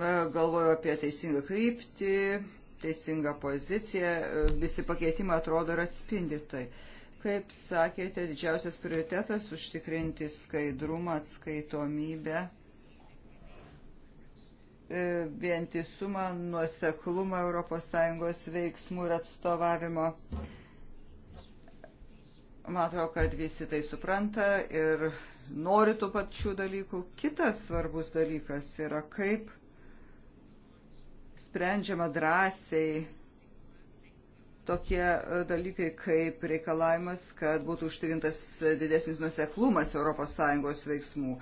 E, galvoju apie teisingą kryptį, teisingą poziciją, e, visi pakeitimai atrodo ir atspindi tai. Kaip sakėte, didžiausias prioritetas - užtikrinti skaidrumą, atskaitomybę, e, vientisumą, nuoseklumą ES veiksmų ir atstovavimo. Man atrodo, kad visi tai supranta ir nori tų pačių dalykų. Kitas svarbus dalykas yra kaip sprendžiama drąsiai tokie e, dalykai kaip reikalavimas, kad būtų užtikrintas didesnis nuseklumas ES veiksmų,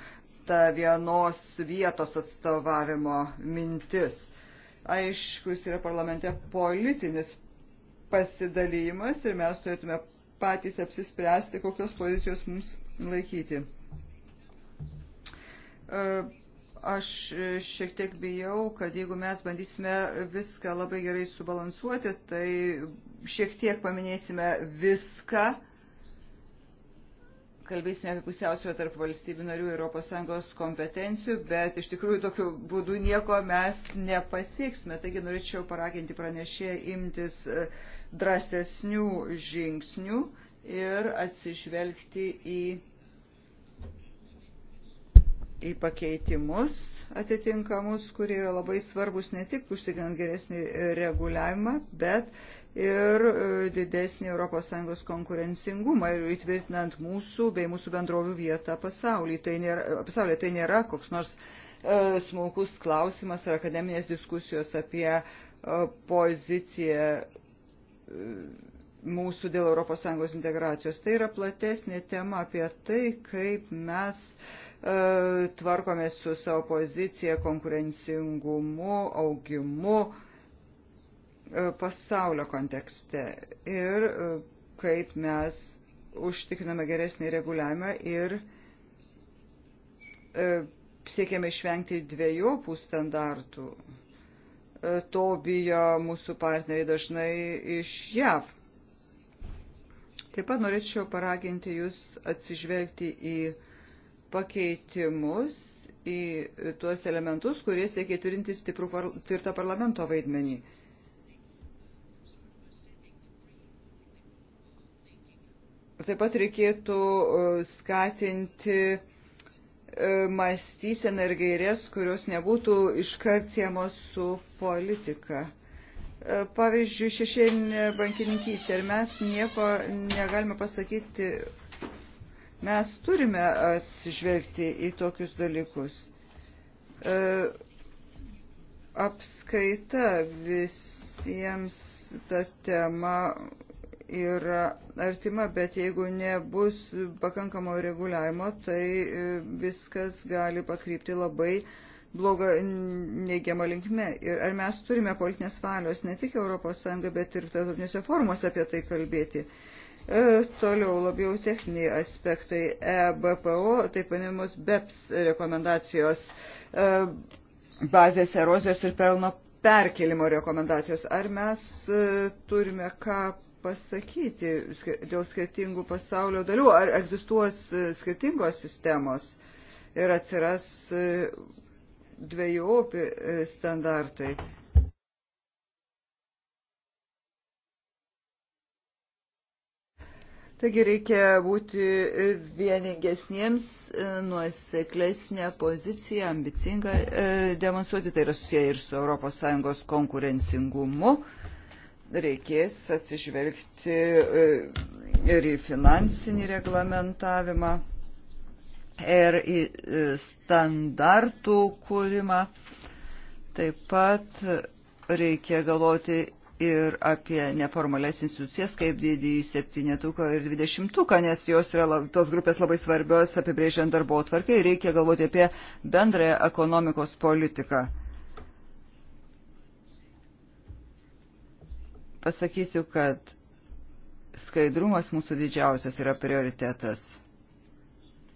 ta vienos vietos atstovavimo mintis. Aiškus yra parlamente politinis pasidalymas ir mes turėtume patys apsispręsti, kokios pozicijos mums laikyti. Uh, Aš e, šiek tiek bijau, kad jeigu mes bandysime viską labai gerai subalansuoti, tai šiek tiek paminėsime viską. Kalbėsime apie pusiausvę tarp valstybių narių ir ES kompetencijų, bet iš tikrųjų tokiu būdu nieko mes nepasieksime. Taigi norėčiau paraginti pranešėją imtis e, drąsesnių žingsnių ir atsižvelgti į į pakeitimus atitinkamus, kurie yra labai svarbus ne tik užtikrinant geresnį e, reguliavimą, bet ir e, didesnį ES konkurencingumą ir įtvirtinant mūsų bei mūsų bendrovių vietą pasaulyje. Tai nėra, pasaulyje tai nėra koks nors e, smulkus klausimas ar akademinės diskusijos apie e, poziciją e, mūsų dėl ES integracijos. Tai yra platesnė tema apie tai, kaip mes e, E, tvarkomės su savo pozicija, konkurencingumu, augimu e, pasaulio kontekste ir e, kaip mes užtikriname geresnį reguliavimą ir siekiame išvengti dviejopų standartų. To bijo mūsų partneriai dažnai iš JAV. Taip pat norėčiau paraginti jūs atsižvelgti į pakeitimus į tuos elementus, kurie siekia turinti stiprų par, tvirtą parlamento vaidmenį. Taip pat reikėtų e, skatinti e, mąstyseną ir gairės, kurios nebūtų iškart siemos su politika. E, pavyzdžiui, šešėlinė bankininkystė. Ir mes nieko negalime pasakyti Mes turime atsižvelgti į tokius dalykus. E, apskaita visiems ta tema yra artima, bet jeigu nebus pakankamo reguliavimo, tai e, viskas gali pakrypti labai blogą neigiamą linkmę. Ir ar mes turime politinės valios ne tik ES, bet ir tarptautinėse formuose apie tai kalbėti. E, toliau labiau techniniai aspektai EBPO, taip vadinamos BEPS rekomendacijos e, bazės erozijos ir pelno perkelimo rekomendacijos. Ar mes e, turime ką pasakyti dėl skirtingų pasaulio dalių? Ar egzistuos skirtingos sistemos ir atsiras dviejopi standartai? Taigi reikia būti vieningesniems, e, nuoseklesnė pozicija, ambicinga e, demonstruoti. Tai yra susiję ir su ES konkurencingumu. Reikės atsižvelgti e, ir į finansinį reglamentavimą, ir į standartų kūrimą. Taip pat reikia galvoti ir apie neformales institucijas, kaip didįjį septynetuką ir dvidešimtuką, nes jos yra, tos grupės labai svarbios apibrėžiant darbo tvarkai ir reikia galvoti apie bendrąją ekonomikos politiką. Pasakysiu, kad skaidrumas mūsų didžiausias yra prioritetas,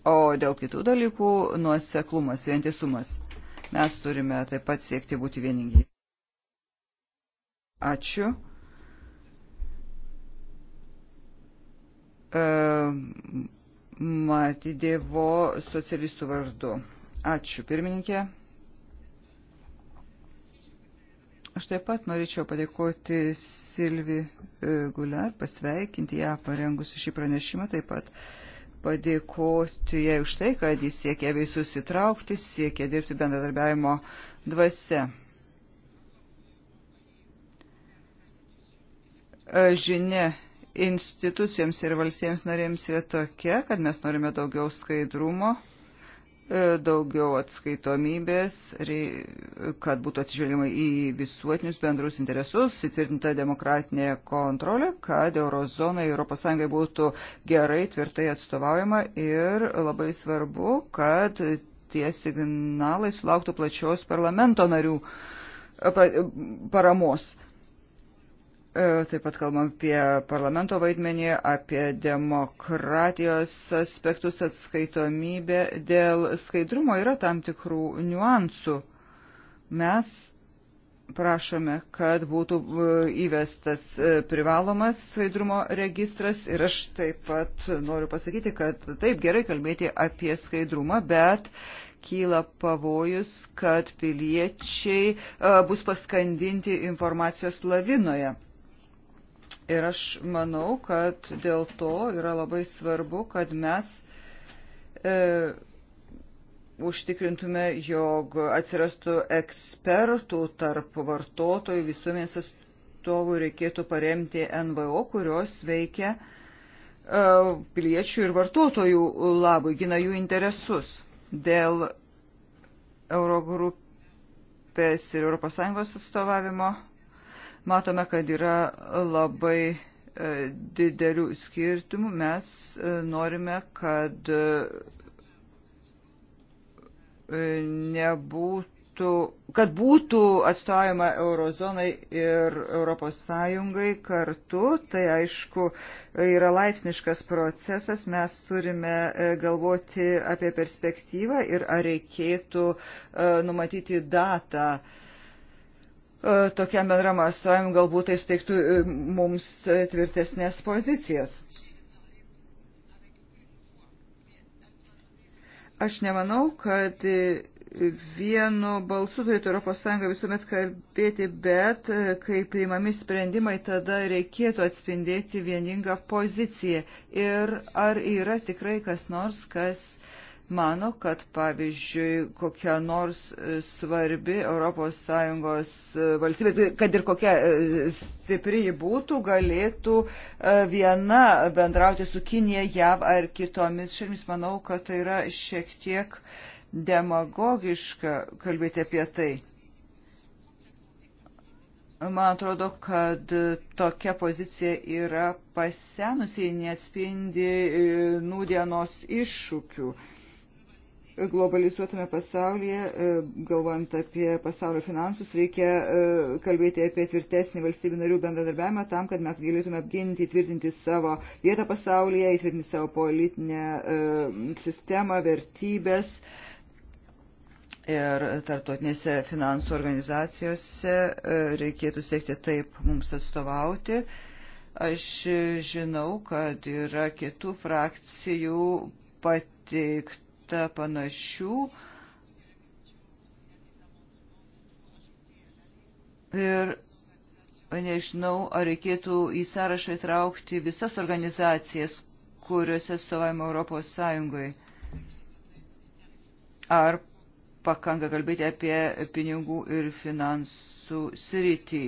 o dėl kitų dalykų nuoseklumas, vientisumas. Mes turime taip pat siekti būti vieningi. Ačiū. E, Matydėvo socialistų vardu. Ačiū, pirmininkė. Aš taip pat norėčiau padėkoti Silvi e, Guler, pasveikinti ją parengusi šį pranešimą, taip pat padėkoti jai už tai, kad jis siekia visus įtraukti, siekia dirbti bendradarbiavimo dvasia. žinia institucijoms ir valstybėms narėms yra tokia, kad mes norime daugiau skaidrumo, e, daugiau atskaitomybės, kad būtų atsižvelgiama į visuotinius bendrus interesus, įtvirtinta demokratinė kontrolė, kad eurozonai ES būtų gerai, tvirtai atstovaujama ir labai svarbu, kad tie signalai sulauktų plačios parlamento narių e, paramos. E, taip pat kalbam apie parlamento vaidmenį, apie demokratijos aspektus atskaitomybę. Dėl skaidrumo yra tam tikrų niuansų. Mes prašome, kad būtų e, įvestas e, privalomas skaidrumo registras ir aš taip pat noriu pasakyti, kad taip gerai kalbėti apie skaidrumą, bet kyla pavojus, kad piliečiai bus paskandinti informacijos lavinoje Ir aš manau, kad dėl to yra labai svarbu, kad mes e, užtikrintume, jog atsirastų ekspertų tarp vartotojų visuomenės atstovų reikėtų paremti NVO, kurios veikia e, piliečių ir vartotojų labui, gina jų interesus. Dėl Eurogrupės ir ES atstovavimo matome, kad yra labai e, didelių skirtumų. Mes e, norime, kad e, nebūtų, kad būtų atstovama eurozonai ir Europos Sąjungai kartu. Tai aišku, yra laipsniškas procesas. Mes turime galvoti apie perspektyvą ir ar reikėtų numatyti datą uh, E, tokiam bendram atstovavimui galbūt tai suteiktų e, mums tvirtesnės pozicijas. Aš nemanau, kad e, vienu balsu turėtų ES visuomet kalbėti, bet kai priimami sprendimai, tada reikėtų atspindėti vieningą poziciją. Ir ar yra tikrai kas nors, kas uh, mano, kad pavyzdžiui kokia nors e, svarbi ES e, valstybė, tai kad ir kokia e, stipri ji būtų, galėtų viena bendrauti su Kinija, JAV ar kitomis šalimis. Manau, kad tai yra šiek tiek demagogiška kalbėti apie tai. Man atrodo, kad tokia pozicija yra pasenusi, neatspindi nūdienos iššūkių globalizuotame pasaulyje, e, galvant apie pasaulio finansus, reikia e, kalbėti apie tvirtesnį valstybių narių bendradarbiavimą tam, kad mes galėtume apginti, įtvirtinti savo vietą pasaulyje, įtvirtinti savo politinę e, sistemą, vertybės. Ir tarptautinėse finansų organizacijose reikėtų siekti taip mums atstovauti. Aš žinau, kad yra kitų frakcijų pateikti keletą panašių. Ir nežinau, ar reikėtų į sąrašą įtraukti visas organizacijas, kuriuose savaime Europos Sąjungoje. Ar pakanka kalbėti apie pinigų ir finansų sritį.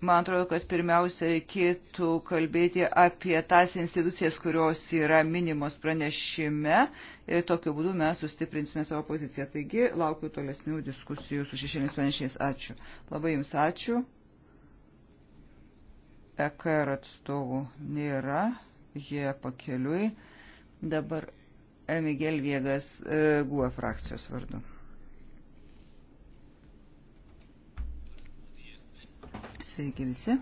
Man atrodo, kad pirmiausia reikėtų kalbėti apie tas institucijas, kurios yra minimos pranešime ir tokiu būdu mes sustiprinsime savo poziciją. Taigi, laukiu tolesnių diskusijų su šešėlinis pranešiais. Ačiū. Labai Jums ačiū. EKR atstovų nėra, jie pakeliui. Dabar Emigel Viegas e, GUE frakcijos vardu. Sveiki visi.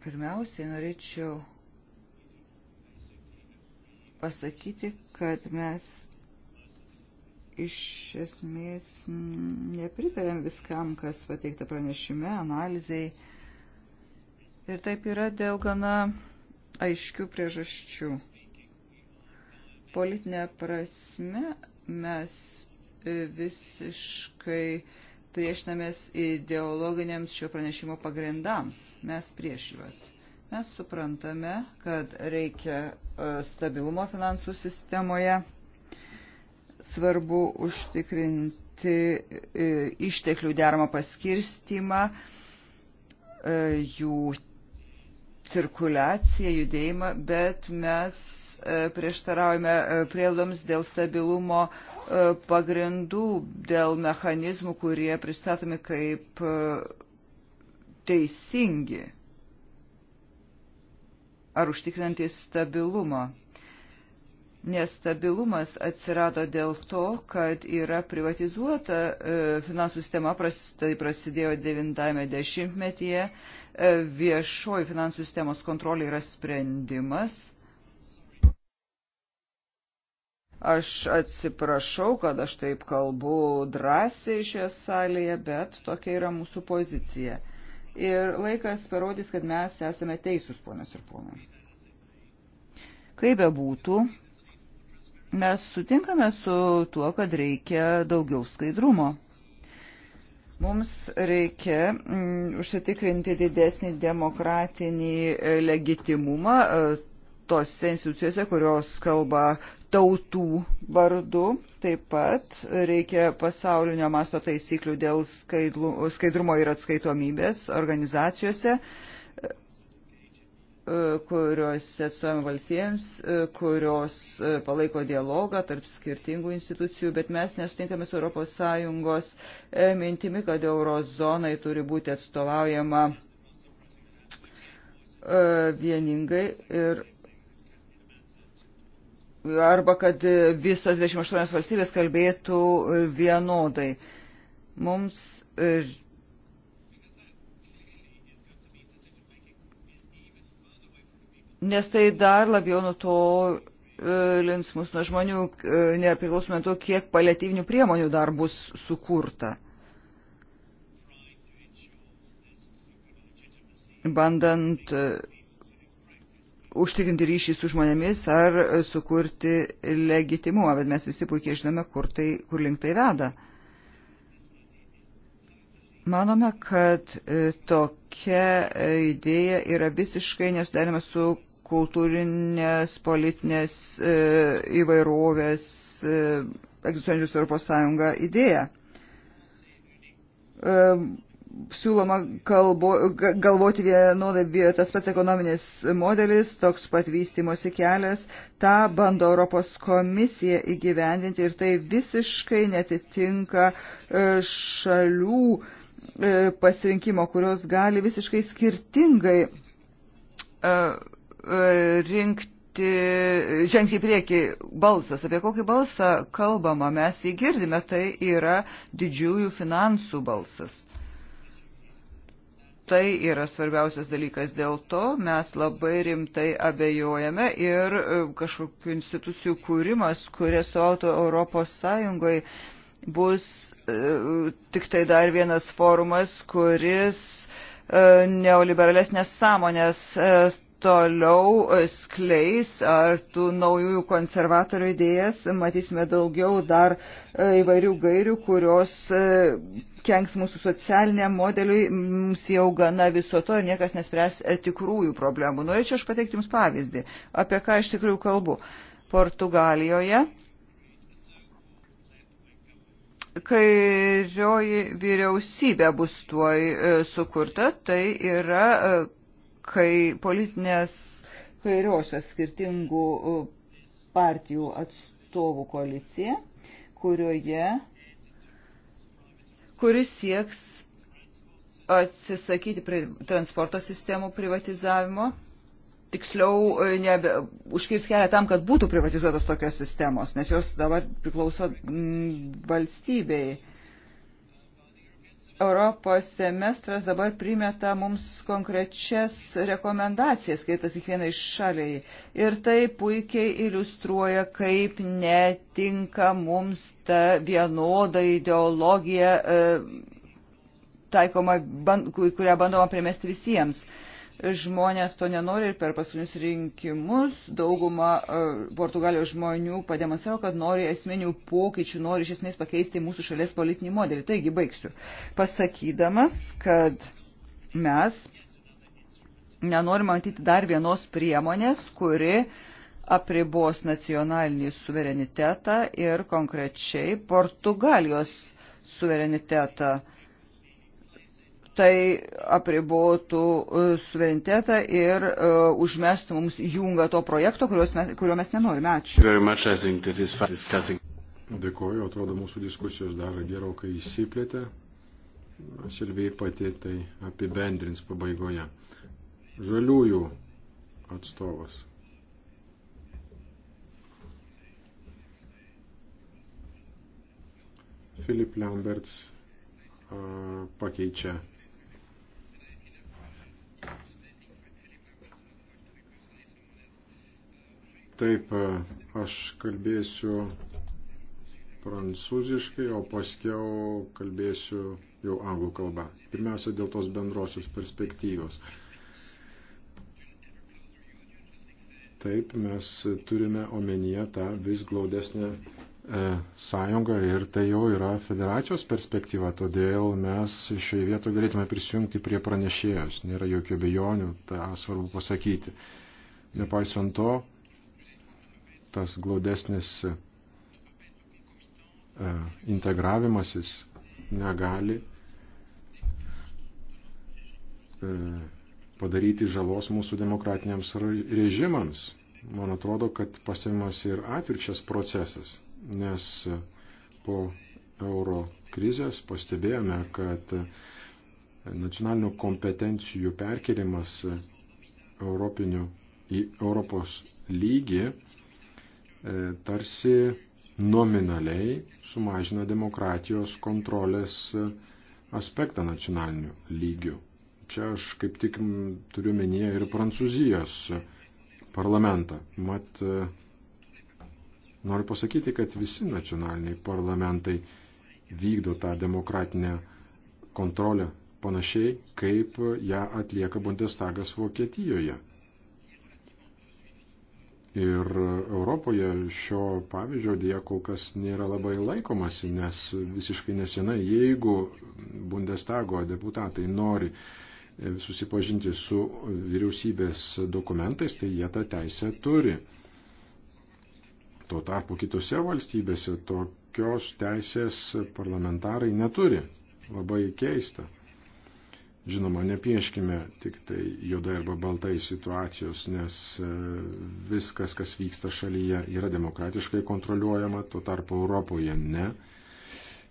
Pirmiausiai norėčiau pasakyti, kad mes iš esmės nepritarėm viskam, kas pateikta pranešime, analizai. Ir taip yra dėl gana aiškių priežasčių. Politinė prasme mes e, visiškai priešinamės ideologiniams šio pranešimo pagrindams. Mes prieš juos. Mes suprantame, kad reikia e, stabilumo finansų sistemoje. Svarbu užtikrinti e, išteklių deramą paskirstimą, jų cirkuliaciją, judėjimą, bet mes e, prieštaraujame e, prieldoms dėl stabilumo e, pagrindų, dėl mechanizmų, kurie pristatomi kaip teisingi ar užtikrinantys stabilumą. Nestabilumas atsirado dėl to, kad yra privatizuota finansų sistema, tai prasidėjo 90-metyje. -me E, viešoji finansų sistemos kontrolė yra sprendimas. Aš atsiprašau, kad aš taip kalbu drąsiai šioje salėje, bet tokia yra mūsų pozicija. Ir laikas parodys, kad mes esame teisūs, ponas ir ponai. Kaip be būtų, mes sutinkame su tuo, kad reikia daugiau skaidrumo. Mums reikia mm, užsitikrinti didesnį demokratinį e, legitimumą e, tose institucijose, kurios kalba tautų vardu. Taip pat reikia pasaulinio masto taisyklių dėl skaidlumo ir atskaitomybės organizacijose. E, E, e, kurios atsuojama valstybėms, kurios palaiko dialogą tarp skirtingų institucijų, bet mes nesutinkame su ES e, mintimi, kad eurozonai turi būti atstovaujama vieningai ir arba kad visos 28 valstybės kalbėtų vienodai. Mums nes tai dar labiau nuo to e, lins mus nuo žmonių, e, nepriklausomai to, kiek paliatyvinių priemonių dar bus sukurta. Bandant e, užtikrinti ryšį su žmonėmis ar sukurti legitimumą, bet mes visi puikiai žinome, kur, tai, kur link tai veda. Manome, kad tokia idėja yra visiškai nesudarima su kultūrinės, politinės e, įvairovės e, egzistuojančios Europos Sąjunga idėja. E, siūloma kalbo, galvoti vienodai tas pats ekonominis modelis, toks pat vystimosi kelias, tą bando Europos komisija įgyvendinti ir tai visiškai netitinka šalių pasirinkimo, kurios gali visiškai skirtingai rinkti, žengti į priekį balsas. Apie kokį balsą kalbama mes įgirdime, tai yra didžiųjų finansų balsas. Tai yra svarbiausias dalykas, dėl to mes labai rimtai abejojame ir e, kažkokių institucijų kūrimas, kurie suauto Europos Sąjungoje bus e, tik tai dar vienas forumas, kuris e, neoliberales nesąmonės e, toliau e, skleis ar tų naujųjų konservatorių idėjas, matysime daugiau dar e, įvairių gairių, kurios e, kenks mūsų socialiniam modeliui, mums jau gana viso to ir niekas nespręs tikrųjų problemų. Norėčiau aš pateikti Jums pavyzdį, apie ką iš tikrųjų kalbu. Portugalijoje kairioji vyriausybė bus tuoj sukurta, tai yra kai politinės kairiosios skirtingų e, partijų atstovų koalicija, kurioje, kuris sieks atsisakyti transporto sistemų privatizavimo, tiksliau e, nebe, užkirs kelią tam, kad būtų privatizuotos tokios sistemos, nes jos dabar priklauso valstybei. Europos semestras dabar primeta mums konkrečias rekomendacijas, skaitas kiekvienai šaliai. Ir tai puikiai iliustruoja, kaip netinka mums ta vienoda ideologija, e, taikoma, kurią bandoma primesti visiems žmonės to nenori ir per paskutinius rinkimus dauguma e, Portugalijos žmonių pademonstravo, kad nori esminių pokyčių, nori iš esmės pakeisti mūsų šalies politinį modelį. Taigi baigsiu pasakydamas, kad mes nenorime matyti dar vienos priemonės, kuri apribos nacionalinį suverenitetą ir konkrečiai Portugalijos suverenitetą. Uh, tai apribotų e, suverenitetą ir e, užmestų mums jungą to projekto, mes, kurio mes nenorime. Ačiū. Dėkuoju, atrodo mūsų diskusijos dar gerokai įsiplėtė. Silvijai pati tai apibendrins pabaigoje. Žaliųjų atstovas. Filip Lamberts pakeičia Taip, aš kalbėsiu prancūziškai, o paskiau kalbėsiu jau anglų kalbą. Pirmiausia, dėl tos bendrosios perspektyvos. Taip, mes turime omenyje tą vis glaudesnę e, sąjungą ir tai jau yra federacijos perspektyva, todėl mes šioje vietoje galėtume prisijungti prie pranešėjos. Nėra jokių bejonių, tą svarbu pasakyti. Nepaisant to, tas glaudesnis e, integravimasis negali e, padaryti žalos mūsų demokratiniams režimams. Man atrodo, kad pasimas ir atvirkščias procesas, nes po euro krizės pastebėjome, kad nacionalinių kompetencijų perkelimas europinių į Europos lygį E, tarsi nominaliai sumažina demokratijos kontrolės e, aspektą nacionaliniu lygiu. Čia aš kaip tik turiu menyje ir Prancūzijos parlamentą. Mat, e, noriu pasakyti, kad visi nacionaliniai parlamentai vykdo tą demokratinę kontrolę panašiai, kaip ją atlieka Bundestagas Vokietijoje. Ir Europoje šio pavyzdžio dėja kol kas nėra labai laikomasi, nes visiškai nesenai, jeigu Bundestago deputatai nori e, susipažinti su vyriausybės dokumentais, tai jie tą teisę turi. Tuo tarpu kitose valstybėse tokios teisės parlamentarai neturi. Labai keista. Žinoma, nepieškime tik tai juodai arba baltai situacijos, nes e, viskas, kas vyksta šalyje, yra demokratiškai kontroliuojama, tuo tarpu Europoje ne.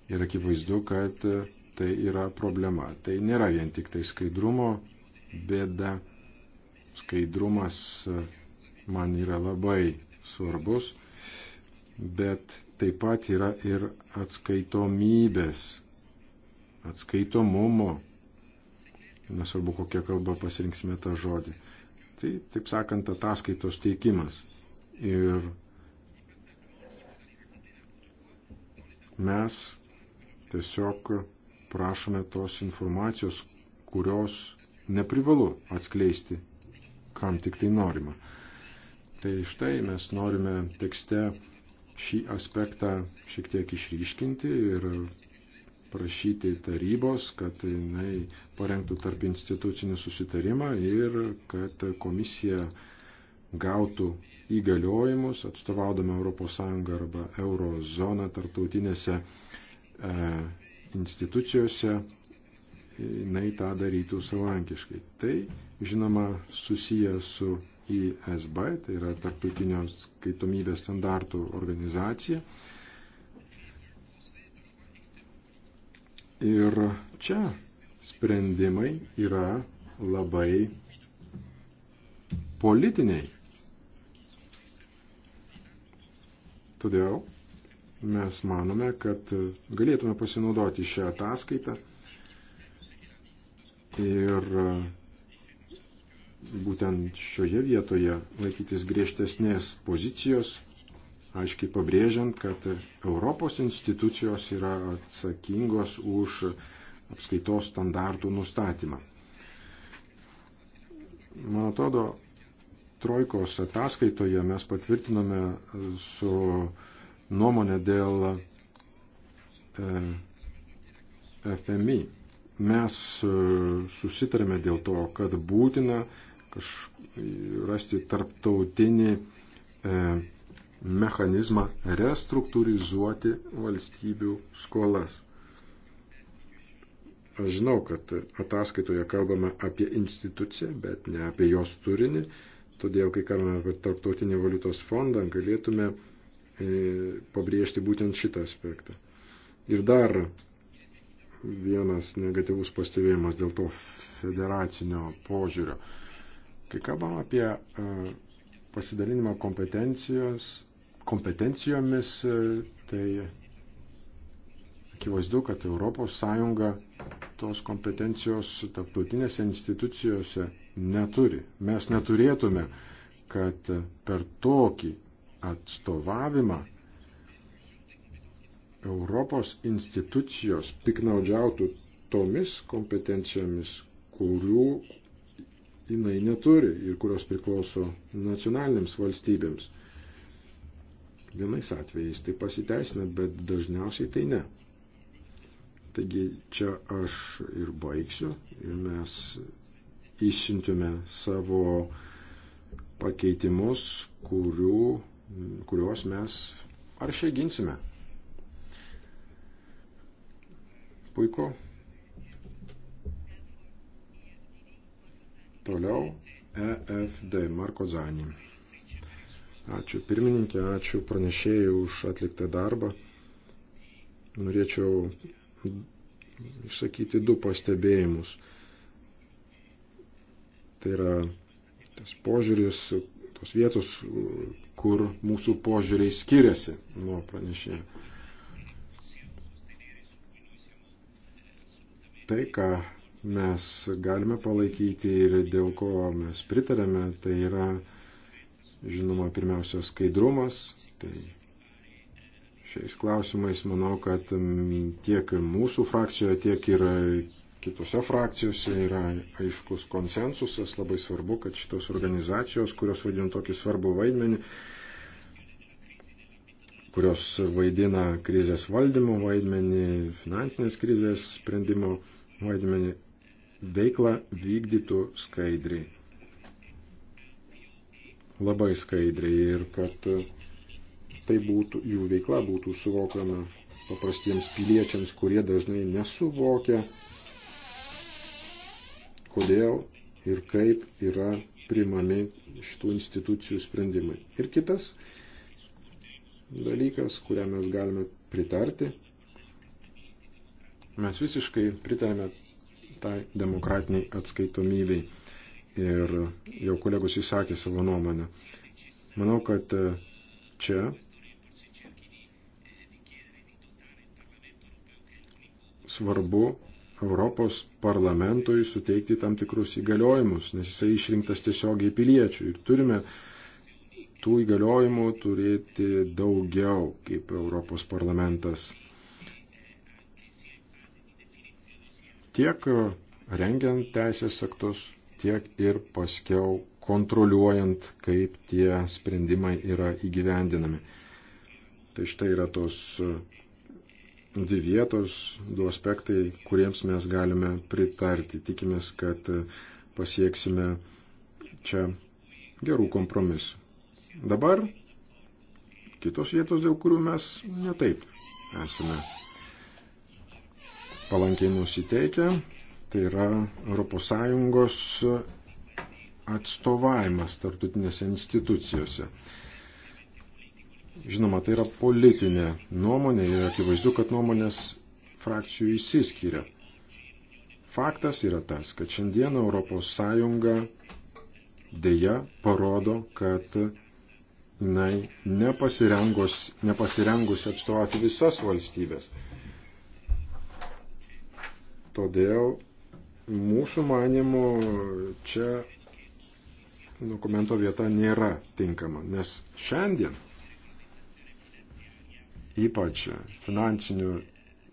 Ir akivaizdu, kad e, tai yra problema. Tai nėra vien tik tai skaidrumo bėda. Skaidrumas e, man yra labai svarbus, bet taip pat yra ir atskaitomybės, atskaitomumo nesvarbu kokią kalbą pasirinksime tą žodį. Tai, taip sakant, ataskaitos teikimas. Ir mes tiesiog prašome tos informacijos, kurios neprivalu atskleisti, kam tik tai norima. Tai štai mes norime tekste šį aspektą šiek tiek išryškinti ir prašyti tarybos, kad jinai parengtų tarp institucinį susitarimą ir kad komisija gautų įgaliojimus atstovaudama ES arba eurozoną tarptautinėse e, institucijose, jinai tą darytų savarankiškai. Tai, žinoma, susiję su ISB, tai yra tarptautinio skaitomybės standartų organizacija. E, Ir čia sprendimai yra labai politiniai. Todėl mes manome, kad galėtume pasinaudoti šią ataskaitą ir būtent šioje vietoje laikytis griežtesnės pozicijos aiškiai pabrėžiant, kad Europos institucijos yra atsakingos už apskaitos standartų nustatymą. Man atrodo, Trojkos ataskaitoje mes patvirtinome su nuomonė dėl e, FMI. Mes e, susitarėme dėl to, kad būtina kaž, rasti tarptautinį e, mechanizmą restruktūrizuoti valstybių skolas. Aš žinau, kad ataskaitoje kalbame apie instituciją, bet ne apie jos turinį, todėl, kai kalbame apie Tarptautinį valiutos fondą, galėtume e, pabrėžti būtent šitą aspektą. Ir dar vienas negatyvus pastebėjimas dėl to federacinio požiūrio. Kai kalbam apie e, pasidalinimą kompetencijos, kompetencijomis, e, tai akivaizdu, kad ES tos kompetencijos tarptautinėse institucijose neturi. Mes neturėtume, kad per tokį atstovavimą Europos institucijos piknaudžiautų tomis kompetencijomis, kurių jinai neturi ir kurios priklauso nacionalinėms valstybėms. Vienais atvejais tai pasiteisina, bet dažniausiai tai ne. Taigi čia aš ir baigsiu ir mes išsiuntėme savo pakeitimus, kurių, kuriuos mes aršiai ginsime. Puiku. Toliau EFD Marko Zanį. Ačiū pirmininkė, ačiū pranešėjai už atliktą darbą. Norėčiau išsakyti du pastebėjimus. Tai yra tas požiūris, tos vietos, kur mūsų požiūriai skiriasi nuo pranešėjo. Tai, ką mes galime palaikyti ir dėl ko mes pritarėme, tai yra Žinoma, pirmiausia, skaidrumas. Tai šiais klausimais manau, kad tiek mūsų frakcijoje, tiek ir kitose frakcijose yra aiškus konsensusas. Labai svarbu, kad šitos organizacijos, kurios vaidina tokį svarbų vaidmenį, kurios vaidina krizės valdymo vaidmenį, finansinės krizės sprendimo vaidmenį, veiklą vykdytų skaidriai labai skaidriai ir kad e, tai būtų, jų veikla būtų suvokiama paprastiems piliečiams, kurie dažnai nesuvokia, kodėl ir kaip yra primami šitų institucijų sprendimai. Ir kitas dalykas, kuriam mes galime pritarti, mes visiškai pritarėme tai demokratiniai atskaitomybei ir jau kolegos įsakė savo nuomonę. Manau, kad e, čia svarbu Europos parlamentui suteikti tam tikrus įgaliojimus, nes jisai išrinktas tiesiogiai piliečių ir turime tų įgaliojimų turėti daugiau kaip Europos parlamentas. Tiek e, rengiant teisės aktus, tiek ir paskiau kontroliuojant, kaip tie sprendimai yra įgyvendinami. Tai štai yra tos e, dvi vietos, du aspektai, kuriems mes galime pritarti. Tikimės, kad e, pasieksime čia gerų kompromisų. Dabar kitos vietos, dėl kurių mes netaip esame palankiai nusiteikę. Tai yra ES atstovavimas tartutinėse institucijose. Žinoma, tai yra politinė nuomonė ir akivaizdu, kad nuomonės frakcijų įsiskiria. Faktas yra tas, kad šiandien ES dėja parodo, kad jinai nepasirengus, nepasirengus atstovauti visas valstybės. Todėl Mūsų manimo čia dokumento vieta nėra tinkama, nes šiandien ypač finansinių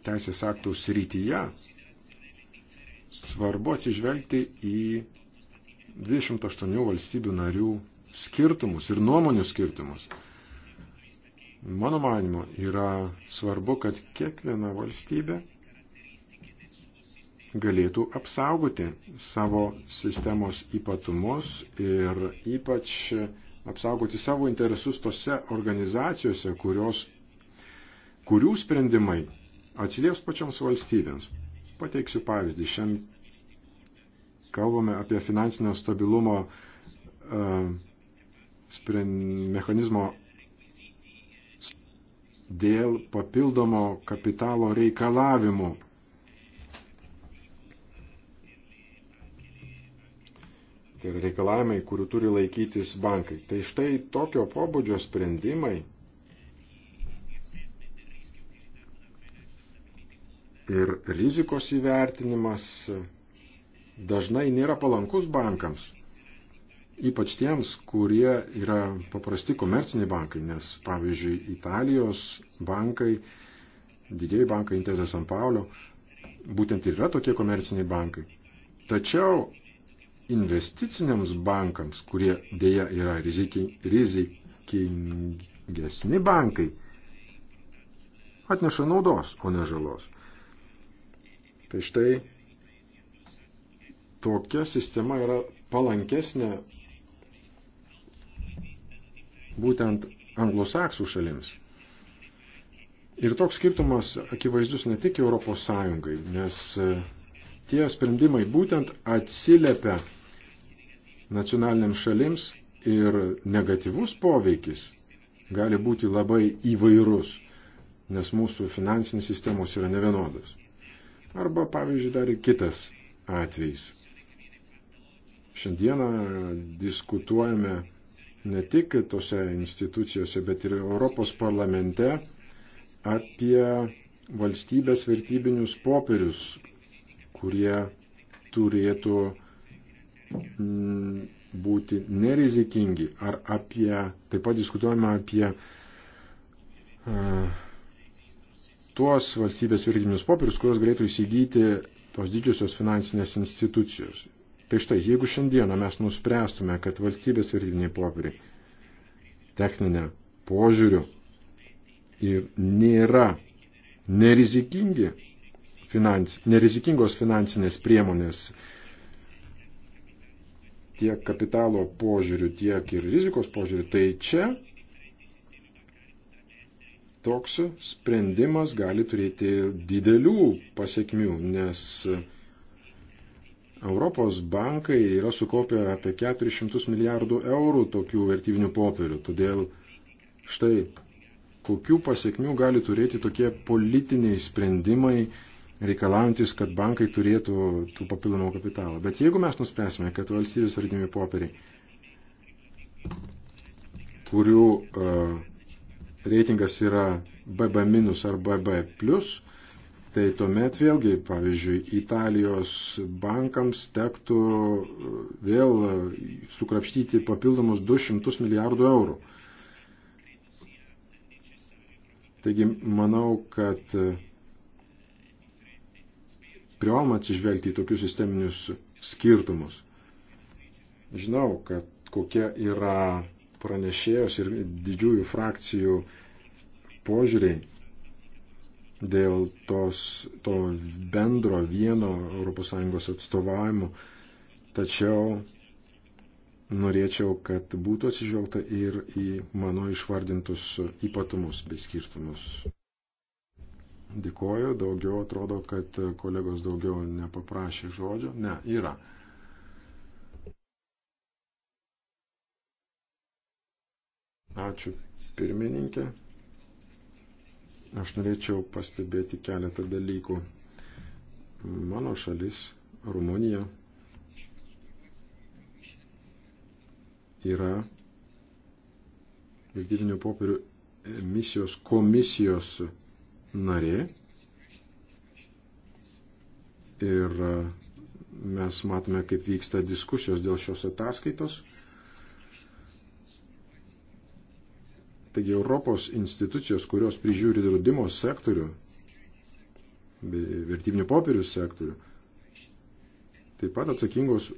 teisės aktų srityje svarbu atsižvelgti į 28 valstybių narių skirtumus ir nuomonių skirtumus. Mano manimo yra svarbu, kad kiekviena valstybė galėtų apsaugoti savo sistemos ypatumus ir ypač apsaugoti savo interesus tose organizacijose, kurios, kurių sprendimai atsilieps pačioms valstybėms. Pateiksiu pavyzdį. Šiandien kalbame apie finansinio stabilumo uh, mechanizmo dėl papildomo kapitalo reikalavimų tai yra reikalavimai, kurių turi laikytis bankai. Tai štai tokio pobūdžio sprendimai ir rizikos įvertinimas dažnai nėra palankus bankams, ypač tiems, kurie yra paprasti komerciniai bankai, nes pavyzdžiui Italijos bankai, didėjai bankai Intesa San Paulio, būtent ir yra tokie komerciniai bankai. Tačiau investiciniams bankams, kurie dėja yra rizikingesni bankai, atneša naudos, o ne žalos. Tai štai tokia sistema yra palankesnė būtent anglosaksų šalims. Ir toks skirtumas akivaizdus ne tik Europos Sąjungai, nes tie sprendimai būtent atsiliepia nacionaliniams šalims ir negatyvus poveikis gali būti labai įvairus, nes mūsų finansinės sistemos yra nevienodos. Arba, pavyzdžiui, dar ir kitas atvejs. Šiandieną diskutuojame ne tik tose institucijose, bet ir Europos parlamente apie valstybės vertybinius popierius, kurie turėtų Mm, būti nerizikingi, ar apie, taip pat diskutuojame apie uh, tuos valstybės vertybinius popierius, kuriuos galėtų įsigyti tos didžiosios finansinės institucijos. Tai štai, jeigu šiandieną mes nuspręstume, kad valstybės vertybiniai popieriai techninę požiūrių ir nėra nerizikingi finans, nerizikingos finansinės priemonės, uh, tiek kapitalo požiūrių, tiek ir rizikos požiūrių, tai čia toks sprendimas gali turėti didelių pasiekmių, nes Europos bankai yra sukaupę apie 400 milijardų eurų tokių vertybinių popierių. Todėl štai kokių pasiekmių gali turėti tokie politiniai sprendimai reikalaujantis, kad bankai turėtų tų papildomų kapitalą. Bet jeigu mes nuspręsime, kad valstybės vardiniai popieriai, kurių uh, reitingas yra BB- ar BB+, tai tuomet vėlgi, pavyzdžiui, Italijos bankams tektų e, vėl sukrapštyti papildomus 200 milijardų eurų. Taigi, manau, kad uh, privaloma atsižvelgti į tokius sisteminius skirtumus. Žinau, kad kokia yra pranešėjos ir didžiųjų frakcijų požiūriai dėl tos, to bendro vieno ES atstovavimo, tačiau norėčiau, kad būtų atsižvelgta ir į mano išvardintus ypatumus bei skirtumus. Dėkoju, daugiau atrodo, kad kolegos daugiau nepaprašė žodžio. Ne, yra. Ačiū pirmininkė. Aš norėčiau pastebėti keletą dalykų. Mano šalis, Rumunija, yra vertybinių popierių emisijos komisijos narė. Ir e, mes matome, kaip vyksta diskusijos dėl šios ataskaitos. Taigi Europos institucijos, kurios prižiūri draudimo sektorių, vertybinių popierių sektorių, taip pat atsakingos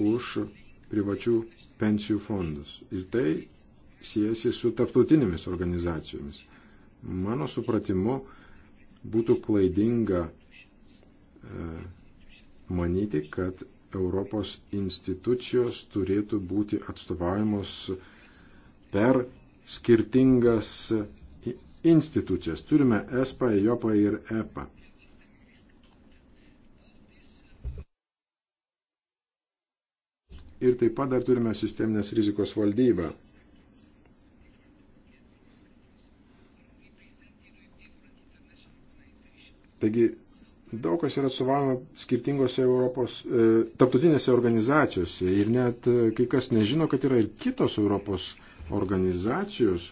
už privačių pensijų fondus. Ir tai siejasi su tarptautinėmis organizacijomis. Mano supratimu būtų klaidinga e, manyti, kad Europos institucijos turėtų būti atstovaujamos per skirtingas institucijas. Turime ESPA, EJOPA ir EPA. Ir taip pat dar turime sisteminės rizikos valdybą. Taigi daug kas yra atstovavimo skirtingose Europos, e, taptutinėse organizacijose ir net e, kai kas nežino, kad yra ir kitos Europos organizacijos,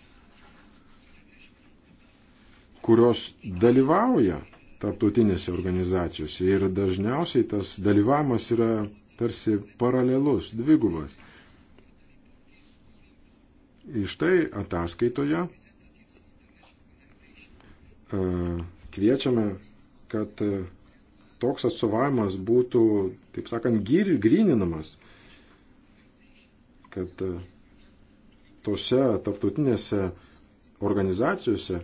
kurios dalyvauja taptutinėse organizacijose ir dažniausiai tas dalyvavimas yra tarsi paralelus, dvigubas. Iš tai ataskaitoje e, kviečiame kad e, toks atstovavimas būtų, taip sakant, grininamas, kad e, tose tarptautinėse organizacijose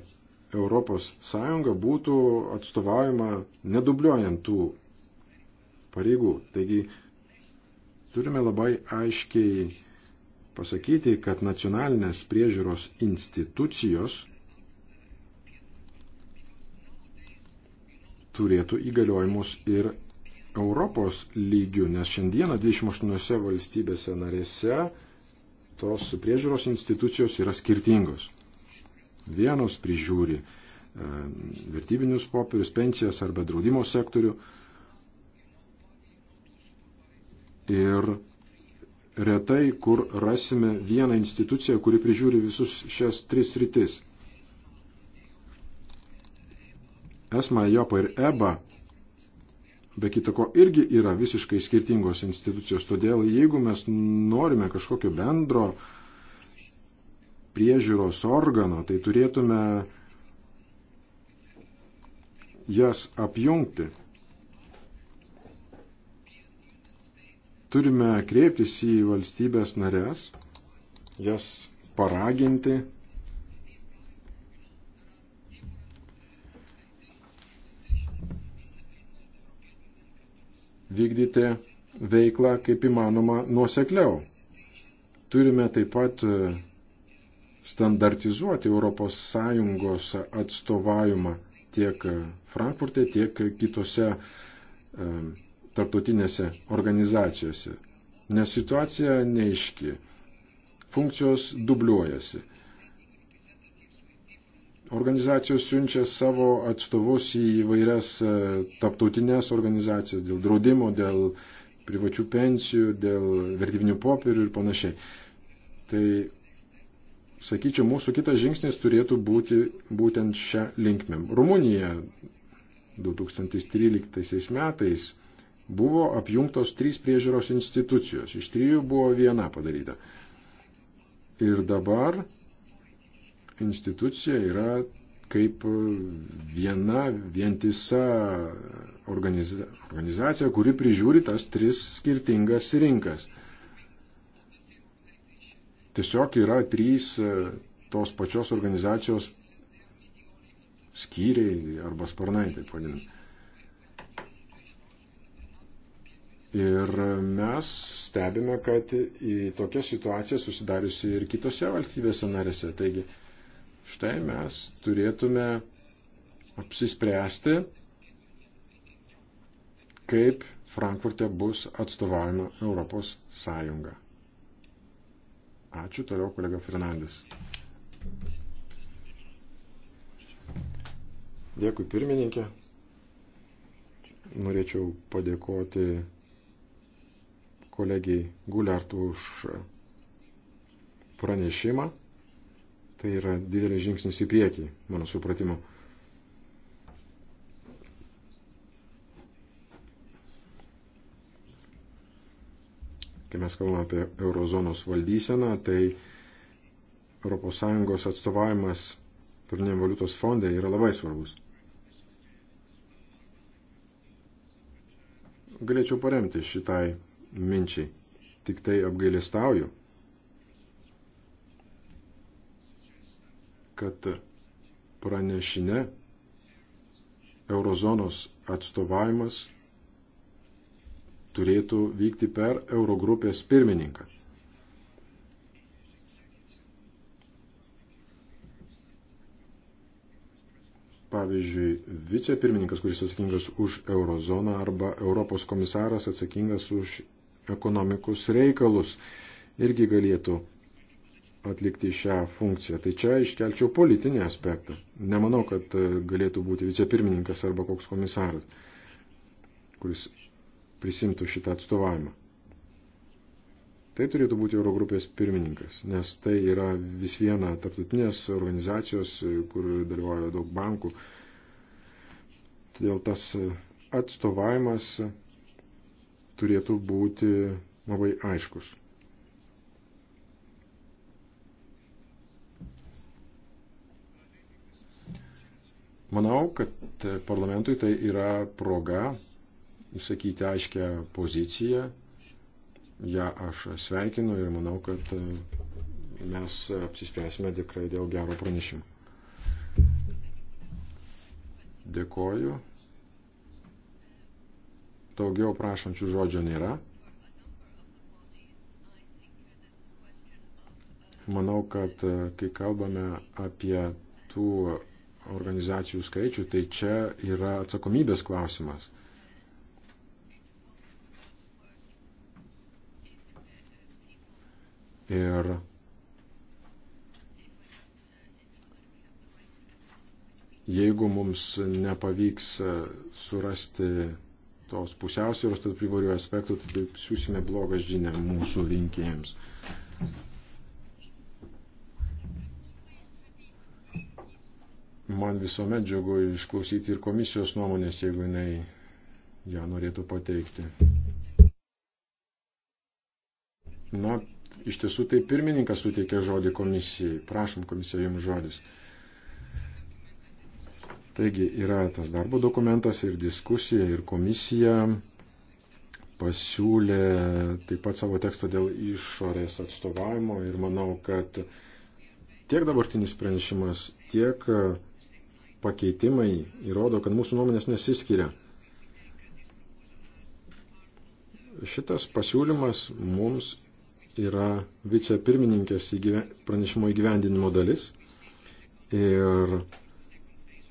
Europos Sąjunga būtų atstovaujama nedubliuojant tų pareigų. Taigi turime labai aiškiai pasakyti, kad nacionalinės priežiūros institucijos turėtų įgaliojimus ir Europos lygių, nes šiandieną 28 valstybėse narėse tos priežiūros institucijos yra skirtingos. Vienos prižiūri e, vertybinius popierius, pensijas arba draudimo sektorių ir retai, kur rasime vieną instituciją, kuri prižiūri visus šias tris rytis. ESMA, JOPA ir EBA, be kitako, irgi yra visiškai skirtingos institucijos. Todėl, jeigu mes norime kažkokio bendro priežiūros organo, tai turėtume jas apjungti. Turime kreiptis į valstybės narės, jas paraginti vykdyti veiklą kaip įmanoma nuosekliau. Turime taip pat e, standartizuoti ES atstovavimą tiek Frankfurte, tiek kitose e, tarptautinėse organizacijose. Nes situacija neiški. Funkcijos dubliuojasi. Organizacijos siunčia savo atstovus į vairias e, taptautinės organizacijas dėl draudimo, dėl privačių pensijų, dėl vertybinių popierių ir panašiai. Tai, sakyčiau, mūsų kitas žingsnis turėtų būti būtent šią linkmę. Rumunija 2013 metais buvo apjungtos trys priežiūros institucijos. Iš trijų buvo viena padaryta. Ir dabar institucija yra kaip viena vientisa organiza, organizacija, kuri prižiūri tas tris skirtingas rinkas. Tiesiog yra trys e, tos pačios organizacijos skyriai arba sparnai, taip vadinam. Ir mes stebime, kad į tokią situaciją susidariusi ir kitose valstybėse narėse. Taigi, Štai mes turėtume apsispręsti, kaip Frankfurte bus atstovaujama Europos Sąjunga. Ačiū toliau kolega Fernandes. Dėkui pirmininkė. Norėčiau padėkoti kolegijai Gulert už pranešimą. Tai yra didelis žingsnis į priekį, mano supratimu. Kai mes kalbame apie eurozonos valdyseną, tai ES atstovavimas turniniam valiutos fonde yra labai svarbus. Galėčiau paremti šitai minčiai, tik tai apgailestauju, kad pranešine eurozonos atstovavimas turėtų vykti per Eurogrupės pirmininką. Pavyzdžiui, vicepirmininkas, kuris atsakingas už eurozoną arba Europos komisaras atsakingas už ekonomikus reikalus, irgi galėtų atlikti šią funkciją. Tai čia iškelčiau politinį aspektą. Nemanau, kad e, galėtų būti vicepirmininkas arba koks komisaras, kuris prisimtų šitą atstovavimą. Tai turėtų būti Eurogrupės pirmininkas, nes tai yra vis viena tarptautinės organizacijos, e, kur dalyvauja daug bankų. Todėl tas e, atstovavimas turėtų būti labai aiškus. Manau, kad e, parlamentui tai yra proga išsakyti aiškę poziciją. Ja aš sveikinu ir manau, kad e, mes apsispręsime tikrai dėl gero pranešimo. Dėkoju. Daugiau prašančių žodžio nėra. Manau, kad e, kai kalbame apie tų organizacijų skaičių, tai čia yra atsakomybės klausimas. Ir jeigu mums nepavyks e, surasti tos pusiausvėros tarp įvairių aspektų, tai siūsime blogą žinę mūsų rinkėjams. Man visuomet džiugu išklausyti ir komisijos nuomonės, jeigu jinai ją norėtų pateikti. Na, iš tiesų tai pirmininkas suteikė žodį komisijai. Prašom komisija jums žodis. Taigi yra tas darbo dokumentas ir diskusija ir komisija pasiūlė taip pat savo tekstą dėl išorės atstovavimo ir manau, kad tiek dabartinis pranešimas, tiek uh, pakeitimai įrodo, kad mūsų nuomonės nesiskiria. Šitas pasiūlymas mums yra vicepirmininkės įgyve, pranešimo įgyvendinimo dalis ir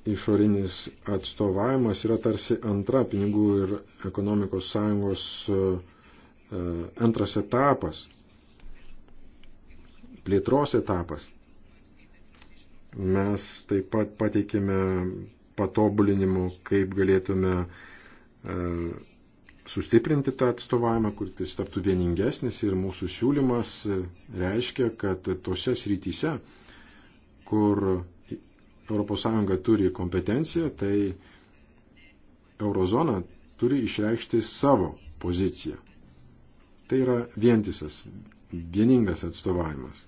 išorinis atstovavimas yra tarsi antra pinigų ir ekonomikos sąjungos e, antras etapas, plėtros etapas. Mes taip pat pateikėme patobulinimų, kaip galėtume e, sustiprinti tą atstovavimą, kur jis taptų vieningesnis ir mūsų siūlymas e, reiškia, kad tose srityse, kur ES turi kompetenciją, tai eurozona turi išreikšti savo poziciją. Tai yra vientisas, vieningas atstovavimas.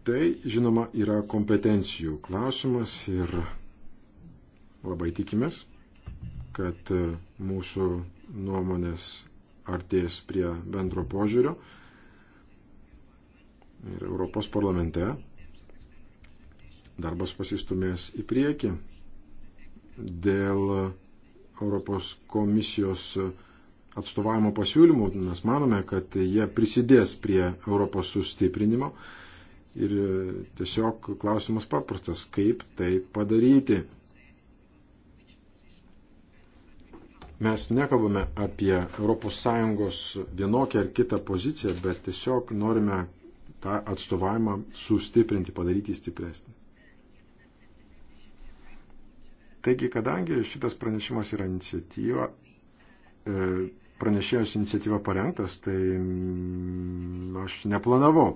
Tai, žinoma, yra kompetencijų klausimas ir labai tikimės, kad e, mūsų nuomonės artės prie bendro požiūrio ir Europos parlamente darbas pasistumės į priekį dėl Europos komisijos atstovavimo pasiūlymų. Mes manome, kad jie prisidės prie Europos sustiprinimo Ir e, tiesiog klausimas paprastas, kaip tai padaryti. Mes nekalbame apie ES vienokią ar kitą poziciją, bet tiesiog norime tą atstovavimą sustiprinti, padaryti stipresnį. Taigi, kadangi šitas pranešimas yra iniciatyva, e, pranešėjos iniciatyva parengtas, tai mm, aš neplanavau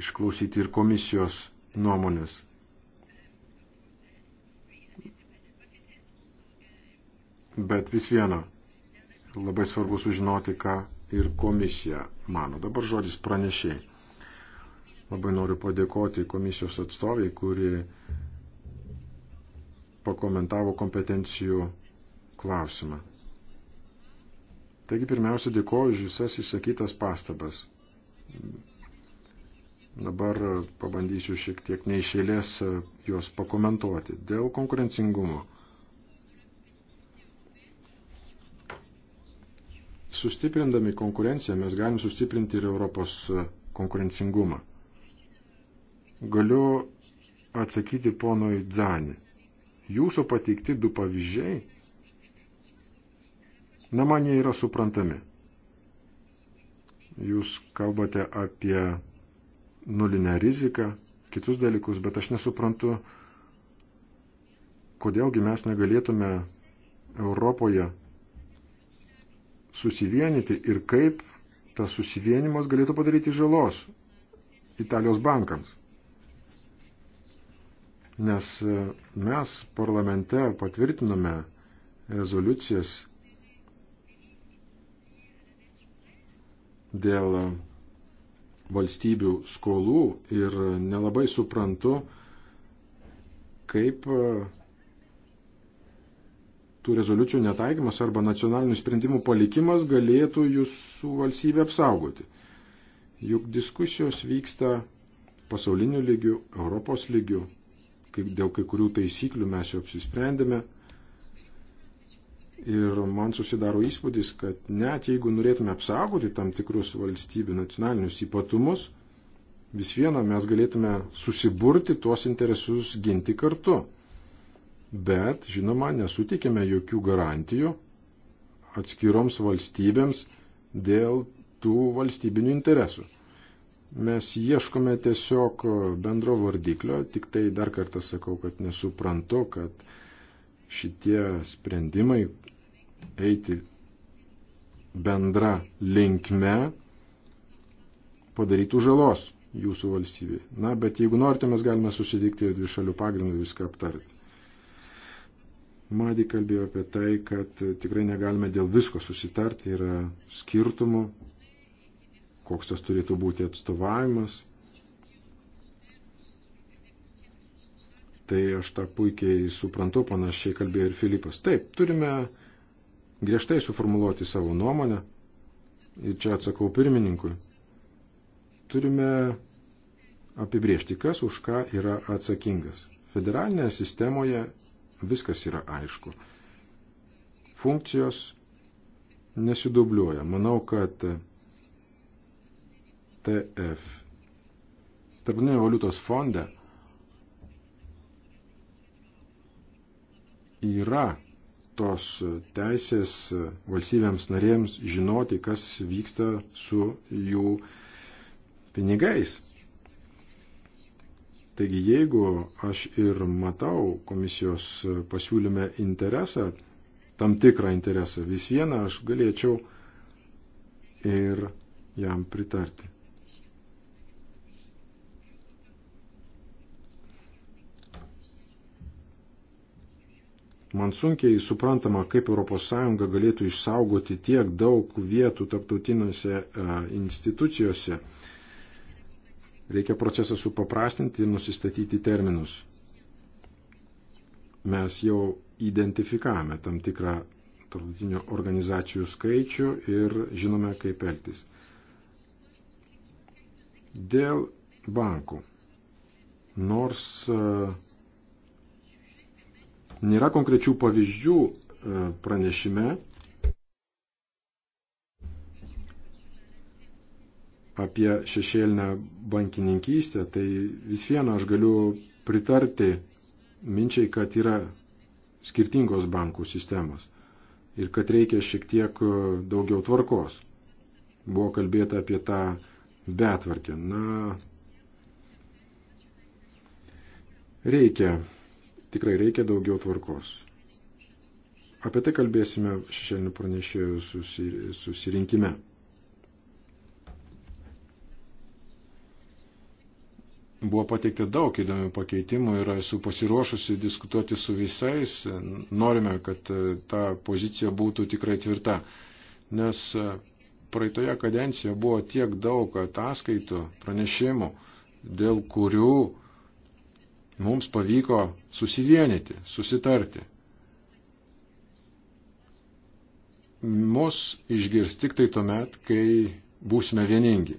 išklausyti ir komisijos nuomonės. Bet vis viena, labai svarbu sužinoti, ką ir komisija mano. Dabar žodis pranešiai. Labai noriu padėkoti komisijos atstoviai, kuri pakomentavo kompetencijų klausimą. Taigi pirmiausia, dėkoju už visas išsakytas pastabas. Dabar pabandysiu šiek tiek neišėlės e, juos pakomentuoti. Dėl konkurencingumo. Sustiprindami konkurenciją mes galim sustiprinti ir Europos e, konkurencingumą. Galiu atsakyti ponui Dzani. Jūsų pateikti du pavyzdžiai, na man jie yra suprantami. Jūs kalbate apie nulinę riziką, kitus dalykus, bet aš nesuprantu, kodėlgi mes negalėtume Europoje susivienyti ir kaip tas susivienimas galėtų padaryti žalos Italijos bankams. Nes e, mes parlamente patvirtinome rezoliucijas dėl valstybių skolų ir nelabai suprantu, kaip e, tų rezoliucijų netaikymas arba nacionalinių sprendimų palikimas galėtų jūsų valstybę apsaugoti. Juk diskusijos vyksta pasauliniu lygiu, Europos lygiu, kaip dėl kai kurių taisyklių mes jau apsisprendėme, Ir man susidaro įspūdis, kad net jeigu norėtume apsaugoti tam tikrus valstybių nacionalinius ypatumus, vis viena mes galėtume susiburti tuos interesus ginti kartu. Bet, žinoma, nesutikime jokių garantijų atskiroms valstybėms dėl tų valstybinių interesų. Mes ieškome tiesiog bendro vardiklio, tik tai dar kartą sakau, kad nesuprantu, kad šitie sprendimai, eiti bendra linkme, padarytų žalos jūsų valstybei. Na, bet jeigu norite, mes galime susitikti ir dvišalių pagrindų viską aptarti. Madi kalbėjo apie tai, kad tikrai negalime dėl visko susitarti, yra skirtumų, koks tas turėtų būti atstovavimas. Tai aš tą puikiai suprantu, panašiai kalbėjo ir Filipas. Taip, turime griežtai suformuluoti savo nuomonę, ir čia atsakau pirmininkui, turime apibriežti, kas už ką yra atsakingas. Federalinėje sistemoje viskas yra aišku. Funkcijos nesidubliuoja. Manau, kad TF, Tarptautinio valiutos fonde, yra tos teisės valstybėms narėms žinoti, kas vyksta su jų pinigais. Taigi jeigu aš ir matau komisijos pasiūlyme interesą, tam tikrą interesą, vis vieną aš galėčiau ir jam pritarti. Man sunkiai suprantama, kaip ES galėtų išsaugoti tiek daug vietų tarptautinėse e, institucijose. Reikia procesą supaprastinti ir nusistatyti terminus. Mes jau identifikavome tam tikrą tarptautinių organizacijų skaičių ir žinome, kaip elgtis. Dėl bankų. Nors uh, Nėra konkrečių pavyzdžių e, pranešime apie šešėlinę bankininkystę, tai vis viena aš galiu pritarti minčiai, kad yra skirtingos bankų sistemos ir kad reikia šiek tiek e, daugiau tvarkos. Buvo kalbėta apie tą betvarkę. Na, reikia tikrai reikia daugiau tvarkos. Apie tai kalbėsime šešėlinių pranešėjų susirinkime. Buvo pateikta daug įdomių pakeitimų ir esu pasiruošusi diskutuoti su visais. Norime, kad e, ta pozicija būtų tikrai tvirta, nes e, praeitoje kadencijoje buvo tiek daug ataskaitų, pranešimų, dėl kurių mums pavyko susivienyti, susitarti. Mus išgirs tik tai tuomet, kai būsime vieningi.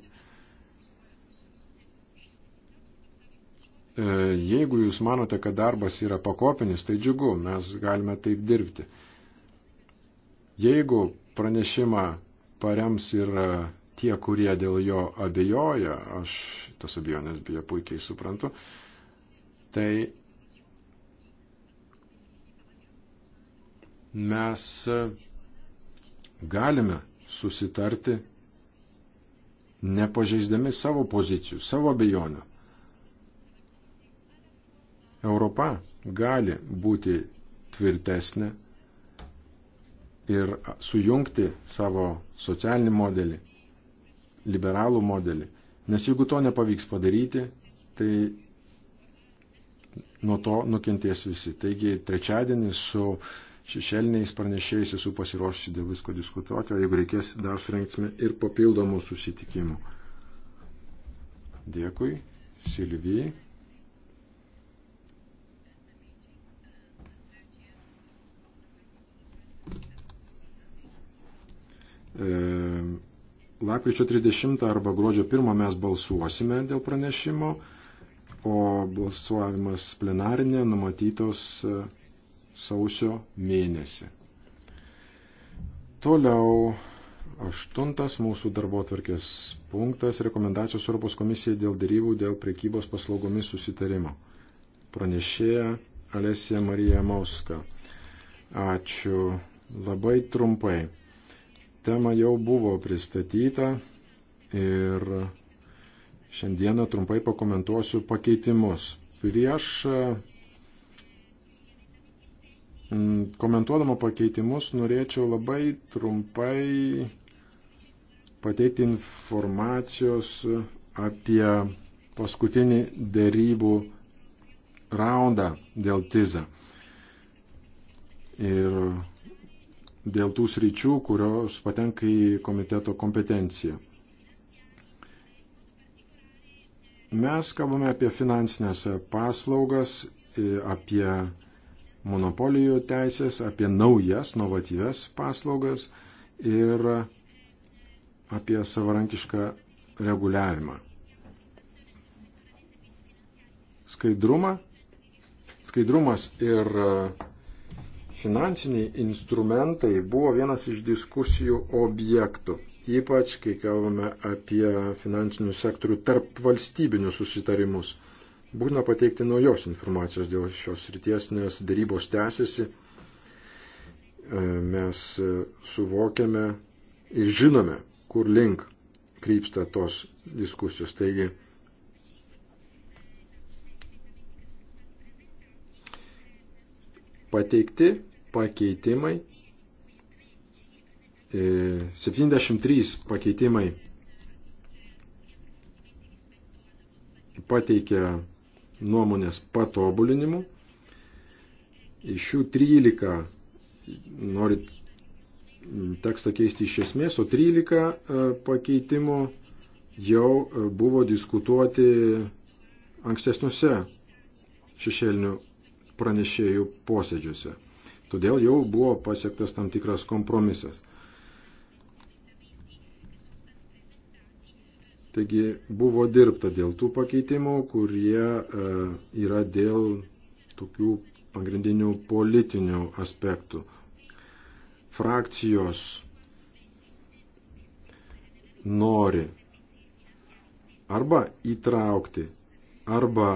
E, jeigu jūs manote, kad darbas yra pakopinis, tai džiugu, mes galime taip dirbti. Jeigu pranešimą parems ir e, tie, kurie dėl jo abejoja, aš tas abejonės beje puikiai suprantu, tai mes galime susitarti nepažeisdami savo pozicijų, savo abejonių. Europa gali būti tvirtesnė ir sujungti savo socialinį modelį, liberalų modelį. Nes jeigu to nepavyks padaryti, tai nuo to nukentės visi. Taigi trečiadienį su šešeliniais pranešėjais esu pasiruošusi dėl visko diskutuoti, o jeigu reikės, dar surenksime ir papildomų susitikimų. Dėkui, Silvijai. E, lapkričio 30 arba gruodžio 1 mes balsuosime dėl pranešimo o balsuojimas plenarinė numatytos e, sausio mėnesį. Toliau aštuntas mūsų darbo atvarkės punktas rekomendacijos Europos komisijai dėl dėrybų dėl prekybos paslaugomis susitarimo. Pranešėja Alesija Marija Mauska. Ačiū. Labai trumpai. Tema jau buvo pristatyta ir Šiandieną trumpai pakomentuosiu pakeitimus. Prieš e, komentuodama pakeitimus norėčiau labai trumpai pateikti informacijos apie paskutinį dėrybų raundą dėl TIZA. Ir dėl tų sričių, kurios patenka į komiteto kompetenciją. Mes kalbame apie finansinės paslaugas, e, apie monopolijų teisės, apie naujas, novatyves paslaugas ir apie savarankišką reguliavimą. Skaidrumą. Skaidrumas ir e, finansiniai instrumentai buvo vienas iš diskusijų objektų ypač kai kalbame apie finansinių sektorių tarp valstybinius susitarimus. Būtina pateikti naujos informacijos dėl šios ryties, nes darybos tęsiasi. E, mes suvokiame ir žinome, kur link krypsta tos diskusijos. Taigi, pateikti pakeitimai 73 e, pakeitimai pateikia nuomonės patobulinimų. Iš jų 13 norit tekstą keisti iš esmės, o 13 e, pakeitimų jau e, buvo diskutuoti ankstesniuose šešėlinių pranešėjų posėdžiuose. Todėl jau buvo pasiektas tam tikras kompromisas. Taigi buvo dirbta dėl tų pakeitimų, kurie e, yra dėl tokių pagrindinių politinių aspektų. Frakcijos nori arba įtraukti, arba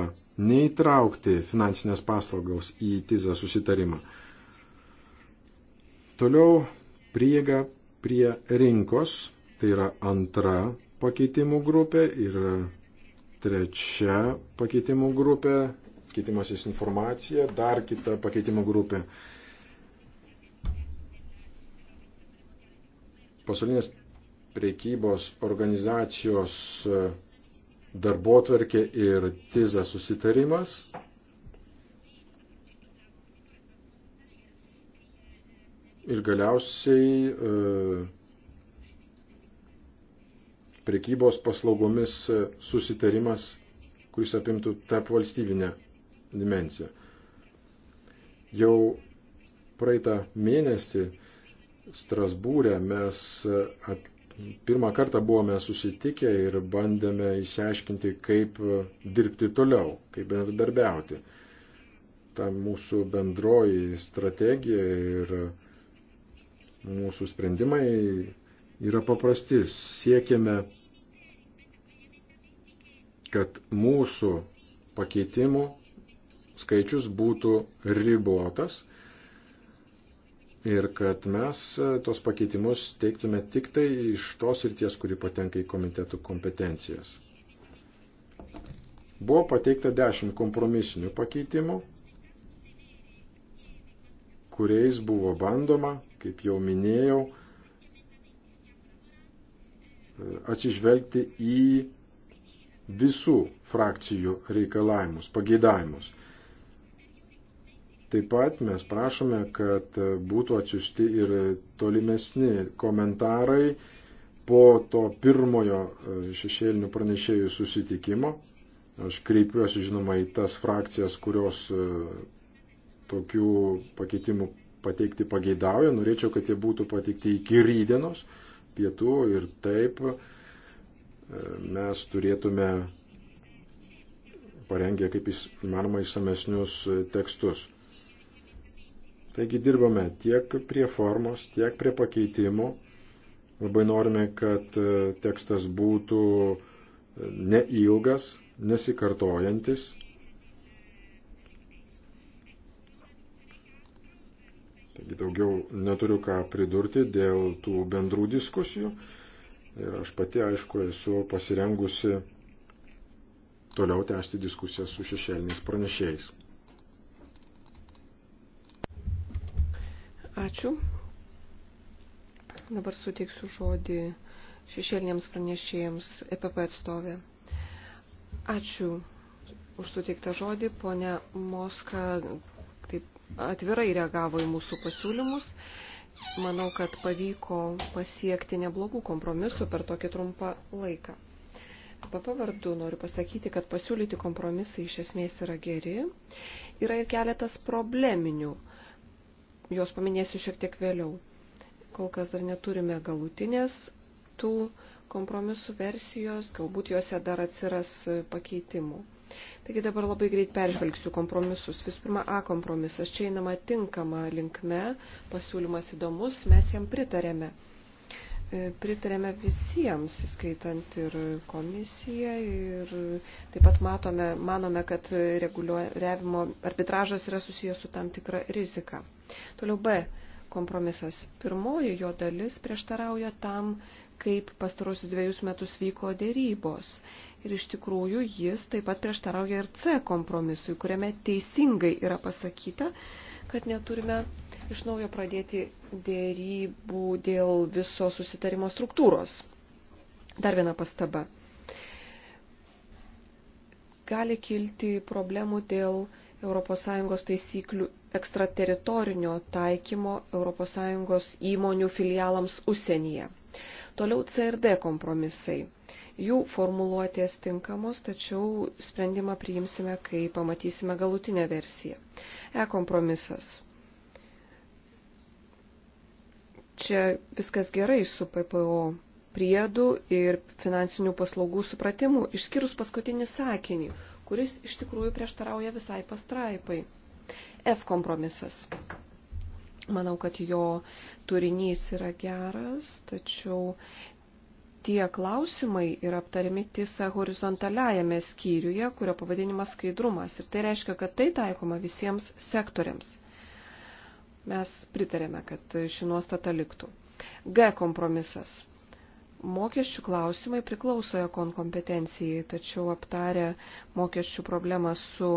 neįtraukti finansinės paslaugos į tizą susitarimą. Toliau prieiga prie rinkos, tai yra antra pakeitimų grupė ir trečia pakeitimų grupė, keitimasis informacija, dar kita pakeitimų grupė. Pasaulinės priekybos organizacijos e, darbotvarkė ir tiza susitarimas. Ir galiausiai e, prekybos paslaugomis e, susitarimas, kuris apimtų tarp valstybinę dimenciją. Jau praeitą mėnesį Strasbūrė mes e, at, pirmą kartą buvome susitikę ir bandėme išsiaiškinti, kaip e, dirbti toliau, kaip bendradarbiauti. Ta mūsų bendroji strategija ir mūsų sprendimai yra paprasti. Siekiame, kad mūsų pakeitimų skaičius būtų ribotas ir kad mes tos pakeitimus teiktume tik tai iš tos ryties, kuri patenka į komitetų kompetencijas. Buvo pateikta dešimt kompromisinių pakeitimų, kuriais buvo bandoma, kaip jau minėjau, atsižvelgti į visų frakcijų reikalavimus, pageidavimus. Taip pat mes prašome, kad būtų atsiusti ir tolimesni komentarai po to pirmojo e, šešėlinių pranešėjų susitikimo. Aš kreipiuosi, žinoma, į tas frakcijas, kurios e, tokių pakeitimų pateikti pageidauja. Norėčiau, kad jie būtų pateikti iki rydienos pietų ir taip e, mes turėtume parengę kaip įmanoma išsamesnius tekstus. Taigi dirbame tiek prie formos, tiek prie pakeitimų. Labai norime, kad e, tekstas būtų e, neilgas, nesikartojantis, Taigi daugiau neturiu ką pridurti dėl tų bendrų diskusijų. Ir aš pati, aišku, esu pasirengusi toliau tęsti diskusiją su šešėliniais pranešėjais. Ačiū. Dabar suteiksiu žodį šešėliniams pranešėjams EPP atstovė. Ačiū už suteiktą žodį. Pone Moska atvirai reagavo į mūsų pasiūlymus. Manau, kad pavyko pasiekti neblogų kompromisų per tokį trumpą laiką. PP vardu noriu pasakyti, kad pasiūlyti kompromisai iš esmės yra geri. Yra ir keletas probleminių. Juos paminėsiu šiek tiek vėliau. Kol kas dar neturime galutinės tų kompromisų versijos, galbūt juose dar atsiras pakeitimų. Taigi dabar labai greit peržvelgsiu kompromisus. Vis pirma, A kompromisas. Čia einama tinkama linkme, pasiūlymas įdomus, mes jam pritarėme. E, pritarėme visiems, įskaitant ir komisiją, ir taip pat matome, manome, kad reguliavimo arbitražas yra susijęs su tam tikra rizika. Toliau B kompromisas. Pirmoji jo dalis prieštarauja tam, kaip pastarosius dviejus metus vyko dėrybos. Ir iš tikrųjų jis taip pat prieštarauja ir C kompromisui, kuriame teisingai yra pasakyta, kad neturime iš naujo pradėti dėrybų dėl viso susitarimo struktūros. Dar viena pastaba. Gali kilti problemų dėl ES taisyklių ekstrateritorinio taikymo ES įmonių filialams užsienyje. Toliau C ir D kompromisai. Jų formuluotės tinkamos, tačiau sprendimą priimsime, kai pamatysime galutinę versiją. E kompromisas. Čia viskas gerai su PPO priedų ir finansinių paslaugų supratimu, išskyrus paskutinį sakinį, kuris iš tikrųjų prieštarauja visai pastraipai. F kompromisas. Manau, kad jo turinys yra geras, tačiau tie klausimai yra aptariami tiesa horizontaliajame skyriuje, kurio pavadinimas skaidrumas. Ir tai reiškia, kad tai taikoma visiems sektoriams. Mes pritarėme, kad ši nuostata liktų. G kompromisas. Mokesčių klausimai priklauso ekon kompetencijai, tačiau aptarę mokesčių problemą su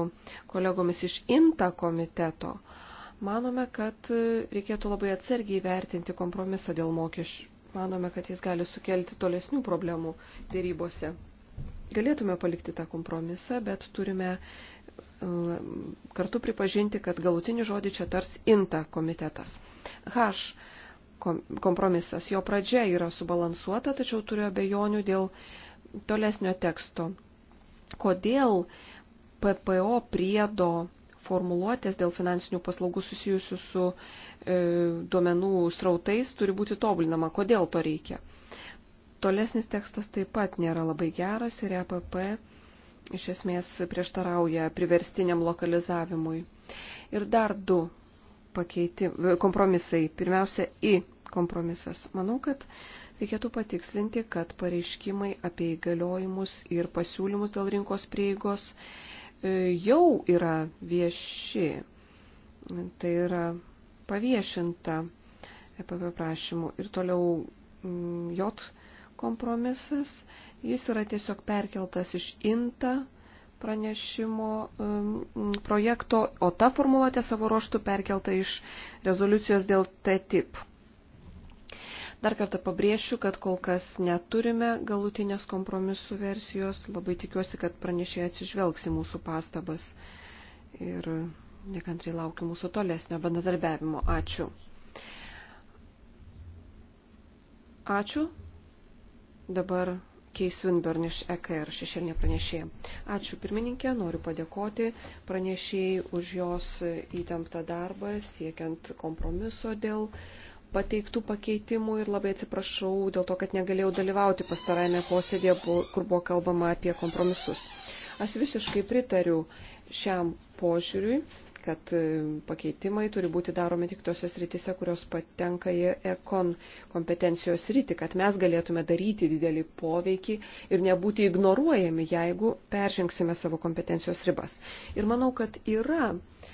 kolegomis iš INTA komiteto, uh, Manome, kad e, reikėtų labai atsargiai vertinti kompromisą dėl mokesčių. Manome, kad jis gali sukelti tolesnių problemų dėrybose. Galėtume palikti tą kompromisą, bet turime e, kartu pripažinti, kad galutinį žodį čia tars INTA komitetas. H kompromisas. Jo pradžia yra subalansuota, tačiau turiu abejonių dėl tolesnio teksto. Kodėl PPO priedo formuluotės dėl finansinių paslaugų susijusių su e, duomenų srautais turi būti tobulinama. Kodėl to reikia? Tolesnis tekstas taip pat nėra labai geras ir EPP iš esmės prieštarauja priverstiniam lokalizavimui. Ir dar du pakeiti, kompromisai. Pirmiausia, į kompromisas. Manau, kad reikėtų patikslinti, kad pareiškimai apie įgaliojimus ir pasiūlymus dėl rinkos prieigos E, jau yra vieši. Tai yra paviešinta EPP prašymų. Ir toliau mm, J kompromisas. Jis yra tiesiog perkeltas iš INTA pranešimo mm, projekto, o ta formuluotė savo ruoštų perkelta iš rezoliucijos dėl TTIP. Dar kartą pabrėšiu, kad kol kas neturime galutinės kompromisų versijos. Labai tikiuosi, kad pranešėjai atsižvelgsi mūsų pastabas ir nekantriai laukiu mūsų tolesnio bendradarbiavimo. Ačiū. Ačiū. Dabar Keis Winburn iš EKR šešėlinė pranešėja. Ačiū pirmininkė, noriu padėkoti pranešėjai už jos įtemptą darbą, siekiant kompromiso dėl pateiktų pakeitimų ir labai atsiprašau dėl to, kad negalėjau dalyvauti pastarajame posėdėje, kur buvo kalbama apie kompromisus. Aš visiškai pritariu šiam požiūriui, kad e, pakeitimai turi būti daromi tik tose sritise, kurios patenka į ekon kompetencijos sritį, kad mes galėtume daryti didelį poveikį ir nebūti ignoruojami, jeigu peržengsime savo kompetencijos ribas. Ir manau, kad yra uh,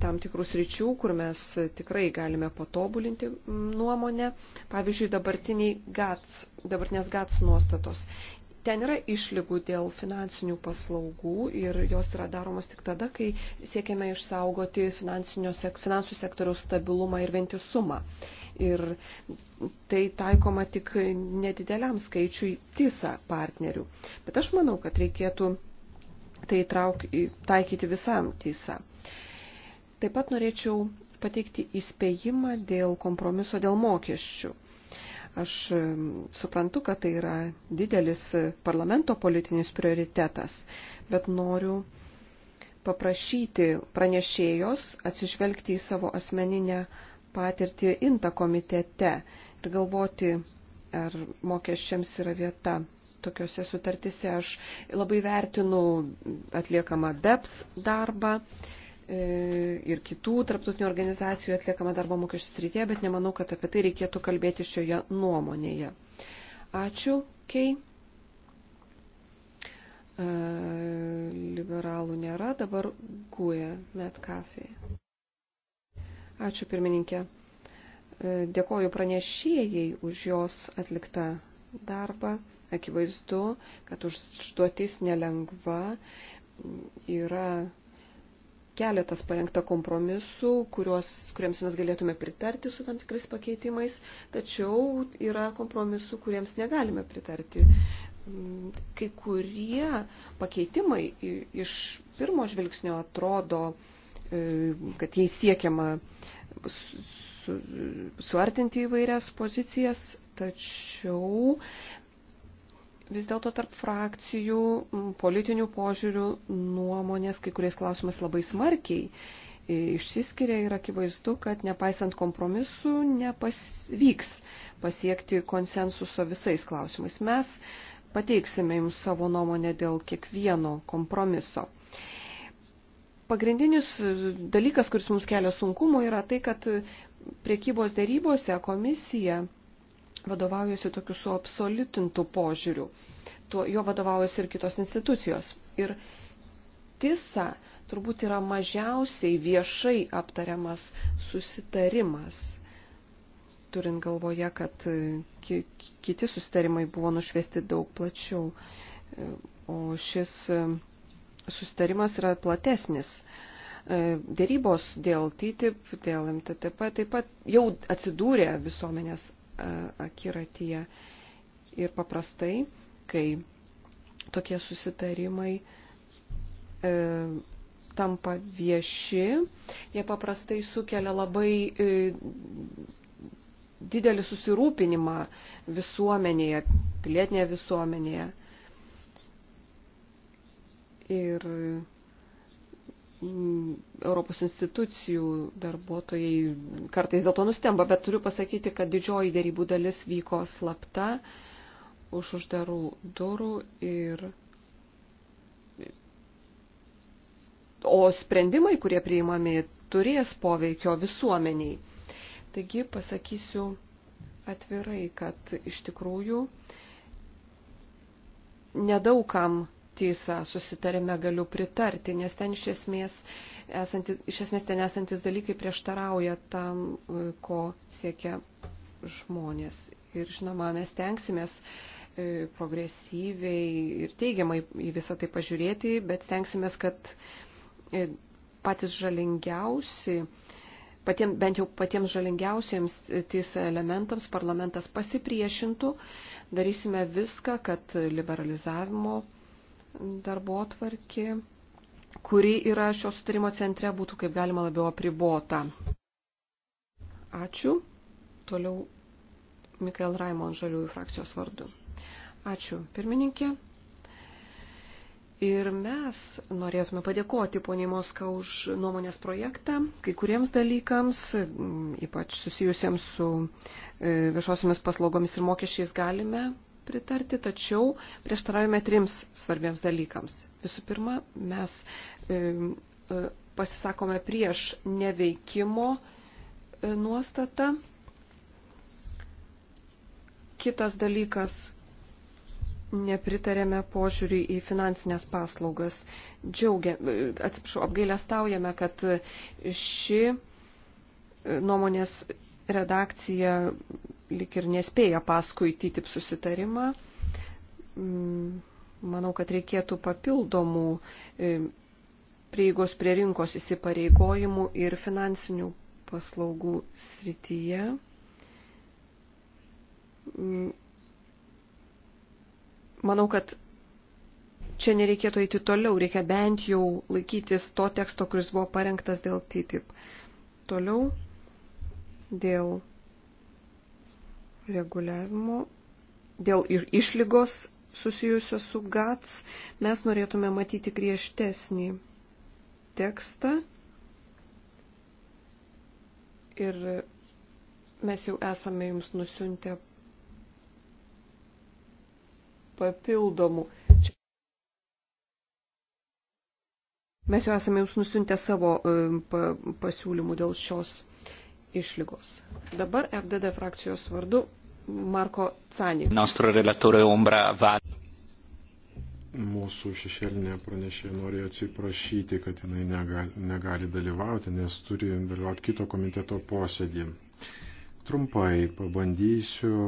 tam tikrus ryčių, kur mes tikrai galime patobulinti mm, nuomonę. Pavyzdžiui, GATS, dabartinės GATS nuostatos. Ten yra išlygų dėl finansinių paslaugų ir jos yra daromos tik tada, kai siekiame išsaugoti sek, finansų sektoriaus stabilumą ir ventisumą. Ir tai taikoma tik nedideliam skaičiui TISA partnerių. Bet aš manau, kad reikėtų tai trauk, taikyti visam TISA. Taip pat norėčiau pateikti įspėjimą dėl kompromiso dėl mokesčių. Aš suprantu, kad tai yra didelis parlamento politinis prioritetas, bet noriu paprašyti pranešėjos atsižvelgti į savo asmeninę patirtį INTA komitete ir galvoti, ar mokesčiams yra vieta tokiuose sutartise. Aš labai vertinu atliekamą BEPS darbą E, ir kitų tarptautinių organizacijų atliekama darbo mokesčių srityje, bet nemanau, kad apie tai reikėtų kalbėti šioje nuomonėje. Ačiū, Kei. E, liberalų nėra, dabar guė Metkafė. Ačiū pirmininkė. E, dėkoju pranešėjai už jos atliktą darbą. Akivaizdu, kad užduotis nelengva yra keletas parengta kompromisų, kuriuos, kuriems mes galėtume pritarti su tam tikrais pakeitimais, tačiau yra kompromisų, kuriems negalime pritarti. Mm, kai kurie pakeitimai iš pirmo žvilgsnio atrodo, e, kad jais siekiama suartinti įvairias pozicijas, tačiau vis dėlto tarp frakcijų politinių požiūrių nuomonės kai kuriais klausimais labai smarkiai e, išsiskiria ir akivaizdu, kad nepaisant kompromisų nepasvyks pasiekti konsensuso visais klausimais. Mes pateiksime jums savo nuomonę dėl kiekvieno kompromiso. Pagrindinis e, dalykas, kuris mums kelia sunkumų, yra tai, kad priekybos dėrybose komisija vadovaujuosi tokiu suabsoliutintu požiūriu. Tuo, jo vadovaujasi ir kitos institucijos. Ir tisa turbūt yra mažiausiai viešai aptariamas susitarimas, turint galvoje, kad e, ki, kiti susitarimai buvo nušviesti daug plačiau, e, o šis e, susitarimas yra platesnis. Dėrybos dėl TTIP, dėl MTTP taip pat jau atsidūrė visuomenės akiratyje. Ir paprastai, kai tokie susitarimai e, tampa vieši, jie paprastai sukelia labai e, didelį susirūpinimą visuomenėje, pilietinėje visuomenėje. Ir e, Mm, Europos institucijų darbuotojai kartais dėl to nustemba, bet turiu pasakyti, kad didžioji dėrybų dalis vyko slapta už uždarų durų ir. O sprendimai, kurie priimami, turės poveikio visuomeniai. Taigi pasakysiu atvirai, kad iš tikrųjų nedaugam tiesa susitarime galiu pritarti, nes ten iš esmės, esantis, iš esmės ten esantis dalykai prieštarauja tam, ko siekia žmonės. Ir žinoma, mes tenksimės e, progresyviai ir teigiamai į visą tai pažiūrėti, bet stengsimės, kad e, patys žalingiausi, patiem, bent jau patiems žalingiausiems e, tisa elementams parlamentas pasipriešintų, darysime viską, kad liberalizavimo darbo tvarkė, kuri yra šio sutarimo centre, būtų kaip galima labiau apribota. Ačiū. Toliau Mikael Raimon žaliųjų frakcijos vardu. Ačiū, pirmininkė. Ir mes norėtume padėkoti poniai Moska už nuomonės projektą, kai kuriems dalykams, ypač susijusiems su e, viešosiomis paslaugomis ir mokesčiais, galime pritarti, tačiau prieštaravime trims svarbiems dalykams. Visų pirma, mes e, e, pasisakome prieš neveikimo e, nuostatą. Kitas dalykas, nepritarėme požiūrį į finansinės paslaugas. Džiaugia, e, atsiprašau, apgailę staujame, kad ši e, nuomonės redakcija lik ir nespėja paskui TTIP susitarimą. Mm, manau, kad reikėtų papildomų e, prieigos prie rinkos įsipareigojimų ir finansinių paslaugų srityje. Mm, manau, kad čia nereikėtų eiti toliau, reikia bent jau laikytis to teksto, kuris buvo parengtas dėl TTIP. Toliau dėl reguliavimo, dėl išlygos susijusios su GATS, mes norėtume matyti griežtesnį tekstą. Ir mes jau esame jums nusiuntę papildomų. Mes jau esame jums nusiuntę savo e, pasiūlymų dėl šios išlygos. Dabar FDD frakcijos vardu Marko Cani. Mūsų šešėlinė pranešė norėjo atsiprašyti, kad jinai negali, negali dalyvauti, nes turi dalyvauti kito komiteto posėdį. Trumpai pabandysiu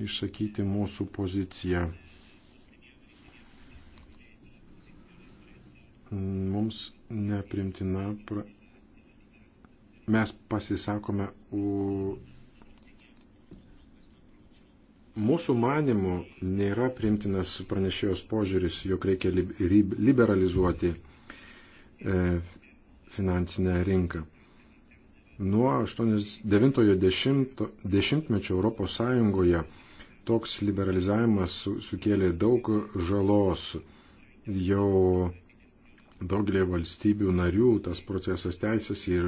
išsakyti mūsų poziciją. Mums neprimtina pra mes pasisakome u... Mūsų manimų nėra primtinas pranešėjos požiūris, jog reikia liberalizuoti e, finansinę rinką. Nuo 90-mečio Europos Sąjungoje toks liberalizavimas sukėlė daug žalos. Jau daugelį valstybių narių tas procesas teisės ir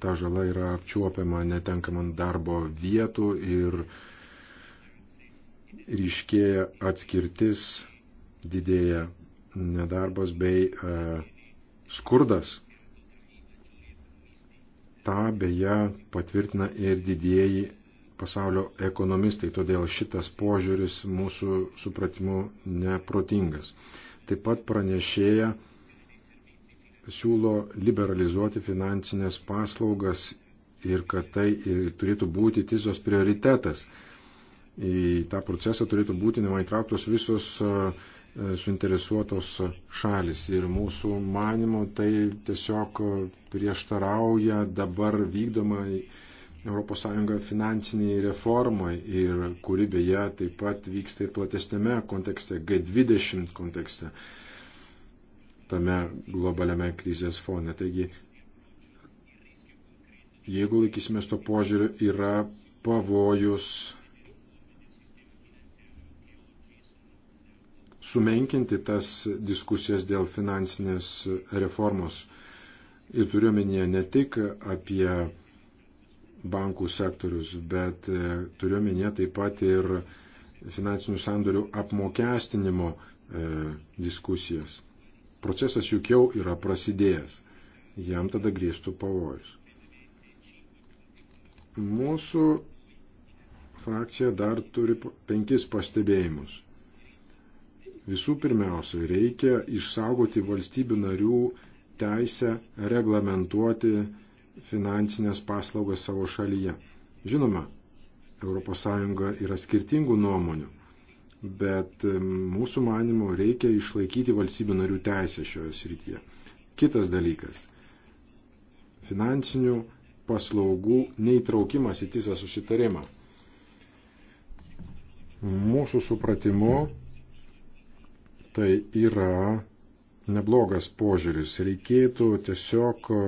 ta žala yra apčiuopiama, netenkamant darbo vietų ir ryškėja atskirtis, didėja nedarbas bei e, skurdas. Ta beje patvirtina ir didieji pasaulio ekonomistai, todėl šitas požiūris mūsų supratimu neprotingas. Taip pat pranešėja siūlo liberalizuoti finansinės paslaugas ir kad tai turėtų būti tizos prioritetas. Į tą procesą turėtų būti neįtrauktos visos e, suinteresuotos šalis. Ir mūsų manimo tai tiesiog prieštarauja dabar vykdomai ES finansiniai reformai ir kuri beje taip pat vyksta ir platesnėme kontekste, G20 kontekste tame globaliame krizės fone. Taigi, jeigu laikysime to požiūriu, yra pavojus sumenkinti tas diskusijas dėl finansinės reformos. Ir turiuomenėje ne tik apie bankų sektorius, bet e, turiuomenėje taip pat ir finansinių sandorių apmokestinimo e, diskusijas procesas juk jau yra prasidėjęs. Jam tada grėstų pavojus. Mūsų frakcija dar turi penkis pastebėjimus. Visų pirmiausia, reikia išsaugoti valstybių narių teisę reglamentuoti finansinės paslaugas savo šalyje. Žinoma, ES yra skirtingų nuomonių bet mūsų manimo reikia išlaikyti valstybių narių teisę šioje srityje. Kitas dalykas - finansinių paslaugų neįtraukimas į tisą susitarimą. Mūsų supratimu tai yra neblogas požiūris. Reikėtų tiesiog e,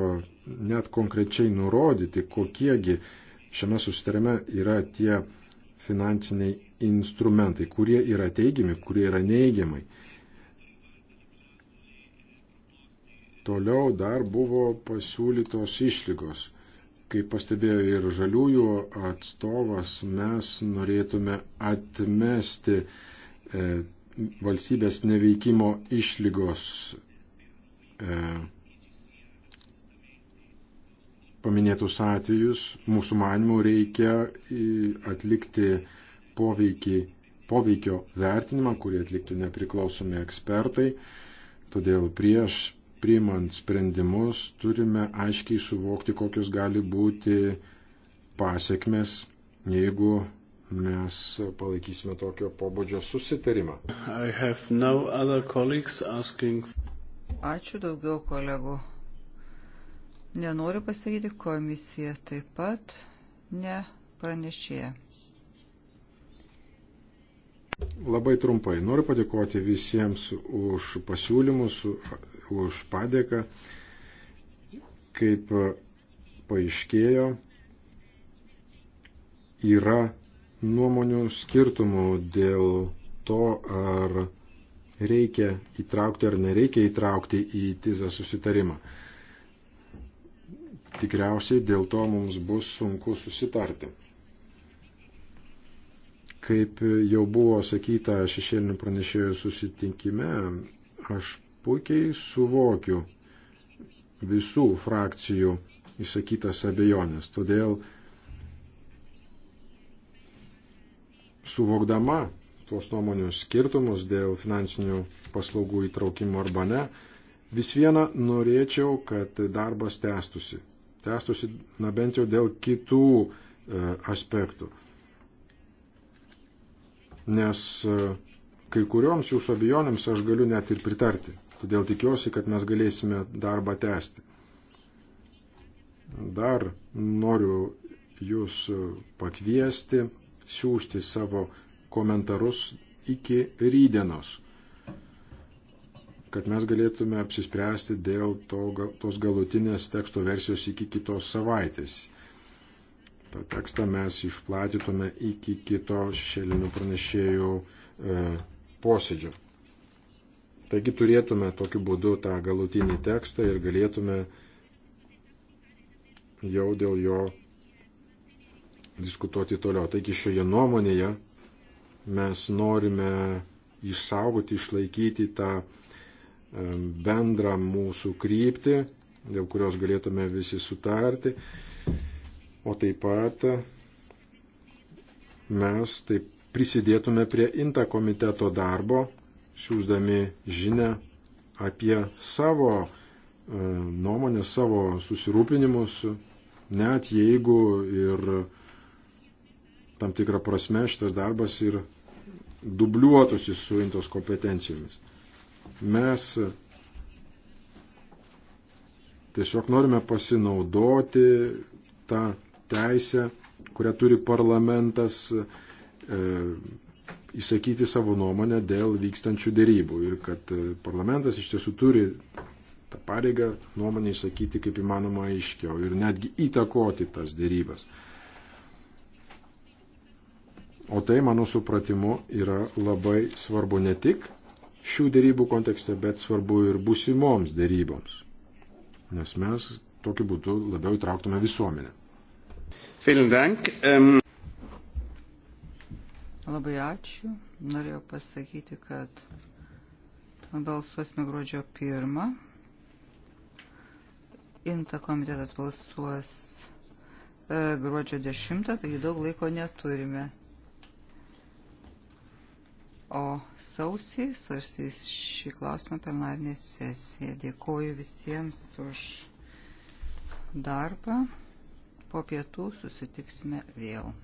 net konkrečiai nurodyti, kokiegi šiame susitarime yra tie finansiniai instrumentai, kurie yra teigiami, kurie yra neigiamai. Toliau dar buvo pasiūlytos išlygos. Kaip pastebėjo ir žaliųjų atstovas, mes norėtume atmesti e, valstybės neveikimo išlygos e, paminėtus atvejus. Mūsų manimų reikia atlikti e, poveikiai, poveikio vertinimą, kurį atliktų nepriklausomi ekspertai. Todėl prieš priimant sprendimus turime aiškiai suvokti, kokios gali būti pasiekmes, jeigu mes palaikysime tokio pobūdžio susitarimą. No asking... Ačiū daugiau kolegų. Nenoriu pasakyti, komisija taip pat ne pranešėja. Labai trumpai noriu padėkoti visiems už pasiūlymus, už padėką. Kaip paaiškėjo, yra nuomonių skirtumų dėl to, ar reikia įtraukti ar nereikia įtraukti į tizą susitarimą. Tikriausiai dėl to mums bus sunku susitarti. Kaip jau buvo sakyta šešėlinių pranešėjų susitinkime, aš puikiai suvokiu visų frakcijų įsakytas abejonės. Todėl suvokdama tuos nuomonių skirtumus dėl finansinių paslaugų įtraukimo arba ne, vis viena norėčiau, kad darbas tęstusi. Tęstusi, na bent jau dėl kitų e, aspektų nes e, kai kurioms jūsų abejonėms aš galiu net ir pritarti. Todėl tikiuosi, kad mes galėsime darbą tęsti. Dar noriu jūs pakviesti, siūsti savo komentarus iki rydienos, kad mes galėtume apsispręsti dėl to, tos galutinės teksto versijos iki kitos savaitės tą tekstą mes išplatytume iki kito šešėlinių pranešėjų e, posėdžio. Taigi turėtume tokiu būdu tą galutinį tekstą ir galėtume jau dėl jo diskutuoti toliau. Taigi šioje nuomonėje mes norime išsaugoti, išlaikyti tą e, bendrą mūsų kryptį, dėl kurios galėtume visi sutarti o taip pat mes taip prisidėtume prie INTA komiteto darbo, siūsdami žinę apie savo e, nuomonę, savo susirūpinimus, net jeigu ir tam tikrą prasme šitas darbas ir dubliuotųsi su intos kompetencijomis. Mes tiesiog norime pasinaudoti tą teisę, kurią turi parlamentas e, įsakyti savo nuomonę dėl vykstančių dėrybų ir kad e, parlamentas iš tiesų turi tą pareigą nuomonę išsakyti kaip įmanoma aiškiau ir netgi įtakoti tas dėrybas. O tai, mano supratimu, yra labai svarbu ne tik šių dėrybų kontekste, bet svarbu ir busimoms dėryboms. Nes mes tokiu būdu labiau įtrauktume visuomenę. Ähm, Labai ačiū. Norėjau pasakyti, kad balsuosime gruodžio pirmą. Inta komitetas balsuos e, gruodžio 10, taigi daug laiko neturime. O sausį svarstys šį klausimą plenarinė sesija. Dėkoju visiems už darbą po pietų susitiksime vėl.